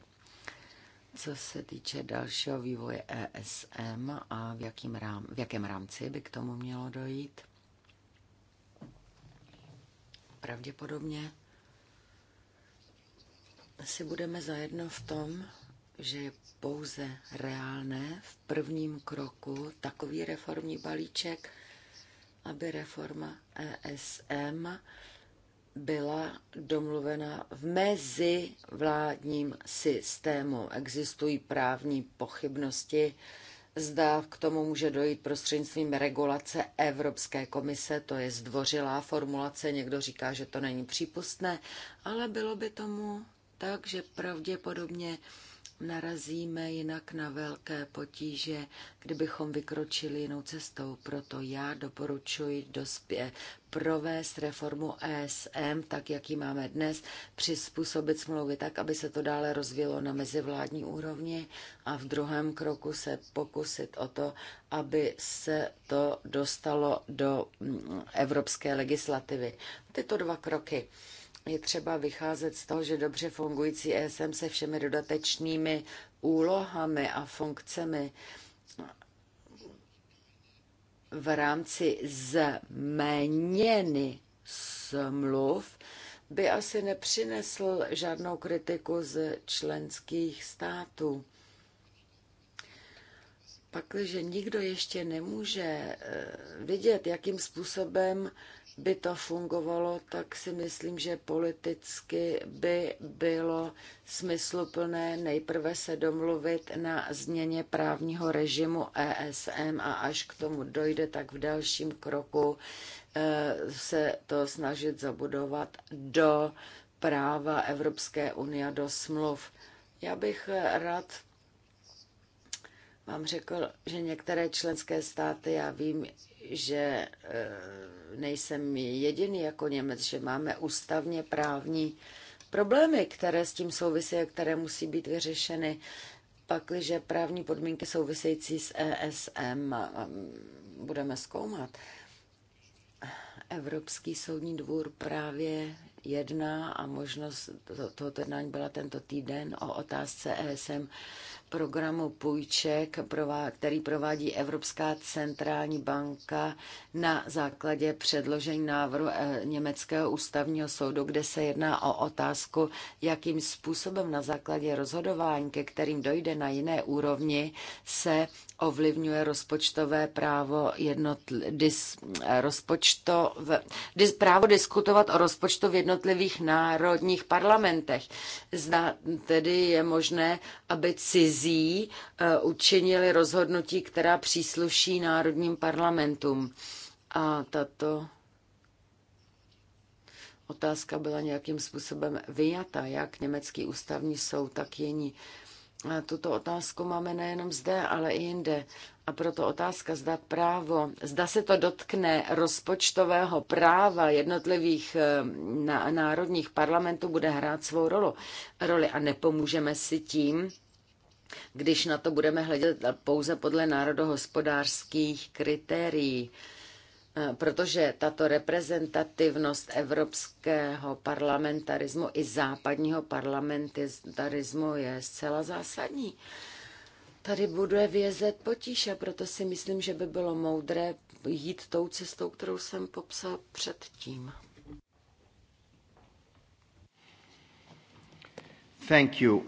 S1: Co se týče dalšího vývoje ESM a v, jakým rám, v jakém rámci by k tomu mělo dojít? Pravděpodobně si budeme zajedno v tom, že je pouze reálné v prvním kroku takový reformní balíček, aby reforma ESM byla domluvena v mezi vládním systému. Existují právní pochybnosti, zda k tomu může dojít prostřednictvím regulace Evropské komise, to je zdvořilá formulace, někdo říká, že to není přípustné, ale bylo by tomu tak, že pravděpodobně narazíme jinak na velké potíže, kdybychom vykročili jinou cestou. Proto já doporučuji dospě provést reformu ESM, tak jak ji máme dnes, přizpůsobit smlouvy tak, aby se to dále rozvíjelo na mezivládní úrovni a v druhém kroku se pokusit o to, aby se to dostalo do mm, evropské legislativy. Tyto dva kroky je třeba vycházet z toho, že dobře fungující ESM se všemi dodatečnými úlohami a funkcemi v rámci změny smluv by asi nepřinesl žádnou kritiku z členských států. Pakliže nikdo ještě nemůže eh, vidět, jakým způsobem by to fungovalo, tak si myslím, že politicky by bylo smysluplné nejprve se domluvit na změně právního režimu ESM a až k tomu dojde, tak v dalším kroku eh, se to snažit zabudovat do práva Evropské unie, do smluv. Já bych eh, rád vám řekl, že některé členské státy, já vím, že e, nejsem jediný jako Němec, že máme ústavně právní problémy, které s tím souvisí a které musí být vyřešeny, pakliže právní podmínky související s ESM budeme zkoumat. Evropský soudní dvůr právě jedná a možnost tohoto jednání byla tento týden o otázce ESM programu půjček, který provádí Evropská centrální banka na základě předložení návrhu eh, Německého ústavního soudu, kde se jedná o otázku, jakým způsobem na základě rozhodování, ke kterým dojde na jiné úrovni, se ovlivňuje rozpočtové právo jednotl- dis, rozpočto dis, právo diskutovat o rozpočtu v jednotlivých národních parlamentech. Zda tedy je možné, aby cizí krizí eh, učinili rozhodnutí, která přísluší národním parlamentům. A tato otázka byla nějakým způsobem vyjata, jak německý ústavní soud, tak jiní. A tuto otázku máme nejenom zde, ale i jinde. A proto otázka, zda právo, zda se to dotkne rozpočtového práva jednotlivých eh, národních parlamentů, bude hrát svou roli. roli a nepomůžeme si tím, když na to budeme hledět pouze podle národohospodářských kritérií. Eh, protože tato reprezentativnost evropského parlamentarismu i západního parlamentarismu je zcela zásadní. Tady bude vězet potíž a proto si myslím, že by bylo moudré jít tou cestou, kterou jsem popsal předtím.
S3: Thank you.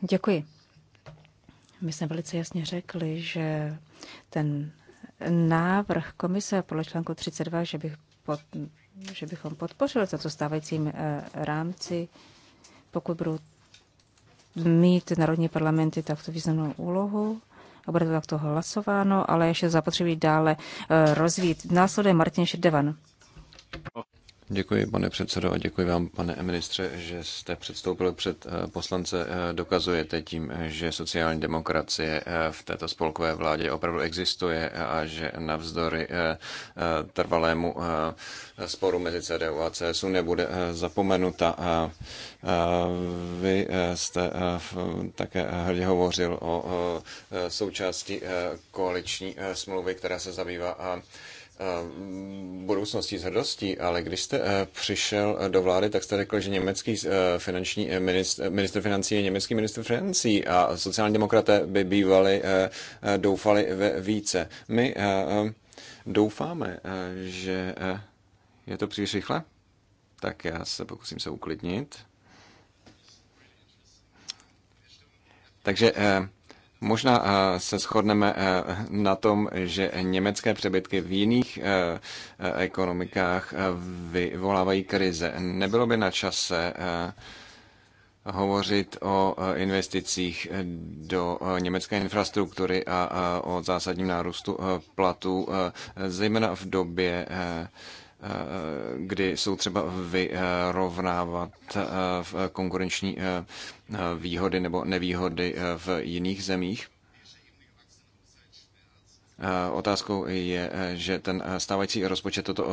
S5: Děkuji. My jsme velice jasně řekli, že ten návrh komise podle článku 32, že, bych pod, že bychom podpořili toto stávajícím eh, rámci, pokud budou mít národní parlamenty takto významnou úlohu a bude to takto hlasováno, ale ještě zapotřebí dále eh, rozvít. Následuje Martin Šerdevan.
S3: Děkuji, pane předsedo, a děkuji vám, pane ministře, že jste předstoupil před eh, poslance. Eh, dokazujete tím, že sociální demokracie eh, v této spolkové vládě opravdu existuje a že navzdory trvalému sporu mezi CDU a CSU nebude zapomenuta. Vy jste také hrdě hovořil o součásti koaliční smlouvy, která se zabývá Eh, budoucnosti s hrdostí, ale když jste eh, přišel eh, do vlády, tak jste řekl, že německý finanční minister, minister financí je německý minister financí a sociální demokraté by bývali doufali ve více. My doufáme, že je to příliš rychle, tak já se pokusím se uklidnit. Takže Možná eh, se shodneme eh, na tom, že německé přebytky v jiných eh, ekonomikách vyvolávají krize. Nebylo by na čase hovořit o investicích do německé infrastruktury a o zásadním nárůstu platů, zejména v době kdy jsou třeba vyrovnávat eh, eh, konkurenční eh, výhody nebo nevýhody v jiných zemích. Otázkou je, že ten stávající rozpočet toto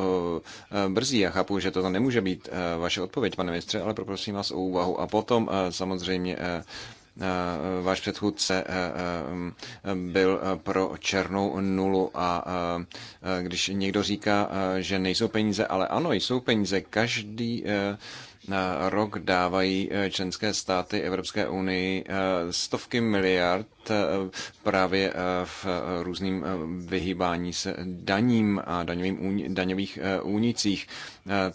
S3: brzí. Já chápu, že toto nemůže být vaše odpověď, pane ministře, ale poprosím vás o úvahu. A potom samozřejmě Eh, váš předchůdce eh, eh, mm, byl pro černou nulu a když někdo říká, že nejsou peníze, ale ano, jsou peníze, každý rok dávají eh, členské státy Evropské unii eh, stovky miliard eh, právě v různým vyhýbání se daním a daňovým, daňových únicích.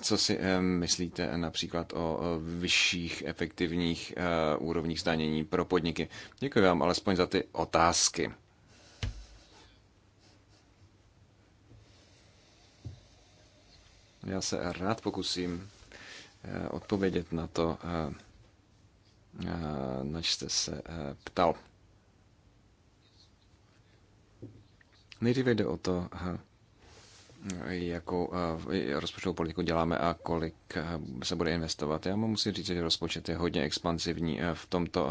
S3: Co si myslíte například o vyšších efektivních úrovních zdanění pro podniky? Děkuji vám alespoň za ty otázky. Já se rád pokusím Eh, odpovědět na to, eh, eh, nač jste se ptal. Nejdříve jde o to, jakou rozpočtovou politiku děláme a kolik se bude investovat. Já mu musím říct, že rozpočet je hodně expansivní v tomto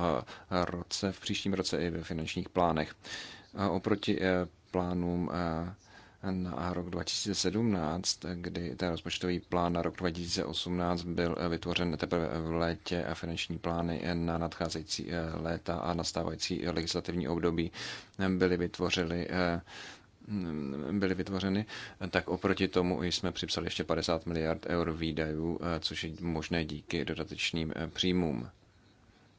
S3: roce, v příštím roce i ve finančních plánech. Oproti plánům na rok 2017, kdy ten rozpočtový plán na rok 2018 byl vytvořen teprve v létě a finanční plány na nadcházející eh, léta a nastávající legislativní období byly vytvořeny eh, byly vytvořeny, tak oproti tomu jsme připsali ještě 50 miliard eur výdajů, eh, což je možné díky dodatečným příjmům.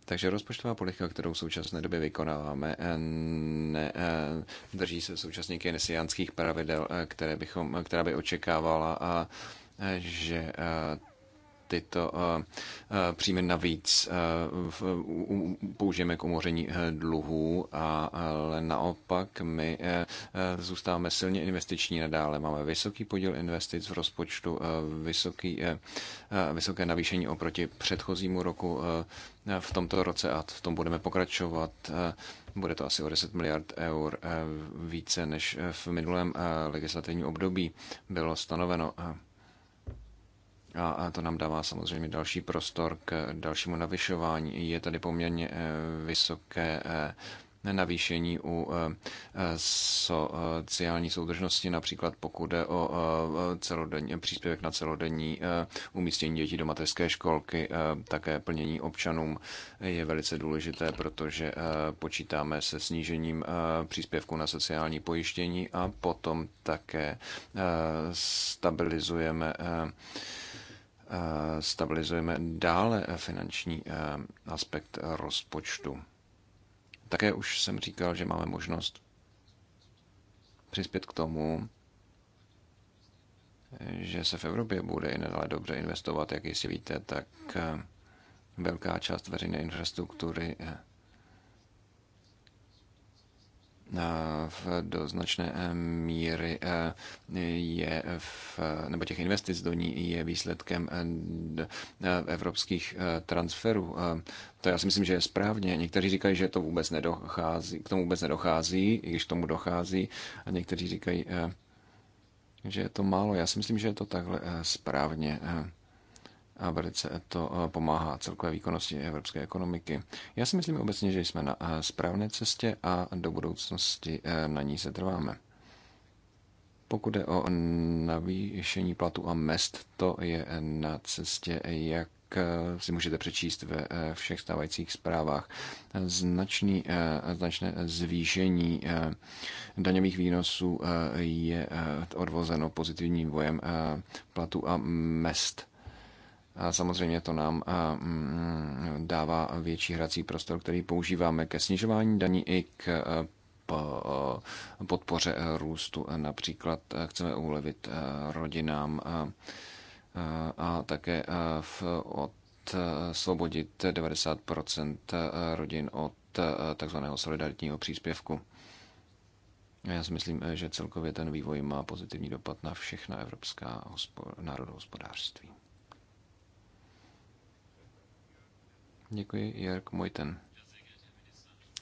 S3: Takže rozpočtová politika, kterou v současné době vykonáváme, eh, ne, eh, drží se současně keynesiánských pravidel, eh, které bychom, která by očekávala, že tyto eh, eh, příjmy navíc eh, použijeme k umoření dluhů, ale naopak my zůstáváme silně investiční nadále. Máme vysoký podíl investic v rozpočtu, vysoký, vysoké navýšení oproti předchozímu roku v tomto roce a v tom budeme pokračovat. Bude to asi o 10 miliard eur více, než v minulém legislativním období bylo stanoveno a to nám dává samozřejmě další prostor k dalšímu navyšování. Je tady poměrně eh, vysoké eh, navýšení u eh, sociální soudržnosti, například pokud jde o příspěvek na celodenní umístění dětí do mateřské školky, také plnění občanům je velice důležité, protože počítáme se snížením příspěvku na sociální pojištění a potom také stabilizujeme stabilizujeme dále finanční eh, aspekt rozpočtu. Také už jsem říkal, že máme možnost přispět k tomu, že se v Evropě bude i nadále dobře investovat, jak jistě víte, tak eh, velká část veřejné infrastruktury eh, do značné eh, míry eh, je v, nebo těch investic do ní je výsledkem eh, evropských transferů. To já si myslím, že je správně. Někteří říkají, že to vůbec nedochází, k tomu vůbec nedochází, i když k tomu dochází. A někteří říkají, že je to málo. Já si myslím, že je to takhle správně a velice to eh, pomáhá celkové výkonnosti evropské ekonomiky. Já si myslím obecně, že jsme na eh, správné cestě a do budoucnosti eh, na ní se trváme. Pokud je o navýšení platu a mest, to je na cestě, jak si můžete přečíst ve všech stávajících zprávách. Značný, značné zvýšení daňových výnosů je odvozeno pozitivním vojem platu a mest a samozřejmě to nám mm, dává větší hrací prostor, který používáme ke snižování daní i k podpoře růstu. Například chceme ulevit rodinám a také v, od svobodit 90 rodin od takzvaného solidaritního příspěvku. Já si myslím, že celkově ten vývoj má pozitivní dopad na všechna evropská národohospodářství. Děkuji, Jörg Mojten.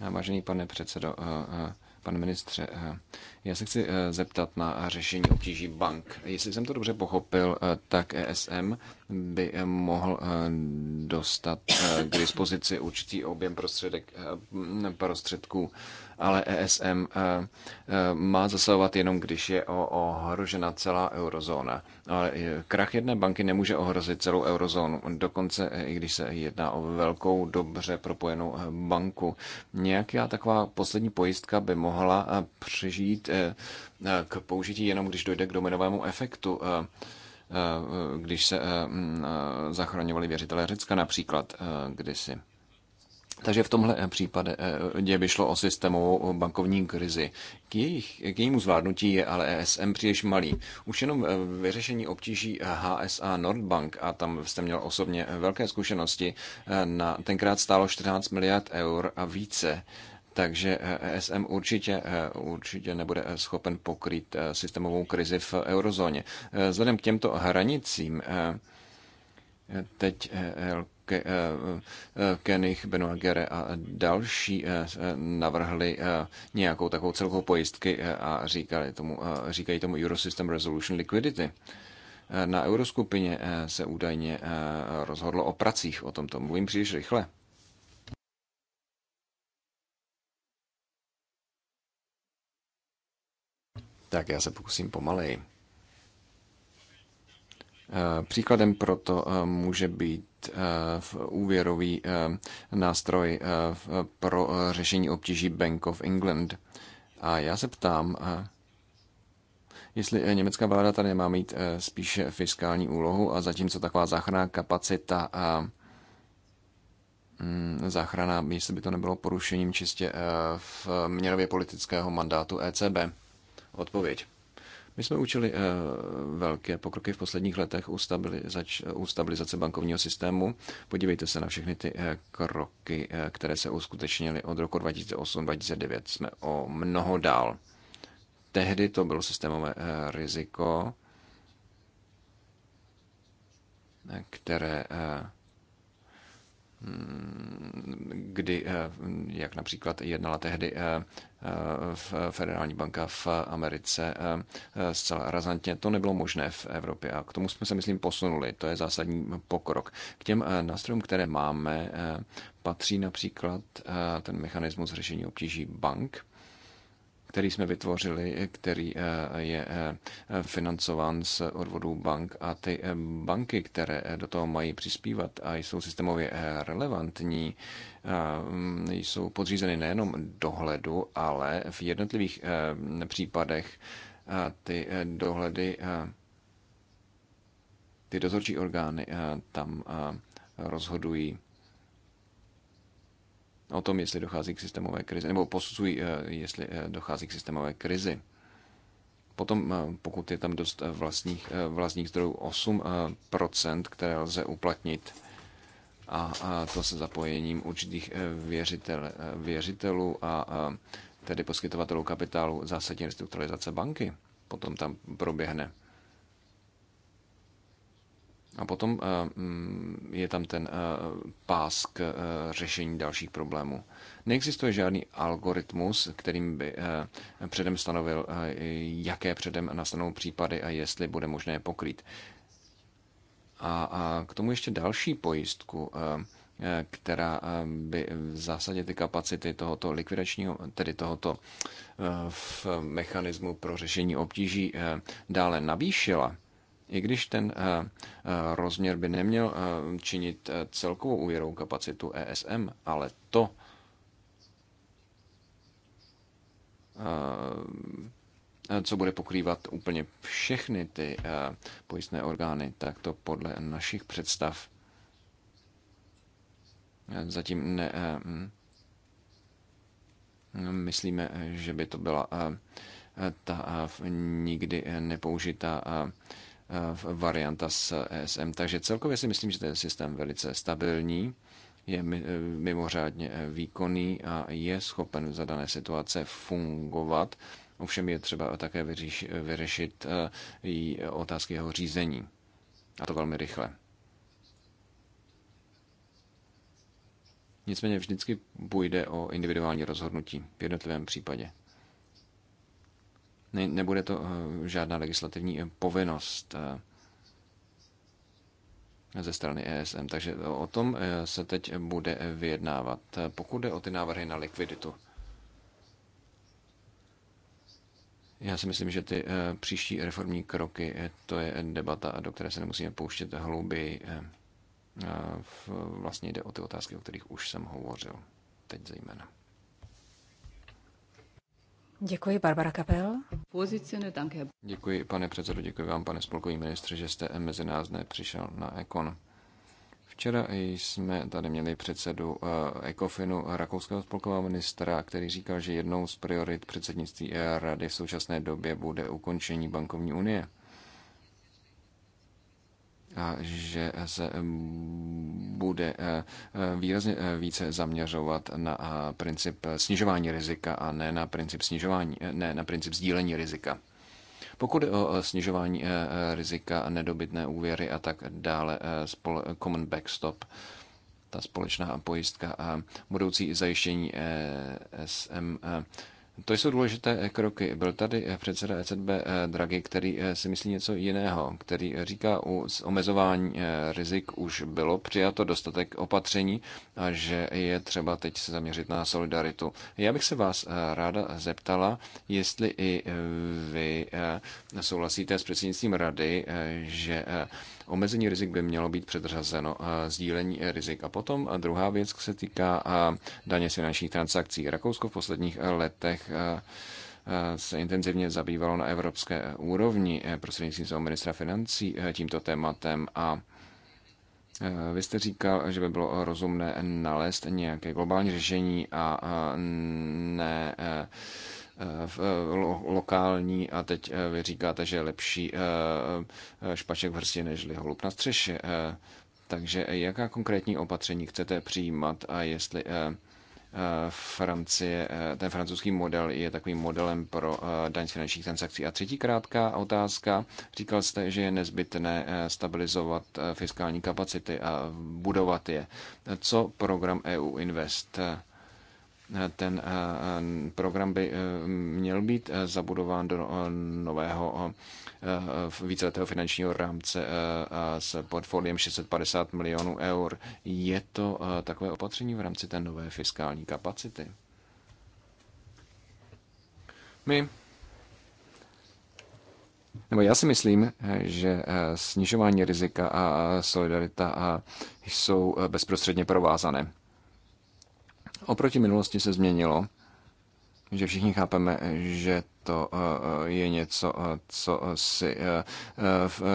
S3: Vážený pane předsedo, eh, eh, pane ministře, eh, já se chci zeptat na řešení obtíží bank. Jestli jsem to dobře pochopil, tak ESM by mohl dostat k dispozici určitý objem prostředek, prostředků ale ESM eh, eh, má zasahovat jenom, když je ohrožena celá eurozóna. Ale eh, krach jedné banky nemůže ohrozit celou eurozónu, dokonce i když se jedná o velkou, dobře propojenou banku. Nějaká taková poslední pojistka by mohla přežít k použití jenom, když dojde k dominovému efektu když se mm, zachraňovali věřitelé Řecka například kdysi. Takže v tomhle eh, případě by eh, šlo o systémovou bankovní krizi. K, jejich, k jejímu zvládnutí je ale ESM příliš malý. Už jenom eh, vyřešení obtíží HSA Nordbank, a tam jste měl osobně velké zkušenosti, na tenkrát stálo 14 miliard eur a více. Takže ESM e určitě, určitě nebude schopen pokrýt systémovou krizi v eurozóně. Vzhledem k těmto hranicím teď Eh, eh, Kenich, Benoit Gere a další eh, navrhli nějakou takovou celkovou pojistky a říkali tomu, říkají tomu Eurosystem Resolution Liquidity. Na euroskupině se údajně rozhodlo o pracích, o tomto mluvím příliš rychle. Tak já se pokusím pomaleji. Eh, příkladem proto eh, může být eh, v úvěrový nástroj pro řešení obtíží Bank of England. A já se ptám, jestli německá vláda tady má mít spíše fiskální úlohu a zatímco taková záchranná kapacita a mm, záchrana, jestli by to nebylo porušením čistě v měnově politického mandátu ECB. Odpověď. My jsme učili eh, velké pokroky v posledních letech u, stabilizač, u stabilizace bankovního systému. Podívejte se na všechny ty eh, kroky, eh, které se uskutečnily od roku 2008-2009. Jsme o mnoho dál. Tehdy to bylo systémové riziko, které Mm, kdy, eh, jak například jednala tehdy eh, eh, v Federální banka v Americe zcela razantně. To nebylo možné v Evropě a k tomu jsme se, myslím, posunuli. To je zásadní pokrok. K těm nástrojům, které máme, patří například ten mechanismus řešení obtíží bank, který jsme vytvořili, který eh, je eh, financován z odvodů bank a ty eh, banky, které do toho mají přispívat a jsou systémově relevantní, jsou podřízeny nejenom dohledu, ale v jednotlivých případech ty dohledy, ty dozorčí orgány tam rozhodují o tom, jestli dochází k systémové krizi, nebo posuzují, eh, jestli eh, dochází k systémové krizi. Potom, eh, pokud je tam dost vlastních, vlastních zdrojů 8%, které lze uplatnit, a to se zapojením určitých věřitel, věřitelů a tedy poskytovatelů kapitálu zásadní restrukturalizace banky. Potom tam proběhne. A potom eh, mm, je tam ten eh, pás k eh, řešení dalších problémů. Neexistuje žádný algoritmus, kterým by předem stanovil, jaké předem nastanou případy a jestli bude možné pokrýt. A k tomu ještě další pojistku, která by v zásadě ty kapacity tohoto likvidačního, tedy tohoto v mechanismu pro řešení obtíží dále navýšila – i když ten eh, eh, rozměr by neměl eh, činit celkovou úvěrovou kapacitu ESM, ale to, co bude pokrývat úplně všechny ty pojistné orgány, tak to podle našich představ zatím ne. Hm, myslíme, že by to byla ta nikdy nepoužitá varianta s ESM. Takže celkově si myslím, že ten systém velice stabilní, je e, mimořádně e, výkonný a je schopen za dané situace fungovat. Ovšem je třeba také vyřešit, vyřešit i otázky jeho řízení. A to velmi rychle. Nicméně vždycky půjde o individuální rozhodnutí v jednotlivém případě. Ne, nebude to eh, žádná legislativní eh, povinnost eh, ze strany ESM. Takže o tom se teď bude vyjednávat, pokud jde o ty návrhy na likviditu. Já si myslím, že ty příští reformní kroky, to je debata, do které se nemusíme pouštět hlouběji. Vlastně jde o ty otázky, o kterých už jsem hovořil, teď zejména.
S5: Děkuji, Barbara Kapel.
S3: Děkuji, pane předsedo, děkuji vám, pane spolkový ministře, že jste mezi nás přišel na Ekon. Včera jsme tady měli předsedu eh, Ekofinu rakouského spolkového ministra, který říkal, že jednou z priorit předsednictví eh, Rady v současné době bude ukončení bankovní unie že se eh, bude eh, eh, výrazně více zaměřovat na princip snižování rizika a ne na princip snižování, ne na princip sdílení rizika. Pokud o snižování rizika, nedobytné úvěry a tak dále, common backstop, ta společná pojistka a budoucí zajištění SM to jsou důležité eh, kroky. Byl tady eh, předseda ECB eh, Draghi, který si myslí něco jiného, který říká, u omezování rizik už bylo přijato dostatek opatření a že je třeba teď se zaměřit na solidaritu. Já bych se vás ráda zeptala, jestli i vy souhlasíte s předsednictvím rady, že Omezení rizik by mělo být předřazeno eh, sdílení eh, rizik. A potom a eh, druhá věc se týká daně z finančních transakcí. Rakousko v posledních letech se intenzivně zabývalo na evropské úrovni prostřednictvím svého ministra financí tímto tématem a vy jste říkal, že by bylo rozumné nalézt nějaké globální řešení a ne Eh, lokální a teď eh, vy říkáte, že je lepší eh, špaček v hrsti než holub na střeše. Takže jaká konkrétní opatření chcete přijímat a jestli Francie, ten francouzský model je takovým modelem pro daň z finančních transakcí. A třetí krátká otázka. Říkal jste, že je nezbytné stabilizovat fiskální kapacity a budovat je. Co program EU Invest Eh, ten eh, eh, program by měl být zabudován do nového víceletého finančního rámce s portfoliem 650 milionů eur. Je to takové opatření v rámci té nové fiskální kapacity? My nebo já si myslím, že snižování rizika a solidarita jsou bezprostředně provázané oproti minulosti se změnilo, že všichni chápeme, že to eh, eh, je něco, eh, co si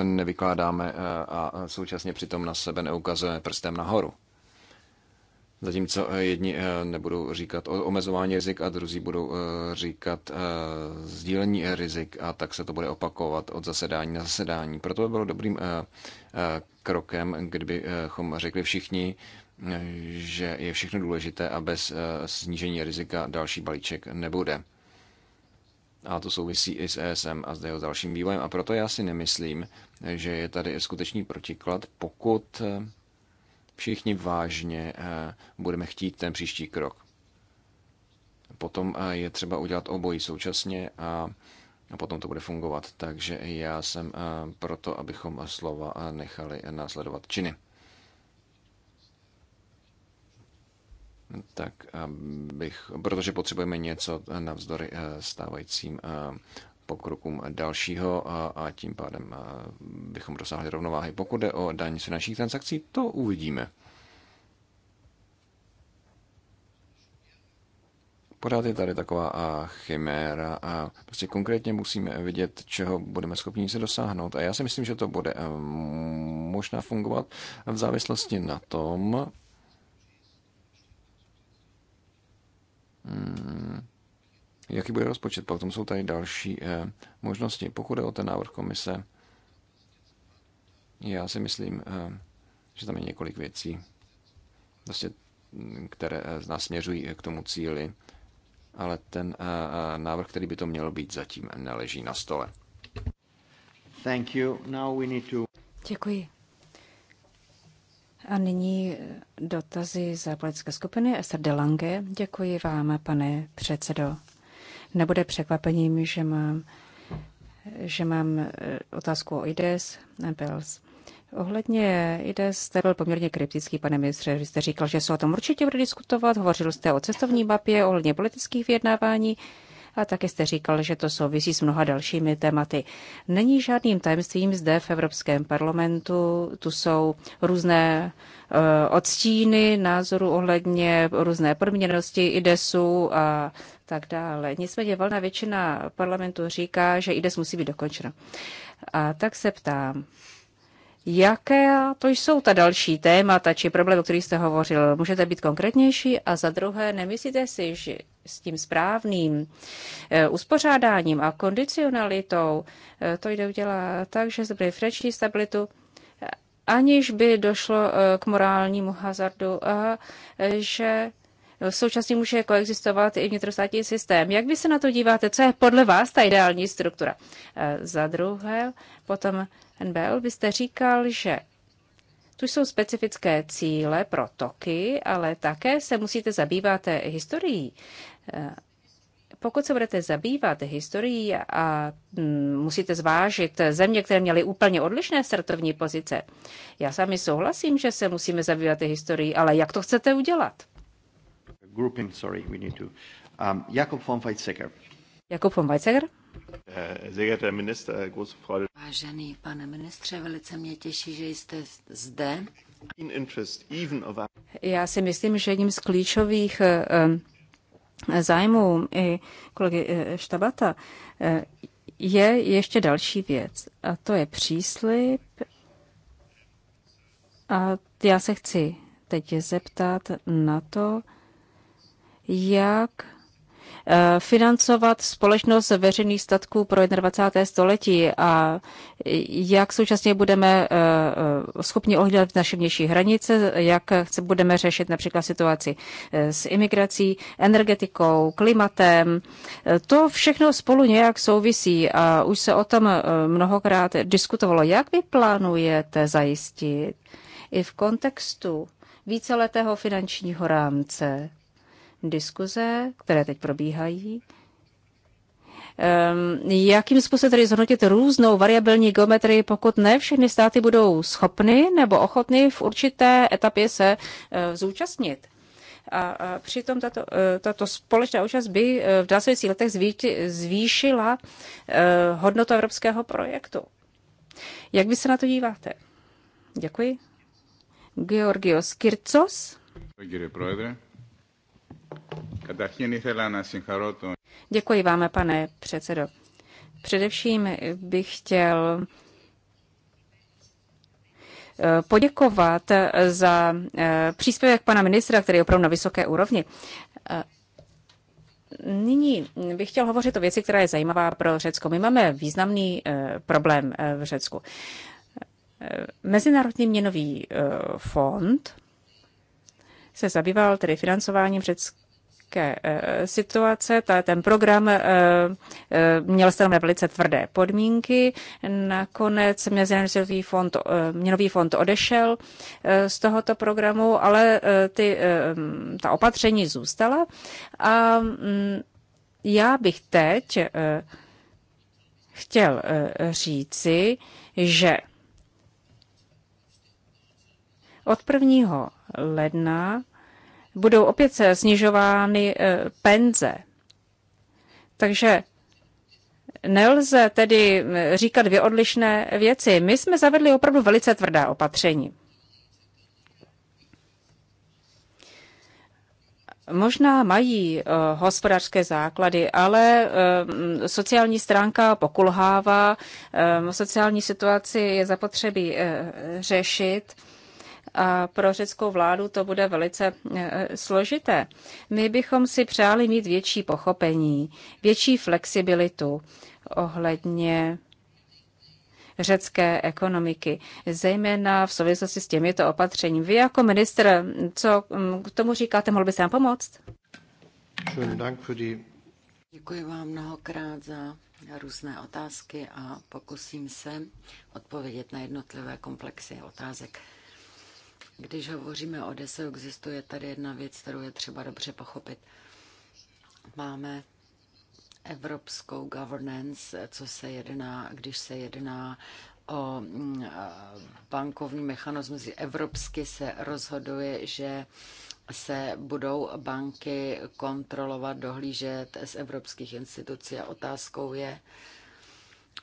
S3: nevykládáme a současně přitom na sebe neukazujeme prstem nahoru. Zatímco jedni nebudou říkat o omezování rizik a druzí budou říkat sdílení rizik a tak se to bude opakovat od zasedání na zasedání. Proto by bylo dobrým krokem, kdybychom řekli všichni, že je všechno důležité a bez eh, snížení rizika další balíček nebude. A to souvisí i s ESM a s jeho dalším vývojem. A proto já si nemyslím, že je tady skutečný protiklad, pokud eh, všichni vážně eh, budeme chtít ten příští krok. Potom je třeba udělat obojí současně a a potom to bude fungovat. Takže já jsem proto, abychom slova nechali následovat činy. tak bych, protože potřebujeme něco navzdory eh, stávajícím eh, pokrokům dalšího a tím pádem eh, bychom dosáhli rovnováhy. Pokud jde o daň z finančních transakcí, to uvidíme. Pořád je tady taková chiméra a prostě konkrétně musíme vidět, čeho budeme schopni se dosáhnout. A já si myslím, že to bude možná fungovat v závislosti na tom, Hmm. jaký bude rozpočet. Potom jsou tady další eh, možnosti. Pokud je o ten návrh komise, já si myslím, eh, že tam je několik věcí, vlastně, hm, které z eh, nás směřují k tomu cíli, ale ten návrh, který by to měl být, zatím neleží na stole. Thank you. Now we need to... Děkuji.
S5: A nyní dotazy za politické skupiny. Esther Lange. děkuji vám, pane předsedo. Nebude překvapením, že mám, že mám eh, otázku o IDES, Pels. Ohledně IDES jste byl poměrně kryptický, pane ministře. Vy jste říkal, že se o tom určitě bude diskutovat. Hovořil jste o cestovní mapě, ohledně politických vyjednávání a také jste říkal, že to souvisí s mnoha dalšími tématy. Není žádným tajemstvím zde v Evropském parlamentu, tu jsou různé eh, odstíny názoru ohledně různé podměnosti IDESu a tak dále. Nicméně volná většina parlamentu říká, že IDES musí být dokončena. A tak se ptám, jaké to jsou ta další témata či problémy, o kterých jste hovořil? Můžete být konkrétnější? A za druhé, nemyslíte si, že s tím správným eh, uspořádáním a kondicionalitou, eh, to jde udělat tak, že zbyli freční stabilitu, aniž by došlo eh, k morálnímu hazardu a že současně může koexistovat i vnitrostátní systém. Jak vy se na to díváte? Co je podle vás ta ideální struktura? Za druhé, potom NBL, byste říkal, že tu jsou specifické cíle pro toky, ale také se musíte zabývat historií. Eh, pokud se budete zabývat historií a mm, musíte zvážit země, které měly úplně odlišné startovní pozice, já sami souhlasím, že se musíme zabývat historií, ale jak to chcete udělat?
S2: Grouping, sorry, we need to. Um, Jakub von Weizsäcker.
S5: Jakub von Weizsäcker?
S1: Vážený pane ministře, velice mě těší, že jste zde.
S5: Já si myslím, že jedním z klíčových eh, eh, zájmů i kolegy eh, Štabata je ještě další věc, a to je příslip. A já se chci teď zeptat na to, jak Eh, financovat společnost veřejných statků pro 21. století a jak současně budeme eh, eh, schopni ohlídat naše vnější hranice, jak se budeme řešit například situaci s imigrací, energetikou, klimatem. To všechno spolu nějak souvisí a už se o tom mnohokrát diskutovalo. Jak vy plánujete zajistit i v kontextu víceletého finančního rámce diskuze, které teď probíhají, ehm, jakým způsobem tedy zhodnotit různou variabilní geometrii, pokud ne všechny státy budou schopny nebo ochotny v určité etapě se eh, zúčastnit. A přitom tato, eh, tato společná účast by eh, v následujících letech zvýšila hodnotu evropského projektu. Jak vy se na to díváte? Děkuji. Georgios Kircos.
S4: Děkuji,
S5: Děkuji vám, pane předsedo. Především bych chtěl eh, poděkovat eh, za eh, příspěvek pana ministra, který je opravdu na vysoké úrovni. Nyní bych chtěl hovořit o věci, která je zajímavá pro Řecko. My máme významný problém v Řecku. Mezinárodní měnový fond se zabýval tedy financováním Řecka kritické eh, situace. Ten program eh, eh, měl stanovené velice tvrdé podmínky. Nakonec Měnový fond, měnový fond odešel z tohoto programu, ale ty, mm, ta opatření zůstala. A mm, já bych teď chtěl říci, že od 1. ledna budou opět snižovány eh, penze. Takže nelze tedy eh, říkat dvě odlišné věci. My jsme zavedli opravdu velice tvrdá opatření. Možná mají uh, hospodářské základy, ale uh, sociální stránka pokulhává, uh, sociální situaci je zapotřebí uh, řešit. Uh, a pro řeckou vládu to bude velice e, složité. My bychom si přáli mít větší pochopení, větší flexibilitu ohledně řecké ekonomiky, zejména v souvislosti s těmito opatřeními. Vy jako minister, co k tomu říkáte, mohl byste nám pomoct?
S1: Děkuji vám mnohokrát za různé otázky a pokusím se odpovědět na jednotlivé komplexy otázek. Když hovoříme o DESE, existuje tady jedna věc, kterou je třeba dobře pochopit. Máme evropskou governance, co se jedná, když se jedná o mm, bankovní mechanismus. Evropsky se rozhoduje, že se budou banky kontrolovat, dohlížet z evropských institucí a otázkou je,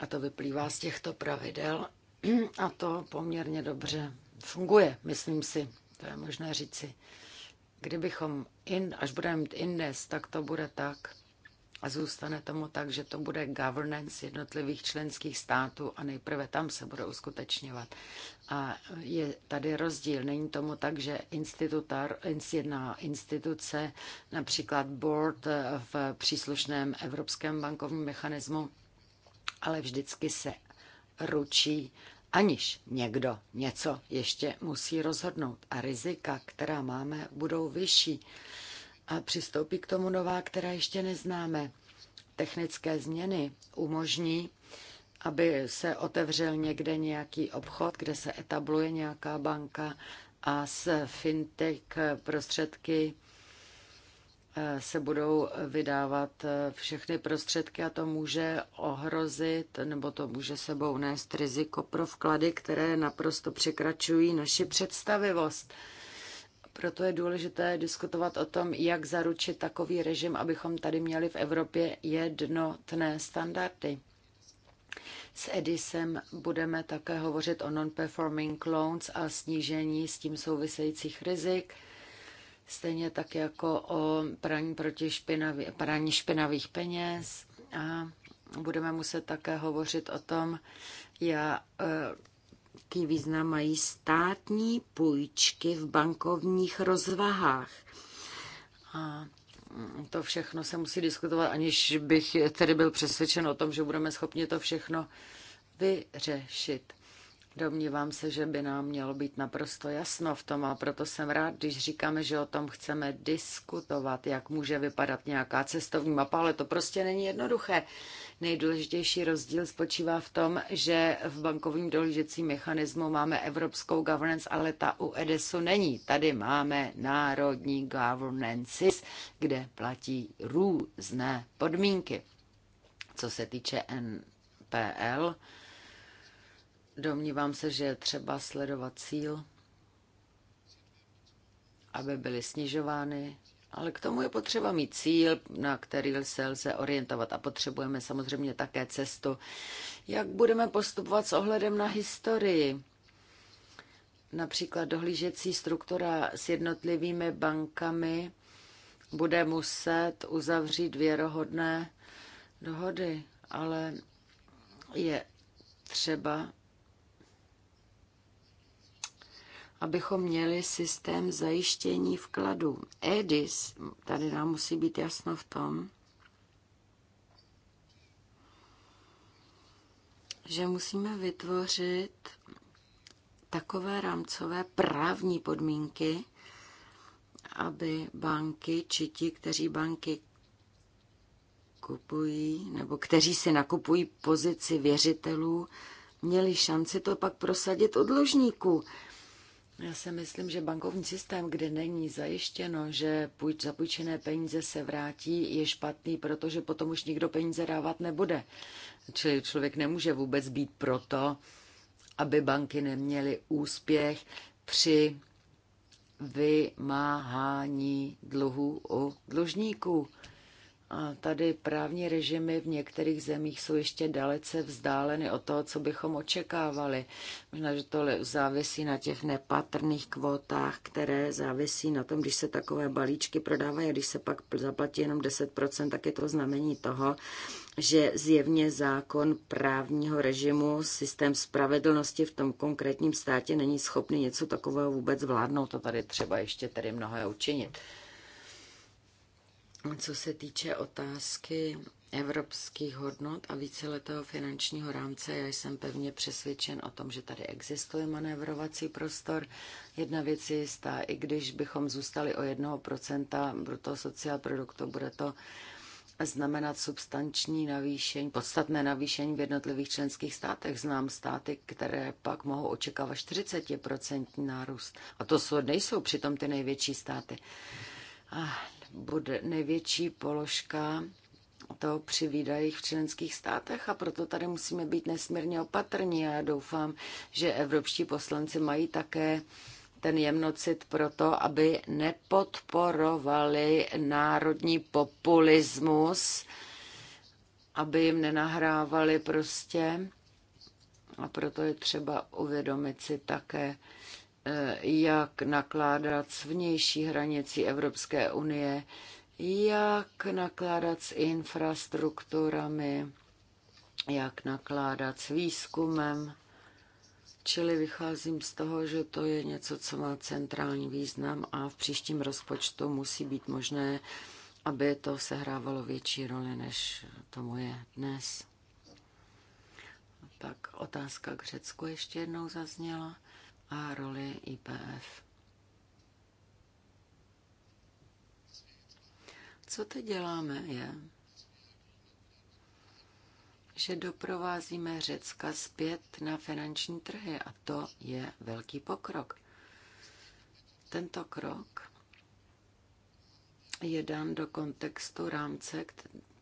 S1: a to vyplývá z těchto pravidel, (clears throat) a to poměrně dobře funguje, myslím si, to je možné říci. Kdybychom, in, až budeme mít indes, tak to bude tak a zůstane tomu tak, že to bude governance jednotlivých členských států a nejprve tam se bude uskutečňovat. A je tady rozdíl. Není tomu tak, že institutar, jedna instituce, například board v příslušném Evropském bankovním mechanismu, ale vždycky se ručí aniž někdo něco ještě musí rozhodnout. A rizika, která máme, budou vyšší. A přistoupí k tomu nová, která ještě neznáme. Technické změny umožní, aby se otevřel někde nějaký obchod, kde se etabluje nějaká banka a s fintech prostředky se budou vydávat eh, všechny prostředky a to může ohrozit nebo to může sebou nést riziko pro vklady, které naprosto překračují naši představivost. Proto je důležité diskutovat o tom, jak zaručit takový režim, abychom tady měli v Evropě jednotné standardy. S Edisem budeme také hovořit o non-performing loans a snížení s tím souvisejících rizik stejně tak jako o praní, proti špinaví, praní špinavých peněz. A budeme muset také hovořit o tom, e, jaký význam mají státní půjčky v bankovních rozvahách. A to všechno se musí diskutovat, aniž bych tedy byl přesvědčen o tom, že budeme schopni to všechno vyřešit. Domnívám se, že by nám mělo být naprosto jasno v tom a proto jsem rád, když říkáme, že o tom chceme diskutovat, jak může vypadat nějaká cestovní mapa, ale to prostě není jednoduché. Nejdůležitější rozdíl spočívá v tom, že v bankovním dohlížecím mechanismu máme evropskou governance, ale ta u EDESu není. Tady máme národní governances, kde platí různé podmínky. Co se týče NPL, Domnívám se, že je třeba sledovat cíl, aby byly snižovány, ale k tomu je potřeba mít cíl, na který se lze orientovat a potřebujeme samozřejmě také cestu, jak budeme postupovat s ohledem na historii. Například dohlížecí struktura s jednotlivými bankami bude muset uzavřít věrohodné dohody, ale je třeba abychom měli systém zajištění vkladů. EDIS, tady nám musí být jasno v tom, že musíme vytvořit takové rámcové právní podmínky, aby banky či ti, kteří banky kupují nebo kteří si nakupují pozici věřitelů, měli šanci to pak prosadit od dlužníků. Já si myslím, že bankovní systém, kde není zajištěno, že půjč, zapůjčené peníze se vrátí, je špatný, protože potom už nikdo peníze dávat nebude. Čili člověk nemůže vůbec být proto, aby banky neměly úspěch při vymáhání dluhu u dlužníků. A tady právní režimy v některých zemích jsou ještě dalece vzdáleny od toho, co bychom očekávali. Možná, že to závisí na těch nepatrných kvótách, které závisí na tom, když se takové balíčky prodávají, když se pak zaplatí jenom 10%, tak je to znamení toho, že zjevně zákon právního režimu, systém spravedlnosti v tom konkrétním státě není schopný něco takového vůbec vládnout. To tady třeba ještě tedy mnohé učinit co se týče otázky evropských hodnot a víceletého finančního rámce, já jsem pevně přesvědčen o tom, že tady existuje manévrovací prostor. Jedna věc je jistá, i když bychom zůstali o 1% bruto sociál produktu, bude to znamenat substanční navýšení, podstatné navýšení v jednotlivých členských státech. Znám státy, které pak mohou očekávat 40% nárůst. A to jsou, nejsou přitom ty největší státy. Ah, bude největší položka to při výdajích v členských státech a proto tady musíme být nesmírně opatrní. Já doufám, že evropští poslanci mají také ten jemnocit pro to, aby nepodporovali národní populismus, aby jim nenahrávali prostě. A proto je třeba uvědomit si také, jak nakládat s vnější hranicí Evropské unie, jak nakládat s infrastrukturami, jak nakládat s výzkumem. Čili vycházím z toho, že to je něco, co má centrální význam a v příštím rozpočtu musí být možné, aby to sehrávalo větší roli, než tomu je dnes. Tak otázka k Řecku ještě jednou zazněla a roli IPF. Co teď děláme je, že doprovázíme Řecka zpět na finanční trhy a to je velký pokrok. Tento krok je dán do kontextu rámce,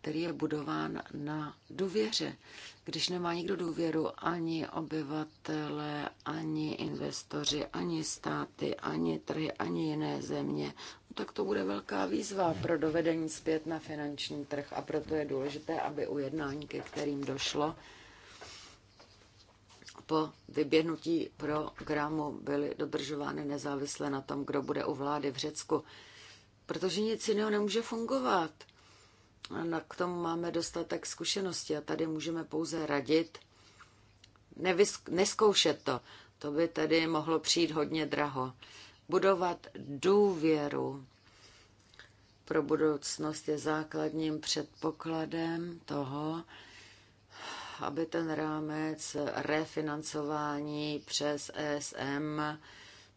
S1: který je budován na důvěře. Když nemá nikdo důvěru ani obyvatele, ani investoři, ani státy, ani trhy, ani jiné země, no tak to bude velká výzva pro dovedení zpět na finanční trh a proto je důležité, aby ujednání, ke kterým došlo, po vyběhnutí programu byly dodržovány nezávisle na tom, kdo bude u vlády v Řecku. Protože nic jiného nemůže fungovat na k tomu máme dostatek zkušenosti a tady můžeme pouze radit, nevysk- neskoušet to. To by tedy mohlo přijít hodně draho. Budovat důvěru pro budoucnost je základním předpokladem toho, aby ten rámec refinancování přes ESM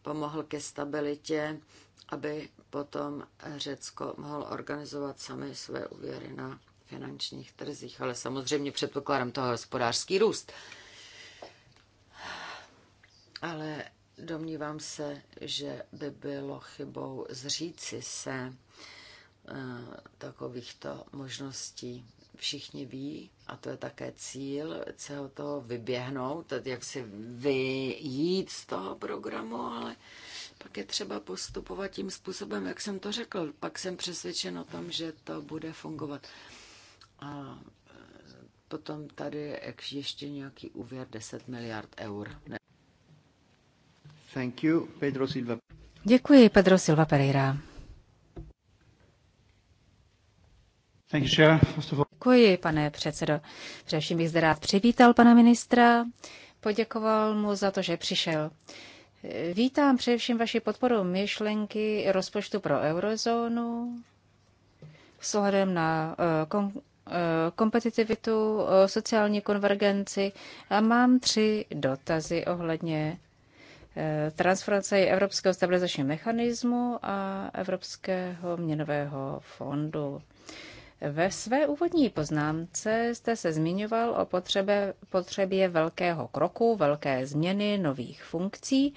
S1: pomohl ke stabilitě, aby potom Řecko mohlo organizovat sami své úvěry na finančních trzích, ale samozřejmě předpokládám toho hospodářský růst. Ale domnívám se, že by bylo chybou zříci se eh, takovýchto možností. Všichni ví, a to je také cíl, celého toho vyběhnout, jak si vyjít z toho programu, ale pak je třeba postupovat tím způsobem, jak jsem to řekl. Pak jsem přesvědčen o tom, že to bude fungovat. A e, potom tady je ještě nějaký úvěr 10 miliard eur. Ne. Thank you, Pedro Silva.
S5: Děkuji, Pedro Silva Pereira. Thank you, Děkuji, pane předsedo. Především bych zde rád přivítal pana ministra, poděkoval mu za to, že přišel. Vítám především vaši podporu myšlenky rozpočtu pro eurozónu s ohledem na eh, kom eh, kompetitivitu, eh, sociální konvergenci a mám tři dotazy ohledně transformace Evropského stabilizačního mechanismu a Evropského měnového fondu. Ve své úvodní poznámce jste se zmiňoval o potřebě, potřebě velkého kroku, velké změny, nových funkcí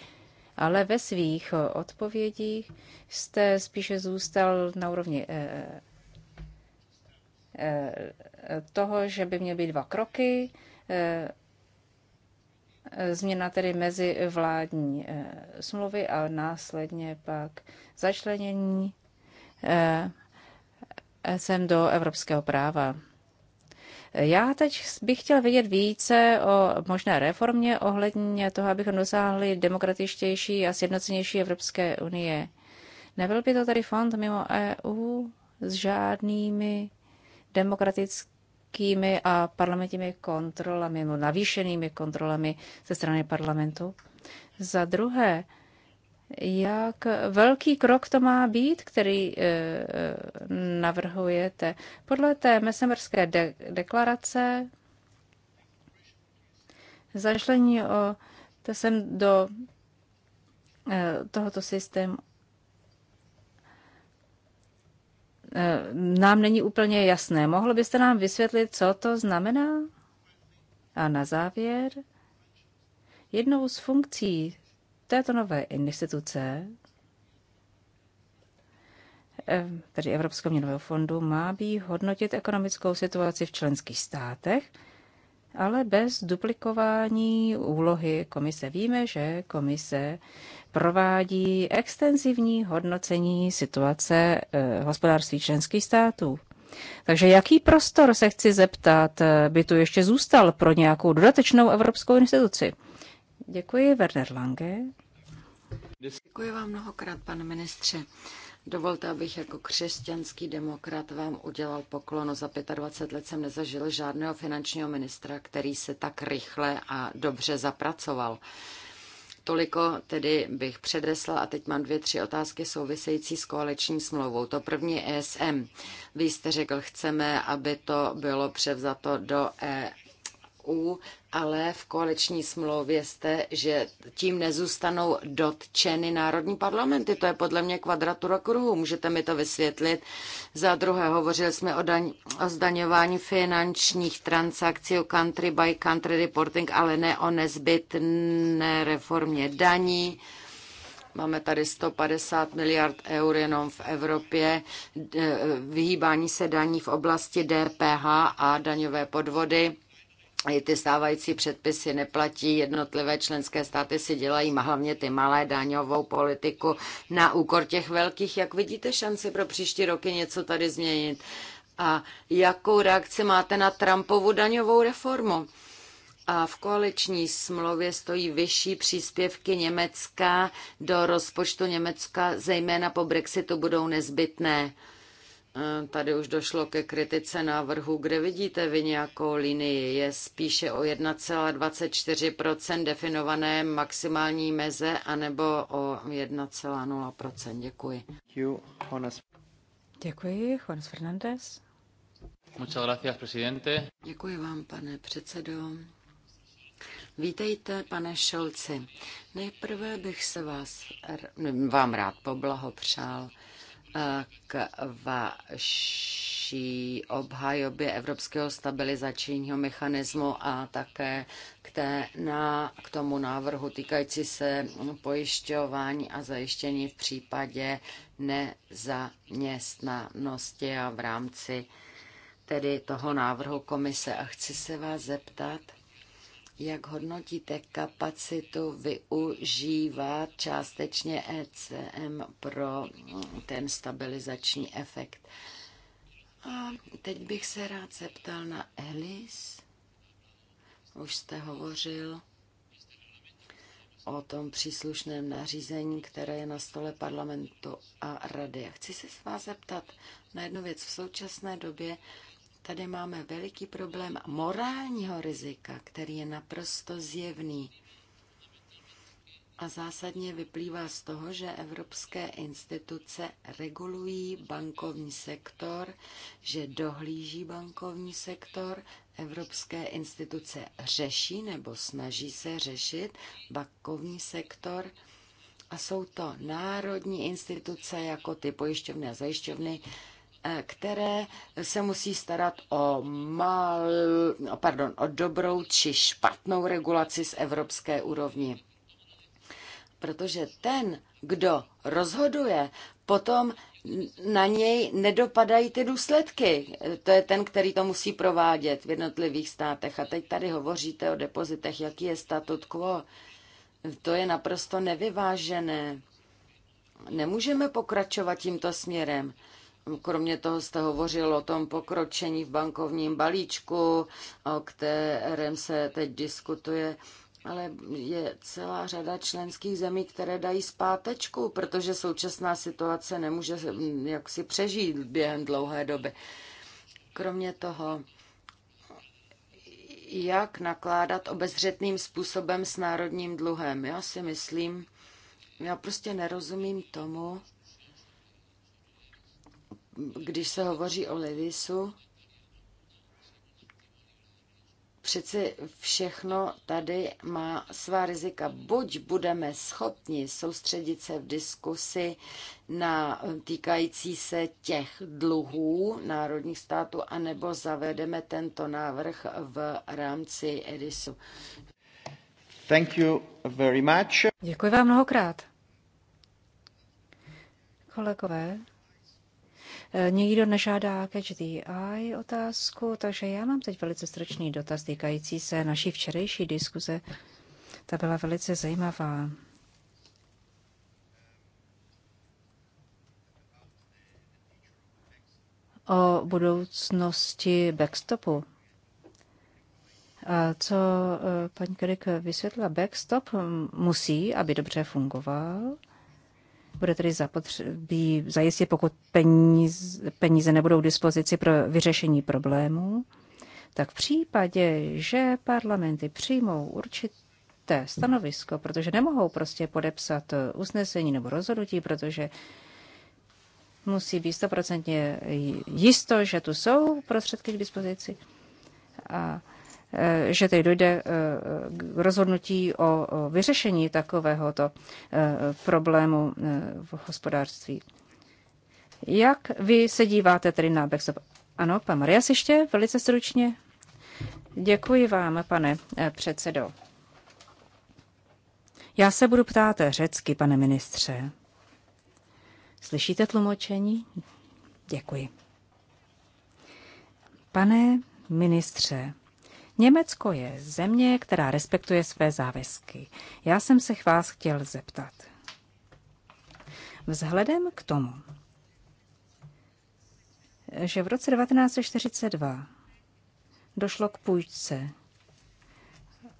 S5: ale ve svých eh, odpovědích jste spíše zůstal na úrovni eh, eh, toho, že by měly být dva kroky, změna tedy mezi vládní smlouvy a následně pak začlenění sem do evropského práva. Já teď bych chtěl vědět více o možné reformě ohledně toho, abychom dosáhli demokratičtější a sjednocenější Evropské unie. Nebyl by to tady fond mimo EU s žádnými demokratickými a parlamentními kontrolami, mimo navýšenými kontrolami ze strany parlamentu? Za druhé, jak velký krok to má být, který eh, eh, navrhujete. Podle té mesemerské de- deklarace zašlení o to sem do eh, tohoto systému nám není úplně jasné. Mohl byste nám vysvětlit, co to znamená? A na závěr, jednou z funkcí této nové instituce, eh, tedy Evropského měnového fondu, má být hodnotit ekonomickou situaci v členských státech, ale bez duplikování úlohy komise. Víme, že komise provádí extenzivní hodnocení situace eh, hospodářství členských států. Takže jaký prostor se chci zeptat, eh, by tu ještě zůstal pro nějakou dodatečnou evropskou instituci? Děkuji, Werner Lange.
S1: Děkuji vám mnohokrát, pane ministře. Dovolte, abych jako křesťanský demokrat vám udělal poklonu. Za 25 let jsem nezažil žádného finančního ministra, který se tak rychle a dobře zapracoval. Toliko tedy bych předesla a teď mám dvě, tři otázky související s koaliční smlouvou. To první je ESM. Vy jste řekl, chceme, aby to bylo převzato do e EU, ale v koaliční smlouvě jste, že tím nezůstanou dotčeny národní parlamenty. To je podle mě kvadratura kruhu. Můžete mi to vysvětlit? Za druhé, hovořili jsme o, daň, o zdaňování finančních transakcí, o country by country reporting, ale ne o nezbytné reformě daní. Máme tady 150 miliard eur jenom v Evropě, e, vyhýbání se daní v oblasti DPH a daňové podvody i ty stávající předpisy neplatí, jednotlivé členské státy si dělají hlavně ty malé daňovou politiku na úkor těch velkých. Jak vidíte šanci pro příští roky něco tady změnit? A jakou reakci máte na Trumpovu daňovou reformu? A v koaliční smlouvě stojí vyšší příspěvky Německa do rozpočtu Německa, zejména po Brexitu budou nezbytné. Eh, tady už došlo ke kritice návrhu, kde vidíte vy nějakou linii. Je spíše o 1,24 definované maximální meze anebo o 1,0 Děkuji.
S5: Děkuji, Juan Fernández.
S2: Muchas gracias, presidente.
S1: Děkuji vám, pane předsedo. Vítejte, pane Šolci. Nejprve bych se vás, vám rád poblahopřál k vaší obhajobě Evropského stabilizačního mechanismu a také k, té, na, k tomu návrhu týkající se pojišťování a zajištění v případě nezaměstnanosti a v rámci tedy toho návrhu komise. A chci se vás zeptat, jak hodnotíte kapacitu využívat částečně ECM pro ten stabilizační efekt? A teď bych se rád zeptal na Elis. Už jste hovořil o tom příslušném nařízení, které je na stole parlamentu a rady. A chci se s vás zeptat na jednu věc. V současné době Tady máme veliký problém morálního rizika, který je naprosto zjevný a zásadně vyplývá z toho, že evropské instituce regulují bankovní sektor, že dohlíží bankovní sektor, evropské instituce řeší nebo snaží se řešit bankovní sektor a jsou to národní instituce jako ty pojišťovny a zajišťovny, Eh, které se musí starat o, mal, no, pardon, o dobrou či špatnou regulaci z evropské úrovni. Protože ten, kdo rozhoduje, potom na něj nedopadají ty důsledky. To je ten, který to musí provádět v jednotlivých státech. A teď tady hovoříte o depozitech, jaký je statut quo. To je naprosto nevyvážené. Nemůžeme pokračovat tímto směrem. Kromě toho jste hovořil o tom pokročení v bankovním balíčku, o kterém se teď diskutuje, ale je celá řada členských zemí, které dají zpátečku, protože současná situace nemůže jaksi přežít během dlouhé doby. Kromě toho, jak nakládat obezřetným způsobem s národním dluhem? Já si myslím, já prostě nerozumím tomu, když se hovoří o Levisu, přeci všechno tady má svá rizika. Buď budeme schopni soustředit se v diskusi na týkající se těch dluhů národních států, anebo zavedeme tento návrh v rámci EDISu.
S3: Thank you very much.
S5: Děkuji vám mnohokrát. Kolegové, Eh, Někdo nežádá catch the eye otázku, takže já mám teď velice stručný dotaz týkající se naší včerejší diskuze. Ta byla velice zajímavá. O budoucnosti backstopu. A co eh, paní Kerik vysvětlila, backstop musí, aby dobře fungoval, bude tedy zapotřebí zajistit, pokud peníze, peníze nebudou k dispozici pro vyřešení problémů, tak v případě, že parlamenty přijmou určité stanovisko, protože nemohou prostě podepsat usnesení nebo rozhodnutí, protože musí být stoprocentně jisto, že tu jsou prostředky k dispozici. A Eh, že tedy dojde eh, k rozhodnutí o vyřešení takovéhoto eh, problému v hospodářství. Jak vy se díváte tedy na backstop? Ano, pan Marias ještě velice stručně. Děkuji vám, pane předsedo. Já se budu ptát řecky, pane ministře. Slyšíte tlumočení? Děkuji. Pane ministře, Německo je země, která respektuje své závazky. Já jsem se vás chtěl zeptat. Vzhledem k tomu, že v roce 1942 došlo k půjčce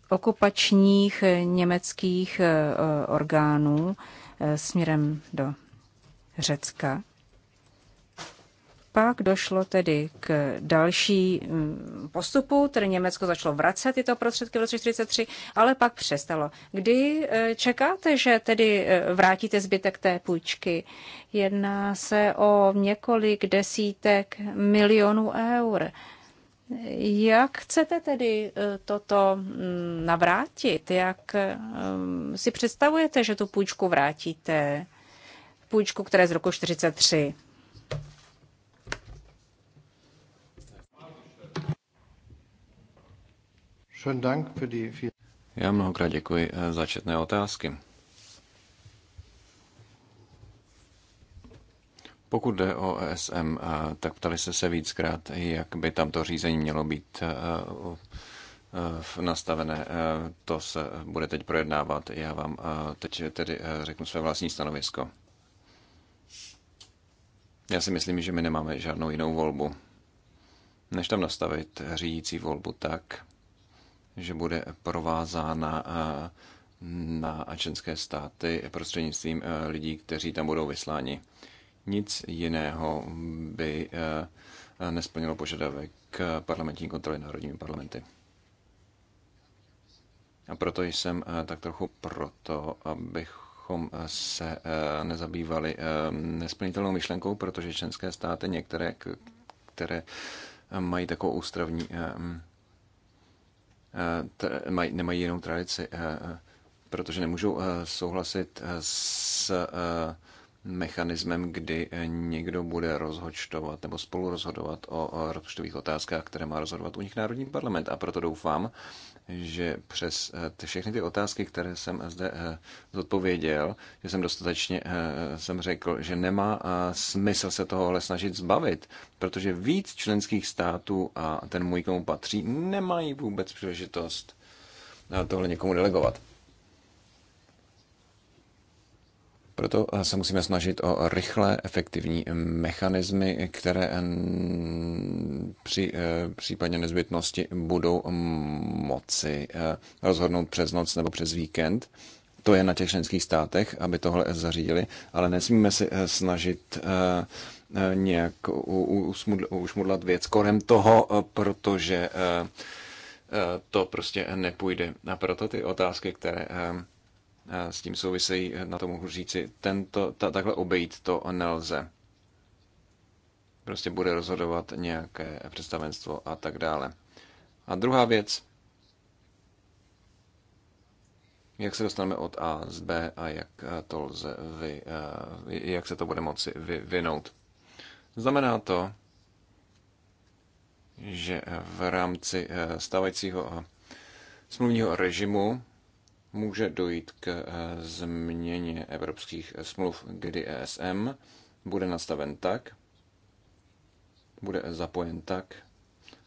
S5: okupačních německých eh, orgánů eh, směrem do Řecka, pak došlo tedy k další mm, postupu, tedy Německo začalo vracet tyto prostředky v roce 1943, ale pak přestalo. Kdy e, čekáte, že tedy e, vrátíte zbytek té půjčky? Jedná se o několik desítek milionů eur. Jak chcete tedy e, toto mm, navrátit? Jak si představujete, že tu půjčku vrátíte? Půjčku, která je z roku 1943.
S3: Já mnohokrát děkuji eh, za četné otázky. Pokud jde o ESM, eh, tak ptali se se víckrát, jak by tam to řízení mělo být eh, nastavené. To se bude teď projednávat. Já vám teď tedy řeknu své vlastní stanovisko. Já si myslím, že my nemáme žádnou jinou volbu, než tam nastavit řídící volbu tak, že bude provázána eh, na ačenské státy prostřednictvím eh, lidí, kteří tam budou vysláni. Nic jiného by eh, nesplnilo požadavek parlamentní kontroly národními parlamenty. A proto jsem tak trochu proto, abychom se nezabývali nesplnitelnou myšlenkou, protože členské státy některé, které mají takovou ústavní Eh, maj, nemají jinou tradici, eh, eh, protože nemůžou souhlasit s mechanismem, kdy někdo bude rozhočtovat nebo spolu rozhodovat o rozpočtových otázkách, které má rozhodovat u nich Národní parlament. A proto doufám, že přes eh, ty, všechny ty otázky, které jsem zde eh, zodpověděl, že jsem dostatečně eh, jsem řekl, že nemá smysl se tohohle snažit zbavit, protože víc členských států a ten můj komu patří, nemají vůbec příležitost tohle někomu delegovat. Proto eh, se musíme snažit o rychlé, efektivní eh, mechanismy, které eh, při případně nezbytnosti budou moci rozhodnout přes noc nebo přes víkend. To je na těch členských státech, aby tohle zařídili, ale nesmíme si snažit nějak ušmudlat věc korem toho, protože to prostě nepůjde. A proto ty otázky, které Eh, s tím souvisejí, eh, na to mohu říci, tento, ta, takhle obejít to nelze. Prostě bude rozhodovat nějaké představenstvo a tak dále. A druhá věc, jak se dostaneme od A z B a jak eh, to lze vy, jak se to bude moci vyvinout. Znamená to, že v rámci stávajícího smluvního režimu může dojít k eh, změně evropských eh, smluv, kdy ESM bude nastaven tak, bude zapojen tak,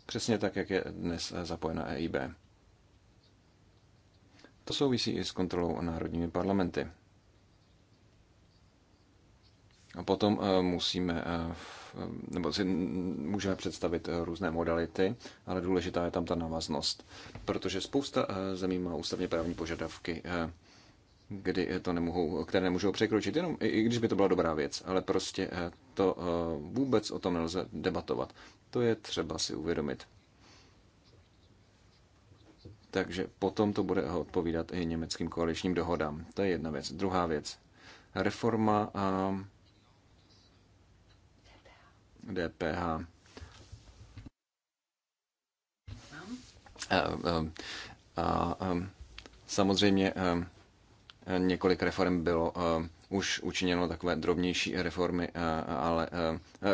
S3: přesně tak, jak je dnes eh, zapojena EIB. To souvisí i s kontrolou národními parlamenty. A potom musíme v nebo si můžeme představit eh, různé modality, ale důležitá je tam ta návaznost, protože spousta eh, zemí má ústavně právní požadavky, eh, kdy to nemohou, které nemůžou překročit, jenom i když by to byla dobrá věc, ale prostě to vůbec o tom nelze debatovat. To je třeba si uvědomit. Takže potom to bude odpovídat i německým koaličním dohodám. To je jedna věc. Druhá věc. Reforma DPH. A um, um, samozřejmě um, několik reform bylo už učiněno takové drobnější reformy, ale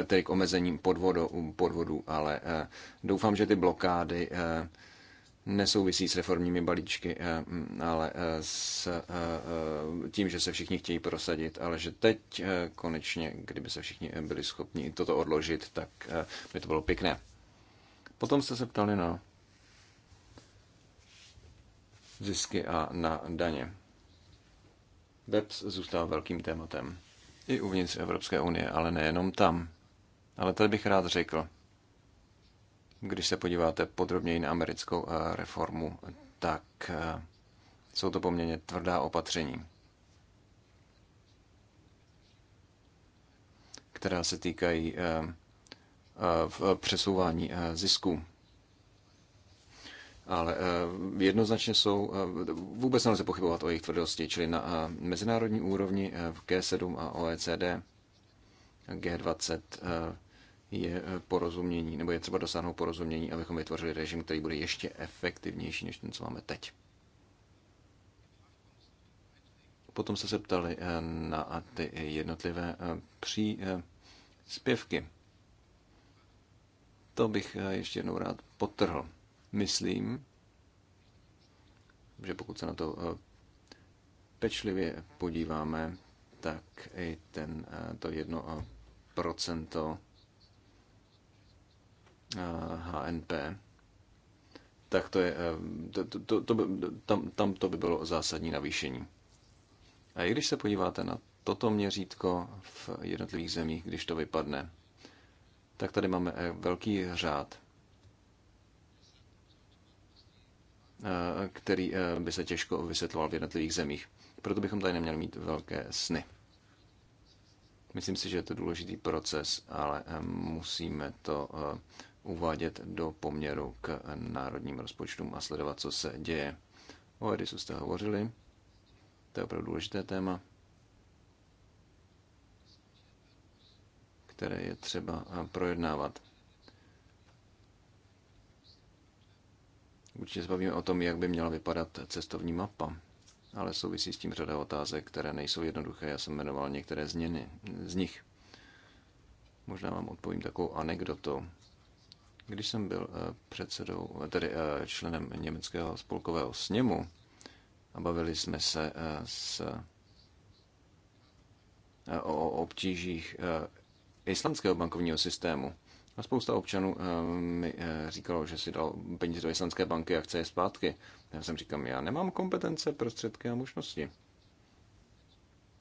S3: tedy k omezením podvodu, podvodu ale uh, doufám, že ty blokády uh, nesouvisí s reformními balíčky, eh, ale eh, s eh, tím, že se všichni chtějí prosadit, ale že teď konečně, kdyby se všichni byli schopni toto odložit, tak by to bylo pěkné. Potom jste se ptali na zisky a na daně. BEPS zůstal velkým tématem. I uvnitř Evropské unie, ale nejenom tam. Ale tady bych rád řekl, když se podíváte podrobněji na americkou eh, reformu, tak eh, jsou to poměrně tvrdá opatření, která se týkají eh, v přesouvání zisků. Ale jednoznačně jsou, vůbec nelze pochybovat o jejich tvrdosti, čili na mezinárodní úrovni v G7 a OECD, G20 je eh, porozumění, nebo je třeba dosáhnout porozumění, abychom vytvořili režim, který bude ještě efektivnější než ten, co máme teď. Potom se se ptali eh, na ty jednotlivé eh, příspěvky. To bych ještě jednou rád potrhl. Myslím, že pokud se na to pečlivě podíváme, tak i ten, to jedno procento HNP, tak to je, eh, to, to, to, tam, tam to by bylo zásadní navýšení. A i když se podíváte na toto měřítko v jednotlivých zemích, když to vypadne, tak tady máme eh, velký řád, eh, který by se těžko vysvětloval v jednotlivých zemích. Proto bychom tady neměli mít velké sny. Myslím si, že je to důležitý proces, ale musíme to uvádět do poměru k národním rozpočtům a sledovat, co se děje. O Edisu jste hovořili, to je opravdu důležité téma, které je třeba eh, projednávat. Určitě se bavíme o tom, jak by měla vypadat cestovní mapa, ale souvisí s tím řada otázek, které nejsou jednoduché. Já jsem jmenoval některé změny z nich. Možná vám odpovím takovou anekdotou. Když jsem byl eh, předsedou, eh, tedy eh, členem německého spolkového sněmu a bavili jsme se s, o obtížích islandského bankovního systému, a spousta občanů mi říkalo, že si dal peníze do islandské banky a chce je zpátky. Já jsem říkal, já nemám kompetence, prostředky a možnosti.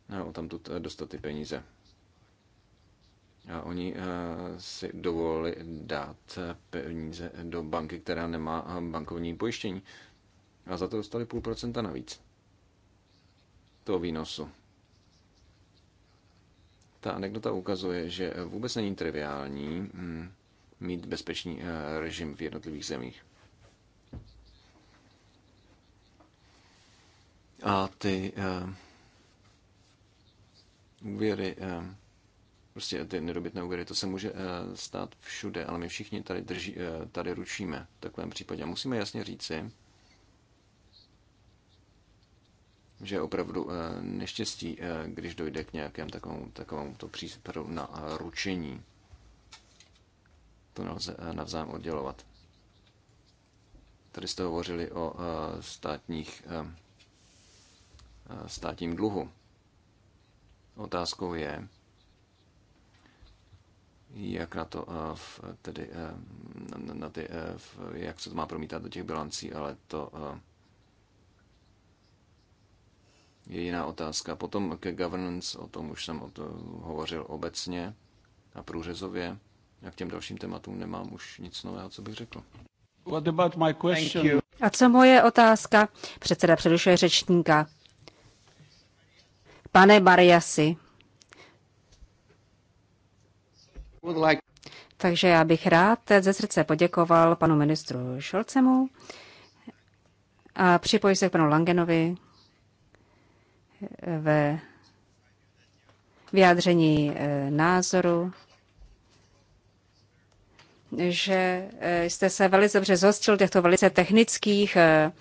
S3: No, tam tu dostat ty peníze. A oni eh, si dovolili dát eh, peníze do banky, která nemá eh, bankovní pojištění. A za to dostali půl procenta navíc. Toho výnosu. Ta anekdota ukazuje, že vůbec není triviální hm, mít bezpečný režim v jednotlivých zemích. A ty úvěry uh, Prostě ty nedobytné úvěry, to se může eh, stát všude, ale my všichni tady, drží, eh, tady ručíme v takovém případě. A musíme jasně říci, že je opravdu eh, neštěstí, když dojde k nějakému takovému, takovému to případu na ručení. To nelze navzájem oddělovat. Tady jste hovořili o státních, státním dluhu. Otázkou je, jak na to eh, tedy, eh, na ty, eh, jak se to má promítat do těch bilancí, ale to je jiná otázka. Potom ke governance, o tom už jsem o to hovořil obecně a průřezově. A k těm dalším tématům nemám už nic nového, co bych řekl. What about my question?
S5: A co moje otázka? Předseda přerušuje řečníka. Pane Bariasi, Takže já bych rád ze srdce poděkoval panu ministru Šolcemu a připojí se k panu Langenovi ve vyjádření e, názoru, že e, jste se velice dobře zhostil těchto velice technických e,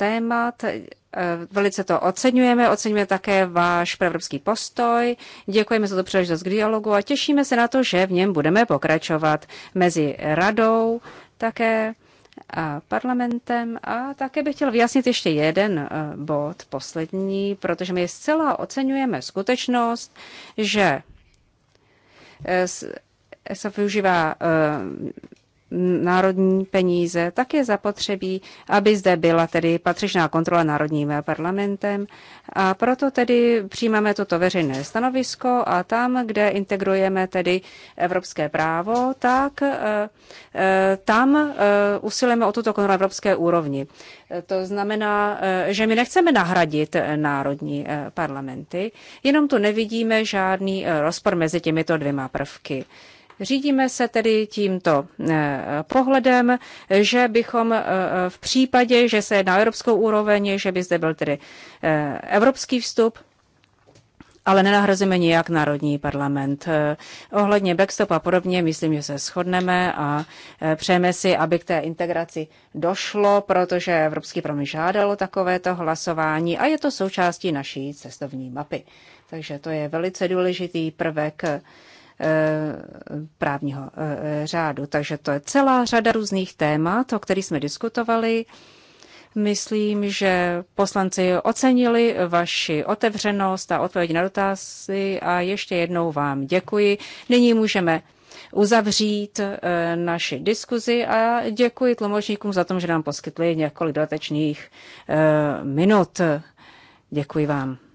S5: témat. E, velice to oceňujeme, oceňujeme také váš proevropský postoj, děkujeme za to příležitost k dialogu a těšíme se na to, že v něm budeme pokračovat mezi radou také a parlamentem. A také bych chtěl vyjasnit ještě jeden e, bod, poslední, protože my zcela oceňujeme skutečnost, že e, se využívá národní peníze, tak je zapotřebí, aby zde byla tedy patřičná kontrola národním parlamentem. A proto tedy přijímáme toto veřejné stanovisko a tam, kde integrujeme tedy evropské právo, tak eh, eh, tam eh, usilujeme o tuto kontrolu evropské úrovni. To znamená, že my nechceme nahradit národní parlamenty, jenom tu nevidíme žádný rozpor mezi těmito dvěma prvky. Řídíme se tedy tímto eh, pohledem, že bychom eh, v případě, že se na evropskou úroveň, že by zde byl tedy eh, evropský vstup, ale nenahrazíme nijak národní parlament. Ohledně backstop a podobně, myslím, že se shodneme a přejeme si, aby k té integraci došlo, protože Evropský parlament žádalo takovéto hlasování a je to součástí naší cestovní mapy. Takže to je velice důležitý prvek Eh, právního eh, řádu. Takže to je celá řada různých témat, o kterých jsme diskutovali. Myslím, že poslanci ocenili vaši otevřenost a odpověď na dotazy a ještě jednou vám děkuji. Nyní můžeme uzavřít eh, naši diskuzi a děkuji tlumočníkům za to, že nám poskytli několik dodatečných minut. Děkuji vám.